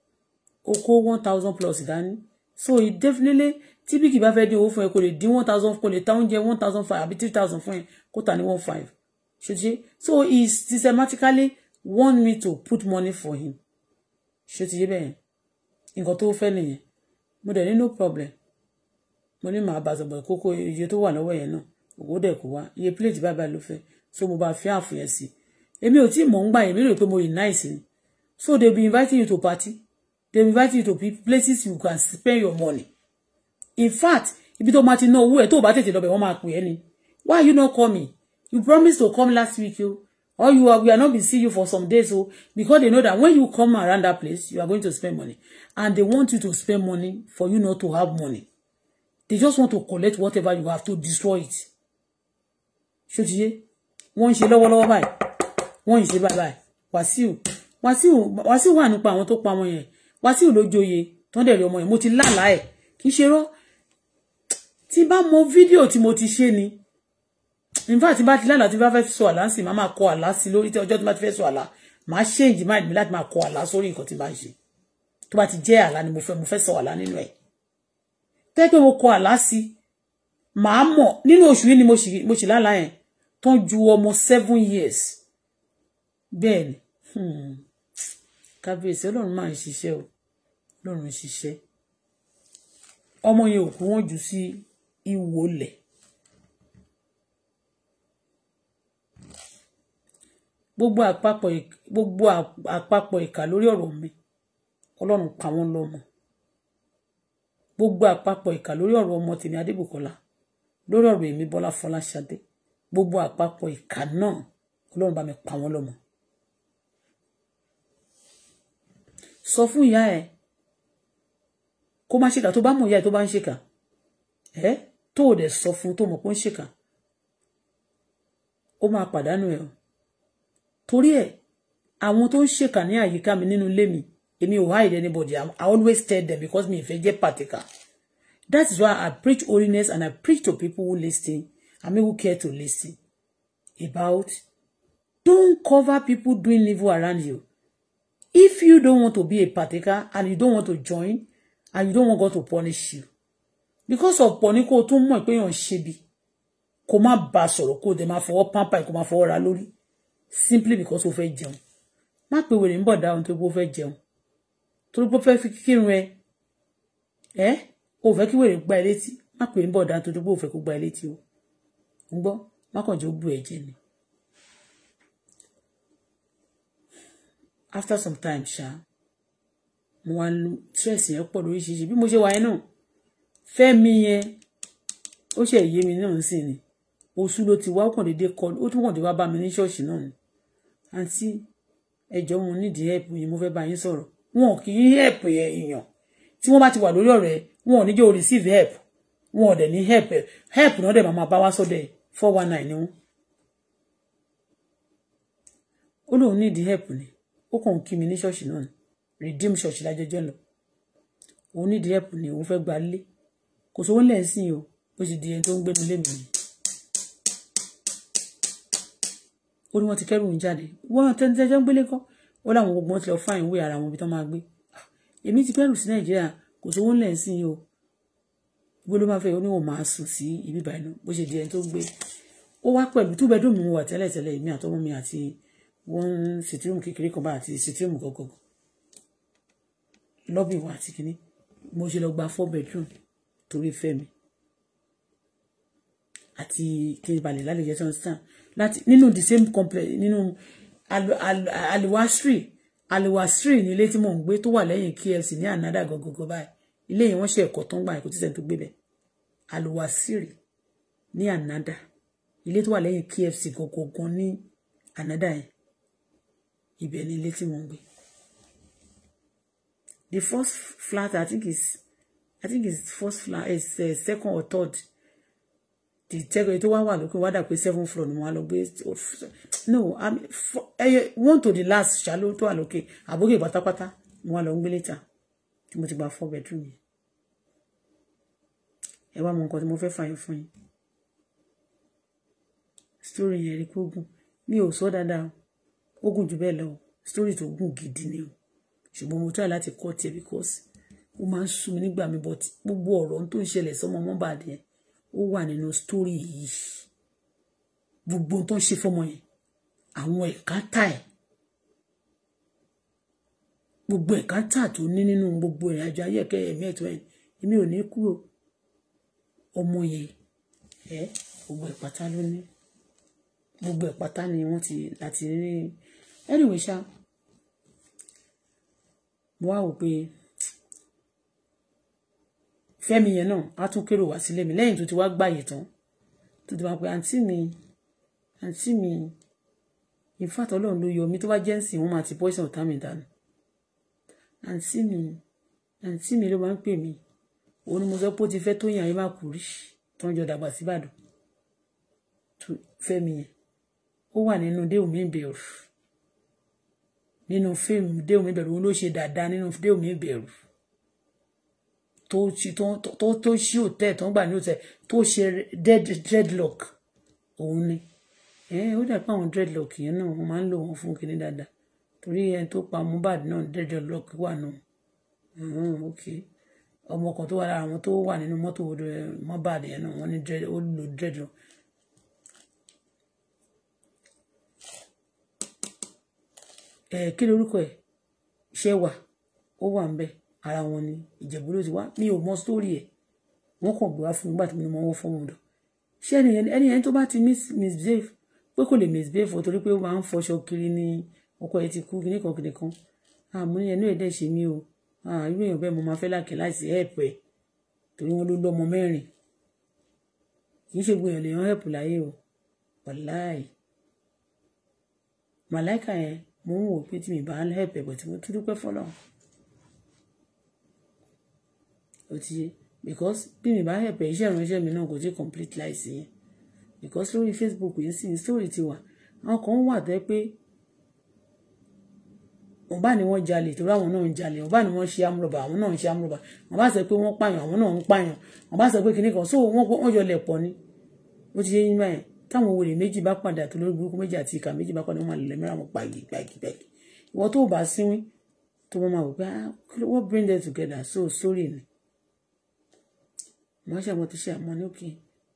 Speaker 1: o kó one thousand plus dání so it definitely tí bígì bá fẹ́ dín owó fún ẹ kò lè dín one thousand kò lè ta oúnjẹ one thousand five àbí three thousand fún ẹ kó ta ní one five ṣètìṣe so he systematically want me to put money for him ṣètìṣe bẹ́ẹ̀ nǹkan tó fẹ́ nìyẹn mo dẹ̀ ní no problem mo ní màá bá sọ̀gbọ̀ kókó iye tó wà lọ́wọ́ yẹn náà òwò dẹ̀ kó wá iye plate báyìí báyìí ló fẹ́ so mo bá fi àfù yẹn sí èmi ò tí mò ń gbà èmi rò pé mo yìí nice ni so they be inviting you to party they be inviting you to places you can spend your money in fact ibi tó máa ti ná owó ẹ̀ tó o bá tètè lọ bẹ̀ wọ́n máa pè é ni why you no call me you promised to come last week o or you are we are not be see you for some days oh. because they know that when you come around that place you are going to spend money and they want you to spend money for you not to have money they just want to collect whatever you have to destroy it ṣòtìyé wọ́n ń ṣe lọ́wọ́lọ́wọ́ báyìí wọ́n ń ṣe báyìí báyìí Wàsíù Wàsíù Wàsíù wà nípa àwọn tó pa wọn yẹn Wàsíù ló joyè tán dẹ̀ rí ọmọ mo ti lálàá ẹ̀ kì í ṣe rọ́ tí bá mọ fídíò mo ti ṣe ni in fact bá ti lánà tí bá fẹ́ sọ àlá sí máa máa kọ àlá sí lórí tí ọjọ́ tí bá ti fẹ́ sọ àlá máa change mind mi láti máa kọ àlá sórí nǹkan tí bá ń ṣe tó bá ti jẹ́ àlá ni mo fẹ́ mo fẹ́ sọ àlá nínú ẹ̀ tẹ́ pé mo kọ àlá sí màá mọ̀ nínú oṣù yìí ni mo sì lálàá yẹn tó ń ju ọmọ seven years bẹ́ẹ̀ hmm kábíyèsí ọlọ́run máa ń ṣiṣẹ́ o ọlọ́run ń ṣiṣẹ́ ọmọ yẹn òkú wọ́n jù sí ìwòlẹ̀ gbogbo àpapọ̀ gbogbo àpapọ̀ ìkà lórí ọ̀rọ̀ mi ọlọ́run pa wọ́n lọ́mọ gbogbo àpapọ̀ ìkà lórí ọ̀rọ̀ ọmọ tèmi adébùkọ́lá lórí ọ̀rọ̀ èmi bọ́lá fọláṣadé gbogbo àpapọ̀ ìkà náà ọlọ́run bá mi pa wọ́n lọ́mọ. sọ fún ìyá ẹ kó má ṣèkà tó bá mọ ìyá ẹ tó bá ń ṣèkà ẹ tó o dẹ sọ fún tó mọ pé ń ṣèkà ó máa pàdánù ẹ o torí ẹ̀ àwọn tó ń ṣèkà ní àyíká mi nínú ilé mi èmi ò hide anybody I always tell them because mi ìfẹ́ jẹ́ pàtẹ́kà that is why I preach holiness and I preach to people who listen and me who care to listen about don't cover people doing evil around you if you don't want to be a partaker and you don't want to join and you don't want God to punish you because of ni kó o tún mọ̀ pé èèyàn ṣe bí kó má bá a sọ̀rọ̀ kó o dẹ̀ máa fọwọ́ pampa kó o máa fọwọ́ ra lórí simply because o fẹ́ jẹun má pe wèrè ń bọ̀ dáhùn torí pé o fẹ́ jẹun torí pé o fẹ́ fi kírun ẹ ẹ o fẹ́ kí wèrè gba ẹ létí má pe ń bọ̀ dáhùn torí pé o fẹ́ kó gba ẹ létí o ń gbọ́ má kàn jẹ́ bu ẹ̀jẹ̀ ni. after some time ṣá mo wá lu stress yẹn pọ̀ lóríṣiríṣi bí mo ṣe wà yẹn náà fẹ́mi yẹn ó ṣe yé mi náà sí ni oṣù ló ti wá ó kàn déédéé kọ ó tún kàn déédéé wá bá mi ní ṣọ́ọ̀ṣì náà ni àǹtí ẹjọ́ mo nídìí help yìí mo fẹ́ bá yín sọ̀rọ̀ wọn kì í help èèyàn tí wọ́n bá ti wà lórí ọ̀rẹ́ wọn ò ní jẹ́ o receive help wọn ò dẹ̀ ní help help náà dẹ̀ máa bá wá sọ́dọ̀ ẹ̀ four one nine ni wọ́n. ó lóun nídìí help ni ó kàn ń kí mi ní ṣọ́ọ̀ṣì náà ni redeem ṣọ́ọ̀ṣì lájọjọ́ lọ òun nídìí help ni òun fẹ́ gba lé kò sówó lẹ́sìn o ó sì di ẹni tó ń gbénu lémi ni ó ní wọ́n ti kẹ́rù ń jáde wọ́n tẹ́ tẹ́ jẹ́ ń gbélé kọ́ ó láwọn gbogbo wọn ti lọ fáìn wé ara wọn ibi tó máa gbé ah, èmi ti kẹ́rù sí nàìjíríà kò sówó ńlẹ̀ sí i o ibo ló máa fẹ́ ó ní òun máa sùn sí ibi ìbànú bó ṣe di ẹni tó gbé ó wá pẹ̀lú tú bẹ́ẹ̀ dùnmù wà tẹ́lẹ̀tẹ́lẹ̀ èmi àtọ́mọ mi àti wọ́n sètírùmù kékeré kan bá àti sètírùmù gọ́gọ́gọ́ lọ́bì wa àti kínní mo ṣe lọ gba four bedroom torí fẹ́ àti kí n balẹ̀ lálejò tó ń sàn láti nínú the same complex nínú aliwasri aliwasri ní ilé tí mò ń gbé tó wà lẹ́yìn KFC ní anada gọgọgọ báyìí ilé yẹn wọ́n ṣe ẹ̀kọ́ tó ń gbà kò tí sẹ́ni tó gbé bẹ̀ aliwasiri ní anada ilé tó wà lẹ́yìn KFC gọgọgọ ní anada yẹn ibẹ̀ ni ilé tí mò ń gbé the first flat I think is I think is first flat is uh, second or third the tẹ́gbẹ́ tó wá wà lókè wá dà pé seven floor ni wọ́n á lọ gbé no ẹyẹ one to the last ṣáló tó wà lókè àbókè pátápátá ni wọ́n á lọ ń gbé létà tí mo ti gba four bedroom yẹn ẹ wá mọ nǹkan tí mo fẹ́ fààyàn fún yín story yẹn rí kó gùn mi ò sọ dáadáa ó gùn jù bẹ́ẹ̀ lọ story tó gùn gidi ni o ṣùgbọ́n mo try láti kọ́ tiẹ̀ because ó máa ń sú mi nígbà mi but gbogbo ọ̀rọ̀ tó ń ṣẹlẹ̀ sọ́mọ Mohbad yẹn ó wà nínú story yìí gbogbo tó ń ṣe fọmọ yẹn àwọn ẹ̀ka tà ẹ̀ gbogbo ẹ̀ka tà tó ní nínú gbogbo ìrìn àjò ayé ẹ̀kẹ́ ẹ̀mí ẹ̀tọ́ ẹ̀ èmi ò ní kúrò ọmọ yẹn ẹ̀ gbogbo ẹ̀pátá ló ní gbogbo ẹ̀pátá ni wọ́n ti láti rí anyway ṣá mo wá wò pé fẹ́mi yẹn náà á tún kérò wá sílé mi lẹ́yìn tó ti wá gbàyè tán tó ti máa pe àǹtí mi àǹtí mi ìfàtọ́ ọlọ́run ló yọ mi tó bá jẹ́ ǹsìn wọn máa ti poison ọ̀tá mi dànù àǹtí mi àǹtí mi ló máa ń pè mí òun ni mo sọ pé ó ti fẹ́ Tóyìn ayé má kú rí tó ń jọ dàgbà síbàdàn tó fẹ́mi yẹn ó wà nínú déhùn mi bẹ̀rù nínú fíìmù déhùn mi bẹ̀rù òun ló ṣe dáadáa nínú déhùn mi bẹ̀rù tó ṣe tó tó ṣí hòtẹ́ẹ̀ tó ń gbà ní hòtẹ́ẹ̀ tó ṣe dreadlock òun ni ó dà pé àwọn dreadlock yẹn náà wọ́n máa ń lò wọ́n fún kinní dáadáa torí ẹni tó pa Mohbad náà dreadlock wà nù ọmọ kan tó wà lára àwọn tó wà nínú mọ́tò Mohbad yẹn náà wọ́n ní ó lò dreadlock. kí lorúkọ ẹ̀ ṣe wà ó wà ń bẹ́ẹ̀ ara wọn ni ìjẹ̀bú ló ti wá mi ò mọ sórí ẹ̀ wọ́n kàn gbé wá fún nígbà tí mo ní mo wọ́n fọ́mọ ọ̀dọ̀ ṣé ẹni yẹn tó bá ti misbehave pé kò lè misbehave fọ torí pé ó máa ń fọṣọ kiri ni ọkọ ẹ ti kú kíníkan kíníkan àmọ́ ah, ẹnu ẹ̀ dẹ̀ ṣe mí o ah, irú èèyàn bẹ́ẹ̀ mo máa fẹ́ láàkẹ́ láìsí ẹ̀pẹ́ torí wọ́n ló lọ́mọ mẹ́rin kì í ṣe gbìyànjú lèèyàn ẹ̀pù láyé o wàláì màláìka yẹn mo ń wò pé tí mi bá ẹ̀pẹ̀ pẹ̀ tí mo tún dúpẹ́ fọlọ́run ó ti yé because bí mi bá help ẹ iṣẹ́ ìránṣẹ́ mi náà kò tí complete láìsí yẹn because lórí Facebook yìí sì ní story ti wà àwọn kan wà tó yẹ pé wọ́n bá ní wọ́n jalè torí àwọn náà ń jalè wọ́n bá ní wọ́n ṣe amúrọ̀bà àwọn náà ń ṣe amúrọ̀bà wọ́n bá sọ pé wọ́n pààyàn àwọn náà ń pààyàn wọ́n bá sọ pé kinní kan so wọ́n wọ́n jọ lẹ̀ pọ̀ ni ó ti yé yín báyẹn táwọn wèrè méjì bá padà tó lórí burúkú méjì àti ìkà méjì bá padà wọ́n máa lẹ̀ mẹ́ra wọn gbàgì gbàgì gbàgì ìwọ tó bá síwín tó wọ́n máa wò pé ah what bring them together so sorry ni mo ṣe àwọn tó ṣe àmọ́ ní òkè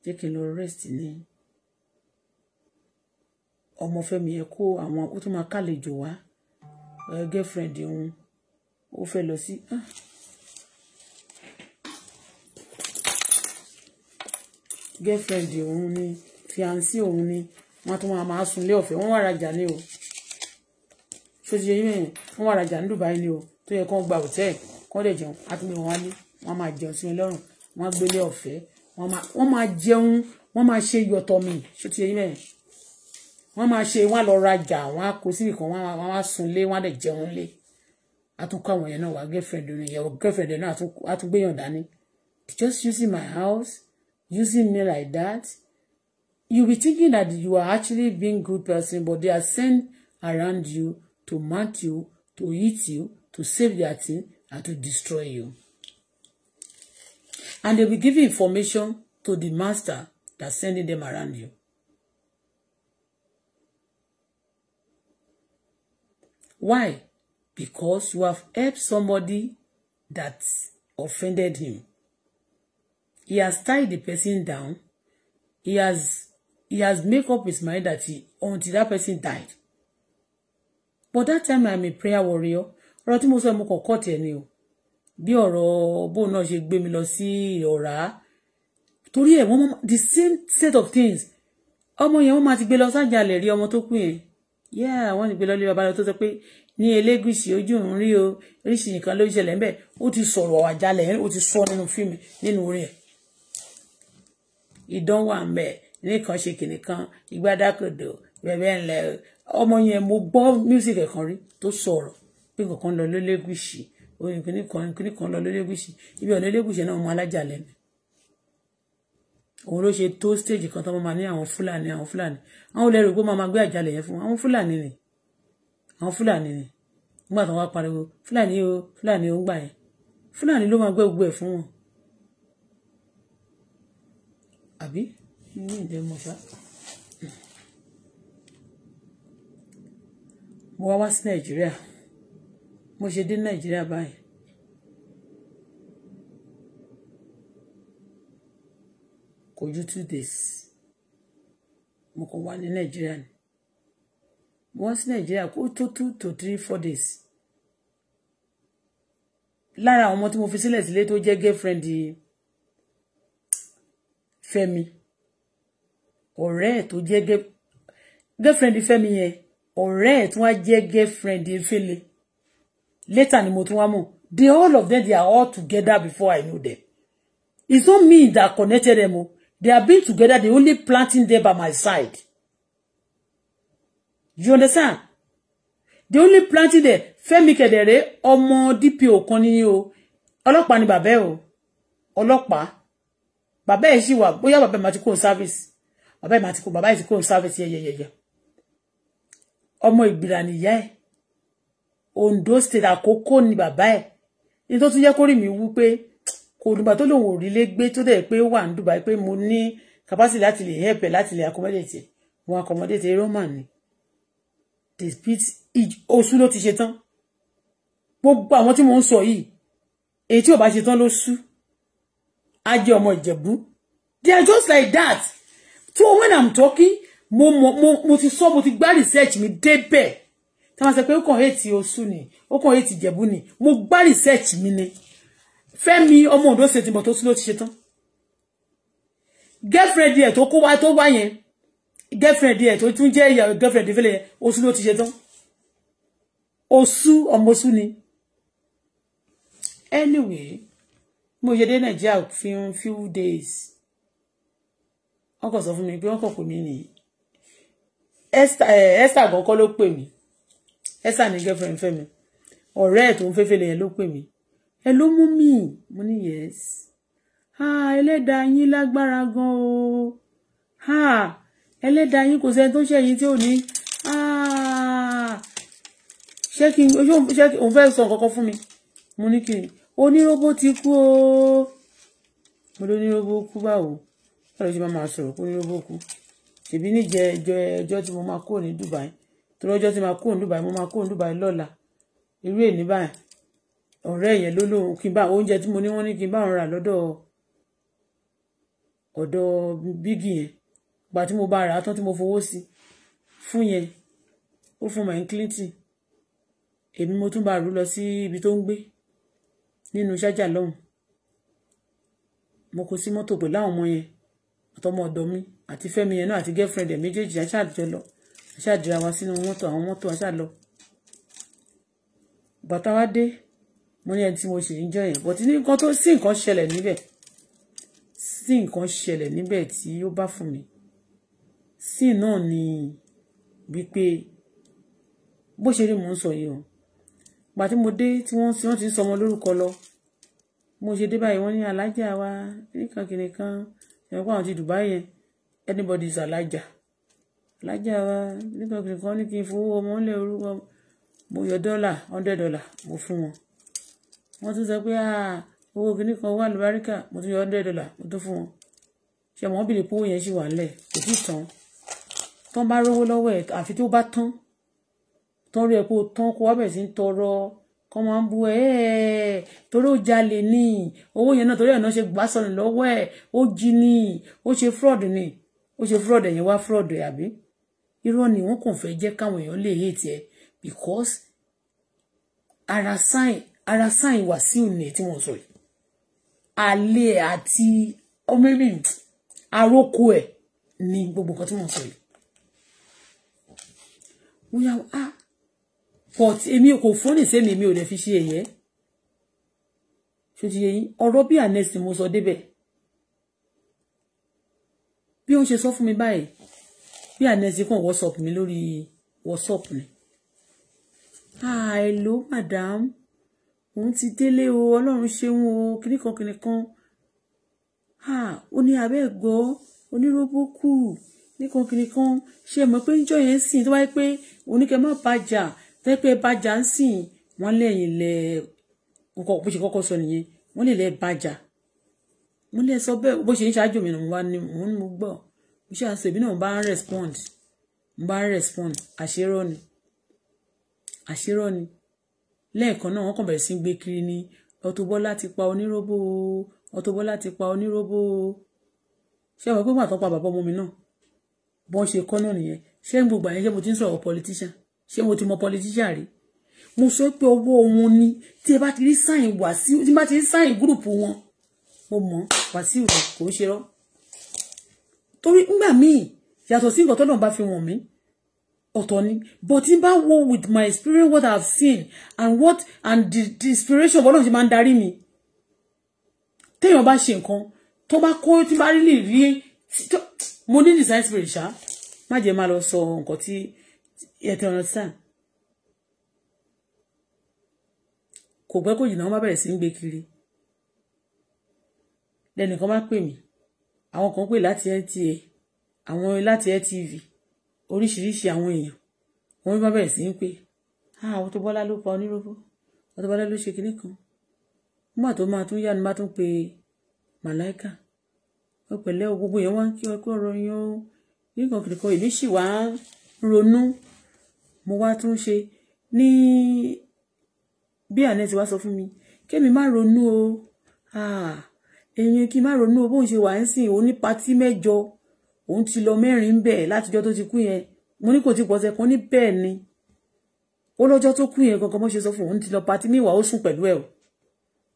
Speaker 1: jẹ́ kí n lọ rest ní ọmọ Fẹ́mi kó àwọn ó tún máa kálejò wá girlfriend òun ó fẹ́ lọ sí. Ah. girlfriend òun ni fiancé òun ni wọ́n tún máa máa sunlé ọ̀fẹ́ wọ́n wá rajà ní o tó ti yẹ yín ẹ̀yìn rajà ní Dubai ní o tó yẹ kó gba hòtẹ́ẹ̀lì kó lè jẹun á tún lè wọ́n wá ní wọ́n máa jẹun sí wọn wọ́n gbélé ọ̀fẹ́ wọ́n máa jẹun wọ́n máa ṣe yọ̀tọ̀ mi ṣó ti yẹ mẹ́rin máa ṣe wọ́n lọ rajà wọ́n á kó sí ìkan wọ́n á sun lé wọ́n á jẹun lé àtúnkọ́ àwọn yẹn náà wà girlfriend ní ìyàwó girlfriend náà àtúngbéyàn dání just using my house using me like that you be thinking that you are actually being good person but they are sent around you to mount you to hit you to save their thing and to destroy you. And they'll be giving information to the master that's sending them around you. Why? Because you have helped somebody that offended him. He has tied the person down. He has he has made up his mind that he until that person died. But that time I'm a prayer warrior. Ọ̀rọ̀ tí mo sọ mo bí ọ̀rọ̀ bóun náà ṣe gbé mi lọ sí ọ̀rá torí ẹ̀ wọ́n the same set of things ọmọ yẹn wọ́n máa ti gbé lọ sájàlẹ̀ rí ọmọ tó kù yẹn yeah wọ́n ti gbé lọ lé baba lọ tó sọ pé ní elégùsì ojú òun rí o oríṣi nǹkan ló ṣẹlẹ̀ ńbẹ̀ ó ti sọ̀rọ̀ àjálẹ̀ ó ti sọ nínú fíìmù nínú orin ẹ̀ ìdánwò àmẹ́ nìkan ṣe kìnìkan ìgbádákòdò bẹ̀bẹ̀ ńlẹ̀ ọmọ yẹn mo gbọ́ music ẹ̀kan rí tó sọ̀rọ̀ pé nǹkan lọ lélégùsì oyin kìíní kan kìíní kan lọ lólégùsì ibi ọ̀nà olégùsì náà mọ alájà lẹ́nu òun ló ṣe tó stage kan tó máa ní àwọn fúlàní àwọn fúlàní àwọn olè rò pé máa gbé àjálẹ̀ yẹn fún àwọn fúlàní ni àwọn fúlàní ni nígbà tó wá pariwo fúlàní o fúlàní o ń gbà yẹn fúlàní ló máa gbé gbogbo ẹ̀ fún wọn àbí ní ìdè mọ̀ṣá. mo wá wá sí nàìjíríà mo ṣe dé nàìjíríà báyìí. kò ju two days mo kàn wá ní nàìjíríà ni mo wá sí nàìjíríà kó tó two to three four days lára àwọn ọmọ tí mo fi sílẹ̀ sílé tó jẹ́ girlfriend Fẹ́mi ọ̀rẹ́ ẹ̀ tó jẹ́ girlfriend Fẹ́mi yẹn ọ̀rẹ́ ẹ̀ tí wọ́n á jẹ́ girlfriend Efele later ni mo tún wá mọ̀ of them they are all together before I knew them it's not me that connected them o they have been together they only planting there by my side you understand they only planting there Fẹ́mi kẹdẹrẹ ọmọ DPO kan ni o ni bàbá ẹ o ọlọ́pàá bàbá ẹ sì wà bóyá bàbá ẹ máa ti kó service bàbá ẹ máa ti kó bàbá ẹ ti kó service yẹyẹyẹ Ondo state àkókò ni bàbá ẹ̀ ní tó tún yẹ kó rí mi wú pé kò dùgbà tó lòun ò rí lé gbé tó dẹ̀ pé ó wà Dubai pé mo ní capacity láti lè help ẹ̀ láti accommodate wọn accommodate roman ni despite oṣù ló ti ṣe tán gbogbo àwọn tí mò ń sọ yìí èyí tí ò bá ṣe tán ló sú ajé ọmọ they are just like that so when i'm talking mo mo mo ti sọ mo ti gbá research mi débẹ̀ máa sọ pé ó kàn hate oṣù ni ó kàn hate ìjẹ̀bú ni mo gbá research mi ni fẹ́mi ọmọ Ondo ṣe tìbọ̀ tó sún ló ti ṣe tán girlfriend ẹ̀ tó kó wá tó wá yẹn girlfriend ẹ̀ tó tún jẹ́ ìyàwó girlfriend ìfẹ́lẹ̀ yẹn oṣù ló ti ṣe tán oṣù ọmọ oṣù ni anyway mo yẹ dé Nàìjíríà fún few days wọ́n kàn sọ fún mi pé wọ́n kàn pè mí nìyí Esther eh, Esther àgọ́kọ́ ló pè mí Esther ní girlfriend Fẹ́mi ọ̀rẹ́ ẹ̀ tó ń fẹ́fẹ́ lẹ́yìn ló pè mí ẹ ló mú mi mo ní yes ẹlẹ́dàá yín lágbára gan o ẹlẹ́dàá yín kò sẹ́ni tó ṣẹ̀yìn tí ò ní ṣé kí òun fẹ́ sọ nǹkan kan fún mi mo ní kí oníróbó ti kú o mo ló níróbó kú báwo báwo ló ṣe máa sọ̀rọ̀ kó níróbó kú ṣèbí níjẹ́ ẹjọ́ tí mo máa kúrò ní Dubai torí ọjọ́ tí máa kó òǹdùbà mo máa kó òǹdùbà lọ́la irú èní báyìí ọ̀rẹ́ yẹn ló lóun kí n bá oúnjẹ tí mo ní wọ́n ní kí n bá òun rà lọ́dọ̀ ọ̀dọ̀ bígì yẹn gbà tí mo bá rà á tán tí mo fowó sí fún yẹn ó fún mọ̀ ní èmi mo tún bá rú lọ sí ibi tó ń gbé nínú ṣájà lọ́hùn mo kó sí mọ́tò pẹ̀lú àwọn ọmọ yẹn àtọmọ ọ̀dọ̀ mi àti fẹ́mi yẹn náà àti girlfriend ẹ̀ méjèèjì aṣáájọ lọ a ṣáà dira wa sínú mọ́tò àwọn mọ́tò a ṣáà lọ bàtà wa dé mo ní ẹni tí mo ṣe ń jọ yẹn bọ̀tí ní nǹkan tó sí nǹkan ṣẹlẹ̀ níbẹ̀ sí nǹkan ṣẹlẹ̀ níbẹ̀ tí ó bá fún mi sí náà ni wípé bó ṣe rí mò ń sọ yìí o gbà tí mo dé tí wọ́n ti wọ́n ti ń sọmọ lórúkọ lọ mo ṣe dé báyìí wọ́n ní alájà wa nìkan kìnìkan ẹ̀rọ pé ti Dubai yẹn anybody is alájà lájà wa nípa kìkan ní kí n fowó ọmọ ńlẹ̀ orúkọ mo yọ dọ́là hundred dollar mo fún wọn wọ́n tún sọ pé ah, owó kìíní kan wà lùbáríkà mo tún yọ hundred dollar mo tún fún wọn ṣe àwọn ọmọbìnrin pé owó yẹn ṣì wà ńlẹ̀ kò tí ì tán tán bá rówó lọ́wọ́ ẹ̀ àfi tó bá tán tán rí ẹ kó tán kó wá bẹ̀rẹ̀ sí ń tọrọ kọ́ máa ń bu ẹ torí ó jalè ní owó yẹn náà torí ẹ̀ náà ṣe gbà sọnù lọ́wọ́ ó jí ní ó ṣe fraud ni ó ṣe fraud ẹ̀yìn wá fraud ẹ̀ àbí irọ́ ni wọ́n kàn fẹ́ jẹ́ káwọn èèyàn lè hate ẹ because ara sign ara sign Wàsíù ni tí wọ́n sọ yìí alẹ́ àti ọmọ mi àrókò ẹ̀ ni gbogbo nǹkan tí wọ́n sọ yìí wọ́n yà wọ́n ah but èmi kò fọ́nì sẹ́mi èmi ò dẹ̀ fi ṣe ẹ̀yẹ́ ṣòtì yẹ̀yìn ọ̀rọ̀ bí ànẹ́sì mo sọ débẹ̀ bí wọ́n ṣe sọ fún mi báyìí bí ànẹ́sì kan wọ́sọ̀pù mi lórí wọ́sọ̀pù ni. hello madam òun ti délé o ọlọ́run ṣeun o kìnnìkan kìnnìkan ó ní abẹ́ gbọ́ onírúbókù nìkan kìnnìkan ṣe mọ̀ pé níjọ́ yẹn sìn tó wáyé pé oníkẹ́ má bàjà tẹ́ pé bàjà ń sìn wọ́n lẹ́yìn lẹ́ kọ́kọ́ bó ṣe kọ́kọ́ sọ nìyẹn wọ́n lè lẹ́ bàjà wọ́n lẹ́ sọ bẹ́ẹ̀ bó ṣe ń ṣáájú mi ni mo wá ní gbọ́ iṣẹ́ àṣẹ èmi náà bá ń respond bá ń respond àṣerọ́ ni àṣerọ́ ni lẹ́ẹ̀kan náà wọ́n kàn bẹ̀rẹ̀ sí gbé kiri ní Auto Bola ti pa oníróbó Auto Bola ti pa oníróbó ṣé ẹ wọ pé wọn àtọ́pa bàbá ọmọ mi náà bọ́ ṣe kọ́ náà nìyẹn ṣé ń gbogbo àyẹ̀ṣẹ́ mo ti ń sọ̀rọ̀ politician ṣé mo ti mọ politician rí mo sọ pé ọwọ́ wọn ni tí ẹ bá ti rí sáìn wàsíù tí ẹ bá ti rí sáìn gúrùpù wọn mo mọ̀ wàsíù kò ń ṣe rọ́ọ́ torí ńgbà míì yàtọ̀ sí nǹkan tọ́lọ́run bá fi wọ̀n mí ọ̀tọ̀ ni but n bá wo with my experience what i have seen and what and the the inspiration of ọlọ́run ṣe máa ń darí mi téèyàn bá ṣe nǹkan tó bá kó tí bá rí lè rí mo ní design spirit ṣá má jẹ́ máa lọ sọ nǹkan tí ẹ̀tẹ̀ ọ̀nà sáà kò pẹ́ kò jìnnà wọ́n bá bẹ̀rẹ̀ sí ń gbé kiri lẹ́nìkan bá pè mí àwọn kan pè láti NTA àwọn láti NTV oríṣiríṣi àwọn èèyàn wọn bá bẹ̀rẹ̀ sí ń pè á àwọn tó bọ́lá ló pa onírúurú àwọn tó bọ́lá ló ṣe kinní kan nígbà tó máa tún yá ni máa tún pe màláìkà ó pẹ̀lẹ́ o gbogbo yẹn wá ń kí ọ pé ọ̀rọ̀ yẹn o nígbà kìnìkan èmi sì wá ń ronú mo wá tún ṣe ní bí àná ti wá sọ fún mi kémi má ronú o. Ah èèyàn kí n má ronú bóun ṣe wà ń sìn òun ní patí mẹ́jọ òun ti lọ mẹ́rin ń bẹ̀ látijọ́ tó ti kú yẹn mo ní kò ti pọ̀sẹ̀ kan ní bẹ́ẹ̀ ni ó lọ́jọ́ tó kú yẹn gangan bó ṣe sọ fún òun ti lọ patí níwàá ó sùn pẹ̀lú ẹ̀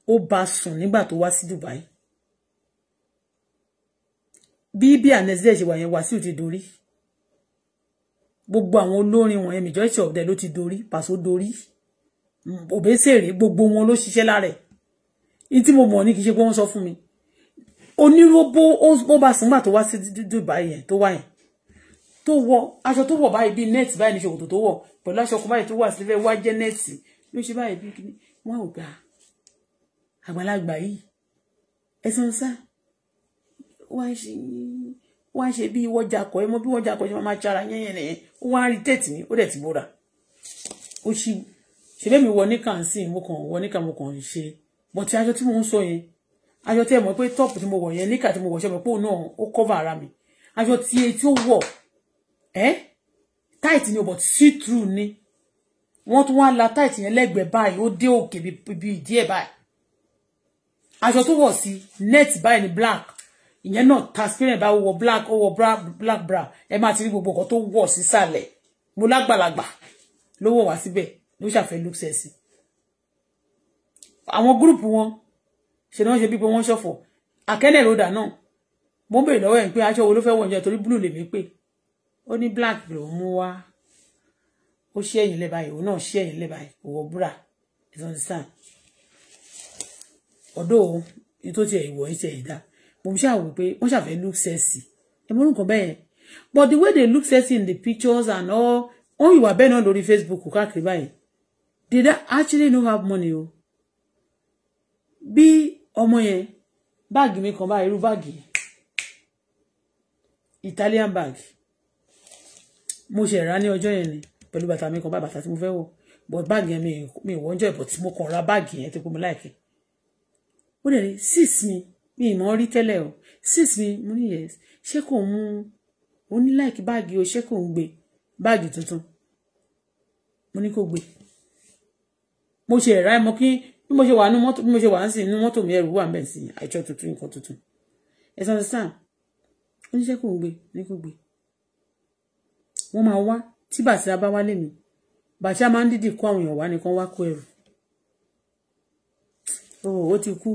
Speaker 1: ó bá sùn nígbà tó wá sí Dubai bí bí ànẹ́sílẹ̀ ṣe wà yẹn Wàsíù ti dorí gbogbo àwọn olórin wọ̀nyẹn mìjọ́ ìṣẹ̀ ọ̀dẹ ló ti dorí pàṣọ dorí òbẹ́sẹ̀rẹ̀ gbogbo wọn ló ṣiṣẹ́ lára ní tí mo mọ̀ ní kì í ṣe pé wọ́n sọ fún mi onírúbó ó ba sùn gbà tó wá sí Dubai yẹn tó wá yẹn tó wọ aṣọ tó wọ báyìí bíi nẹ́ẹ̀tì báyìí ní ṣòkòtò tó wọ pẹ̀lú aṣọ kan báyìí tó wà sílẹ̀ wá jẹ́ nẹ́ẹ̀tì ló ṣe báyìí bíi kíní wọn ò gbà ah, àgbàlagbà yìí ẹ̀sán sá wọ́n ṣe wọ́n ṣe bí wọ́jà kọ́ ẹ mọ bí wọ́jà kọ́ ṣe máa ṣara yẹ́yẹ́ nìyẹn ó wá rí tẹ́ẹ̀tì mi ó dẹ̀ ti bóra ó ṣì ṣe bẹ́ẹ̀ mi wọ níkà ń sìn mo kàn wọ níkà mo kàn ń ṣe bọ̀tí aṣọ mo ń sọ aṣọ tí ẹ mọ̀ pé top tí mo wọ̀ yẹn níkà tí mo wọ̀ ṣe mọ̀ pé òun náà ó cover ara mi aṣọ tí e tí ó wọ̀ ẹ́ tight ni o but see through ni wọ́n tún wá la tight yẹn lẹ́gbẹ̀ẹ́ báyìí ó dé òkè bíi ìdí ẹ̀ báyìí aṣọ tó wọ̀ sí net báyìí ni black ìyẹn náà transparent bá wọ black ó wọ bra black bra ẹ máa ti rí gbogbo nǹkan tó wọ̀ sísàlẹ̀ mo lágbàlagbà ló wọ̀ wá síbẹ̀ ló ṣàfẹ́ look sexy àwọn gúrùpù wọn ṣe ni wọ́n ṣe bí pé wọ́n ṣọ̀fọ̀ àkẹ́lẹ̀ ròdà náà mo ń bèrè lọ́wọ́ ẹ̀ pé aṣọ wo ló fẹ́ wọ̀ ǹjẹ́ torí blue lèmi pé ó ní black ló mú wá ó ṣí ẹ̀yìn lẹ́ba yìí òun náà ṣí ẹ̀yìn lẹ́ba yìí òwò búra you understand ọ̀dọ́ ohun tó tiẹ̀ ìwọ̀ ìṣe ìdá mo ṣáà wò pé wọ́n ṣàfẹ́ look sexy ẹ mọ́ nǹkan bẹ́ẹ̀ but the way they look sexy in the pictures and all you ìwà bẹ́ẹ̀ on the Facebook káàkiri Did I actually know have money o bí ọmọ yẹn báàgì mi kan báyìí irú báàgì Italian bag mo ṣe rà ní ọjọ́ yẹn ni pẹ̀lú bàtà mi kan báyìí bàtà tí mo fẹ́ wọ̀ but báàgì yẹn mi ìwọ ọjọ́ ìbọ̀ tí mo kàn ra báàgì yẹn tó kún mi láìpẹ́ ó dẹ̀ ní six mi mi ìmọ̀ rí tẹ́lẹ̀ o six mi mo ní yes ṣé kò mú o ní láìkí báàgì o ṣé kò ń gbé báàgì tuntun mo ní kó gbé mo ṣe ẹ̀rá ẹ̀ mọ́ kí bí mo ṣe wà nínú mọ́tò bí mo ṣe wà sí nínú mọ́tò mi ẹrù wà mẹ́ sí àìjọ tuntun nǹkan tuntun ẹ̀sán ti sàn oníṣẹ́ kò gbé ní kò gbé wọ́n máa wá tí bàtí abá mi bàtí máa ń dídì kó àwọn èèyàn wá nìkan wá kó ẹrù oh, ó ti kú